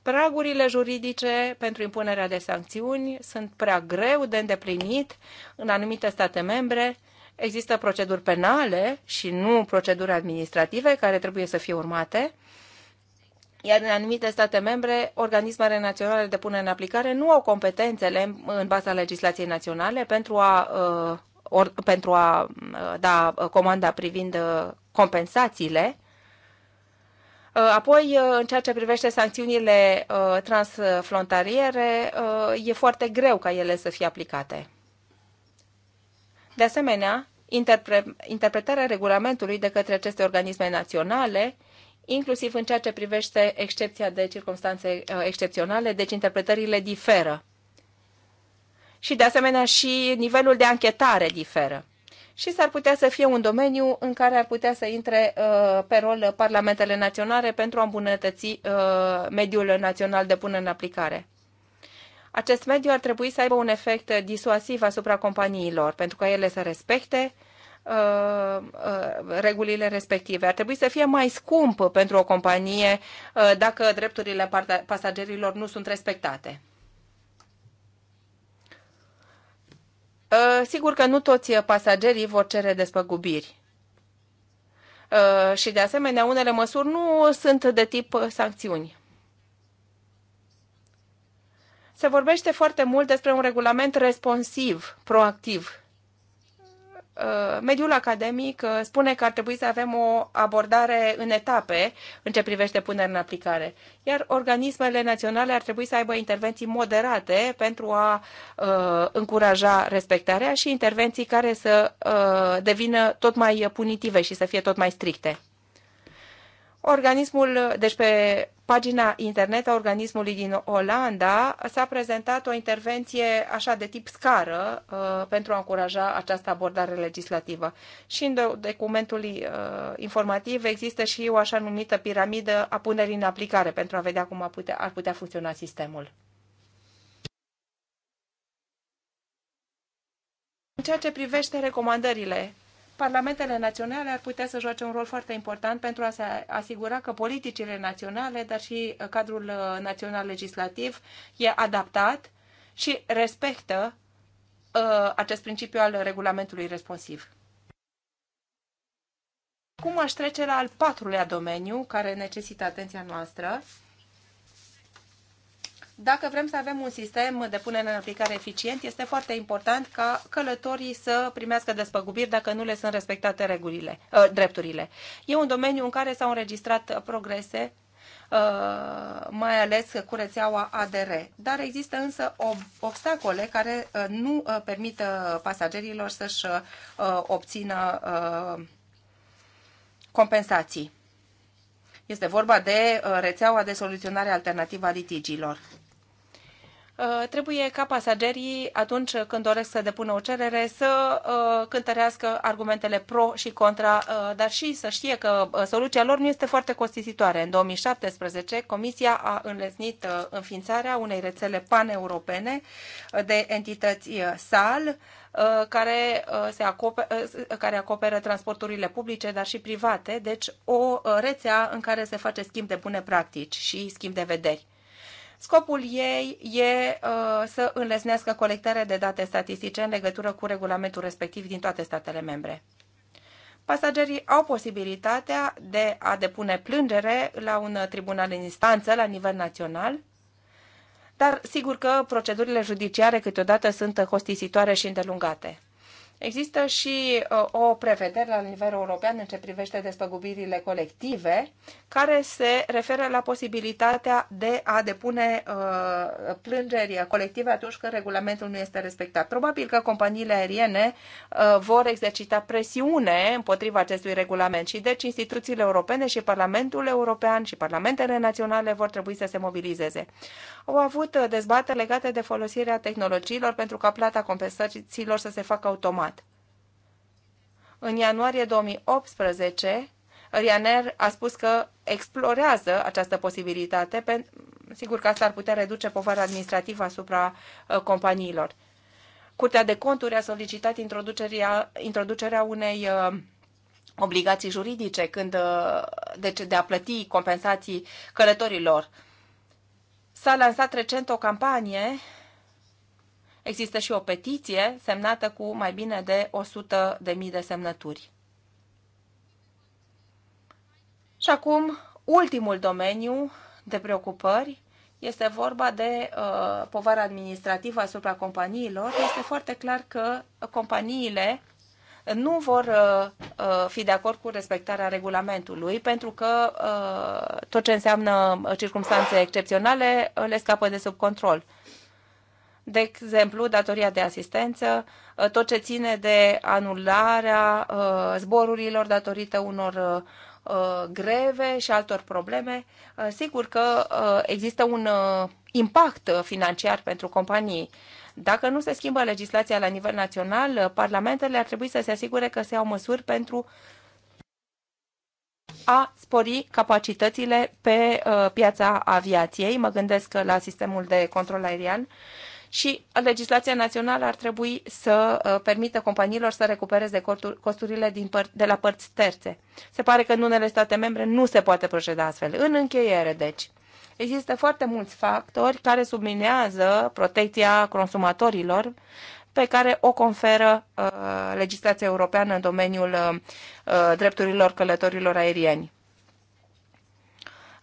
Speaker 1: Pragurile juridice pentru impunerea de sancțiuni sunt prea greu de îndeplinit în anumite state membre. Există proceduri penale și nu proceduri administrative care trebuie să fie urmate iar în anumite state membre, organismele naționale de punere în aplicare nu au competențele în baza legislației naționale pentru a, uh, or, pentru a uh, da uh, comanda privind compensațiile Apoi, în ceea ce privește sancțiunile transfrontaliere, e foarte greu ca ele să fie aplicate. De asemenea, interpre interpretarea regulamentului de către aceste organisme naționale inclusiv în ceea ce privește excepția de circunstanțe uh, excepționale, deci interpretările diferă. Și de asemenea și nivelul de anchetare diferă. Și s-ar putea să fie un domeniu în care ar putea să intre uh, pe rol parlamentele naționale pentru a îmbunătăți uh, mediul național de până în aplicare. Acest mediu ar trebui să aibă un efect disuasiv asupra companiilor, pentru ca ele să respecte uh, Uh, uh, regulile respective. Ar trebui să fie mai scump pentru o companie uh, dacă drepturile pasagerilor nu sunt respectate. Sigur că nu toți pasagerii vor cere despăgubiri. Și de asemenea, unele măsuri nu sunt de tip sancțiuni. Se vorbește foarte mult despre un regulament responsiv, proactiv Uh, mediul academic uh, spune că ar trebui să avem o abordare în etape în ce privește punerea în aplicare, iar organismele naționale ar trebui să aibă intervenții moderate pentru a uh, încuraja respectarea și intervenții care să uh, devină tot mai punitive și să fie tot mai stricte. Organismul, deci pe pagina internet a organismului din Olanda s-a prezentat o intervenție așa de tip scară uh, pentru a încuraja această abordare legislativă. Și în documentul uh, informativ există și o așa numită piramidă a punerii în aplicare pentru a vedea cum ar putea, ar putea funcționa sistemul. În ceea ce privește recomandările parlamentele naționale ar putea să joace un rol foarte important pentru a se asigura că politicile naționale, dar și uh, cadrul uh, național legislativ e adaptat și respectă uh, acest principiu al regulamentului responsiv. Acum aș trece la al patrulea domeniu care necesită atenția noastră dacă vrem să avem un sistem de punere în aplicare eficient, este foarte important ca călătorii să primească despăgubiri dacă nu le sunt respectate regulile, ă, drepturile. E un domeniu în care s-au înregistrat progrese ă, mai ales cu rețeaua ADR. Dar există însă obstacole care ă, nu permit pasagerilor să-și obțină compensații. Este vorba de rețeaua de soluționare alternativă a litigiilor. Uh, trebuie ca pasagerii, atunci când doresc să depună o cerere, să uh, cântărească argumentele pro și contra, uh, dar și să știe că soluția lor nu este foarte costisitoare. În 2017, Comisia a înlesnit înființarea unei rețele paneuropene de entități SAL, care, se acoperă, care acoperă transporturile publice, dar și private, deci o rețea în care se face schimb de bune practici și schimb de vederi. Scopul ei e uh, să înlesnească colectarea de date statistice în legătură cu regulamentul respectiv din toate statele membre. Pasagerii au posibilitatea de a depune plângere la un tribunal în instanță la nivel național, dar sigur că procedurile judiciare câteodată sunt costisitoare și îndelungate. Există și uh, o prevedere la nivel european în ce privește despăgubirile colective, care se referă la posibilitatea de a depune uh, plângeri colective atunci când regulamentul nu este respectat. Probabil că companiile aeriene uh, vor exercita presiune împotriva acestui regulament și deci instituțiile europene și Parlamentul European și Parlamentele naționale vor trebui să se mobilizeze. Au avut dezbateri legate de folosirea tehnologiilor pentru ca plata compensațiilor să se facă automat. În ianuarie 2018, Ryanair a spus că explorează această posibilitate, pe, sigur că asta ar putea reduce povara administrativă asupra uh, companiilor. Curtea de conturi a solicitat introducerea, introducerea unei uh, obligații juridice când, uh, deci de a plăti compensații călătorilor. S-a lansat recent o campanie uh, Există și o petiție semnată cu mai bine de 100.000 de semnături. Și acum, ultimul domeniu de preocupări este vorba de uh, povară administrativă asupra companiilor. Este foarte clar că companiile nu vor uh, uh, fi de acord cu respectarea regulamentului, pentru că uh, tot ce înseamnă circumstanțe excepționale le scapă de sub control. Uh, de exemplu, datoria de asistență, uh, tot ce ține de anularea uh, zborurilor datorită unor uh, greve și altor probleme. Sigur că există un impact financiar pentru companii. Dacă nu se schimbă legislația la nivel național, parlamentele ar trebui să se asigure că se iau măsuri pentru a spori capacitățile pe piața aviației. Mă gândesc la sistemul de control aerian și legislația națională ar trebui să uh, permită companiilor să recupereze costurile din păr- de la părți terțe. Se pare că în unele state membre nu se poate proceda astfel. În încheiere, deci, există foarte mulți factori care subminează protecția consumatorilor pe care o conferă uh, legislația europeană în domeniul uh, uh drepturilor călătorilor aerieni.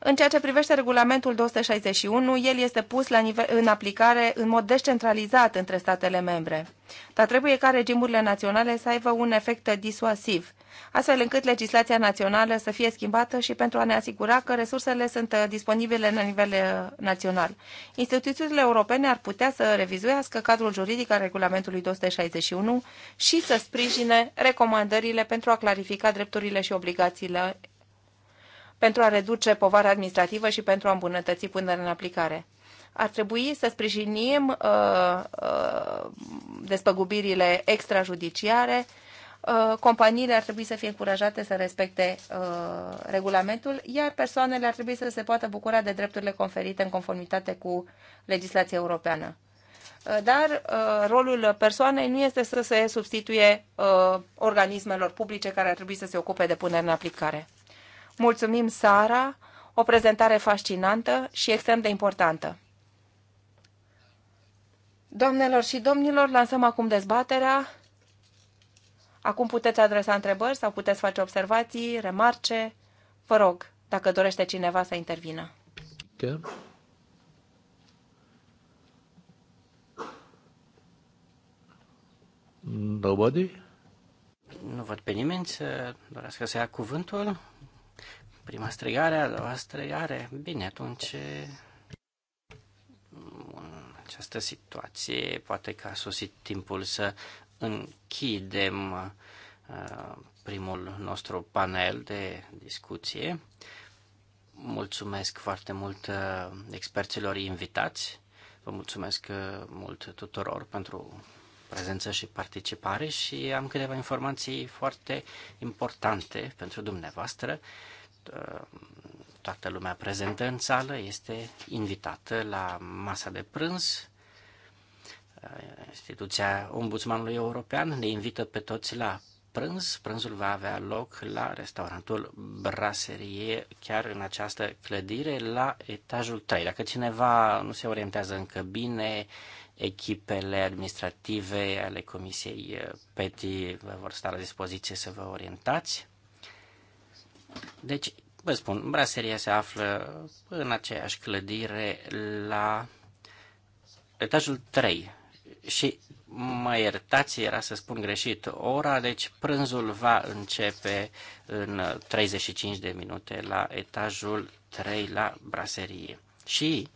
Speaker 1: În ceea ce privește regulamentul 261, el este pus la nivel, în aplicare în mod descentralizat între statele membre, dar trebuie ca regimurile naționale să aibă un efect disuasiv, astfel încât legislația națională să fie schimbată și pentru a ne asigura că resursele sunt uh, disponibile la nivel uh, național. Instituțiile europene ar putea să revizuiască cadrul juridic al regulamentului 261 și să sprijine recomandările pentru a clarifica drepturile și obligațiile pentru a reduce povara administrativă și pentru a îmbunătăți punerea în aplicare. Ar trebui să sprijinim uh, uh, despăgubirile extrajudiciare. Uh, companiile ar trebui să fie încurajate să respecte uh, regulamentul, iar persoanele ar trebui să se poată bucura de drepturile conferite în conformitate cu legislația europeană uh, dar uh, rolul persoanei nu este să se substituie uh, organismelor publice care ar trebui să se ocupe de punerea în aplicare. Mulțumim, Sara! O prezentare fascinantă și extrem de importantă. Doamnelor și domnilor, lansăm acum dezbaterea. Acum puteți adresa întrebări sau puteți face observații, remarce. Vă rog, dacă dorește cineva să intervină. Okay.
Speaker 2: Nobody? Nu văd pe nimeni să dorească să ia cuvântul. Prima strigare, a doua strigare. Bine, atunci această situație poate că a sosit timpul să închidem uh, primul nostru panel de discuție. Mulțumesc foarte mult uh, experților invitați. Vă mulțumesc uh, mult tuturor pentru prezență și participare și am câteva informații foarte importante pentru dumneavoastră. Uh, toată lumea prezentă în sală este invitată la masa de prânz. Uh, instituția Ombudsmanului European ne invită pe toți la prânz. Prânzul va avea loc la restaurantul Braserie, chiar în această clădire, la etajul 3. Dacă cineva nu se orientează încă bine, echipele administrative ale Comisiei PETI vă vor sta la dispoziție să vă orientați. Deci, vă spun, braseria se află în aceeași clădire la etajul 3 și mă iertați, era să spun greșit ora, deci prânzul va începe în 35 de minute la etajul 3 la braserie. Și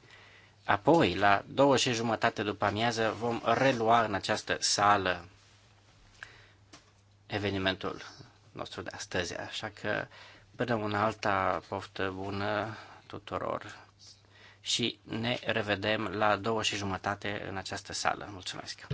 Speaker 2: apoi, la două și jumătate după amiază, vom relua în această sală evenimentul nostru de astăzi, așa că Până una alta poftă bună tuturor și ne revedem la două și jumătate în această sală. Mulțumesc!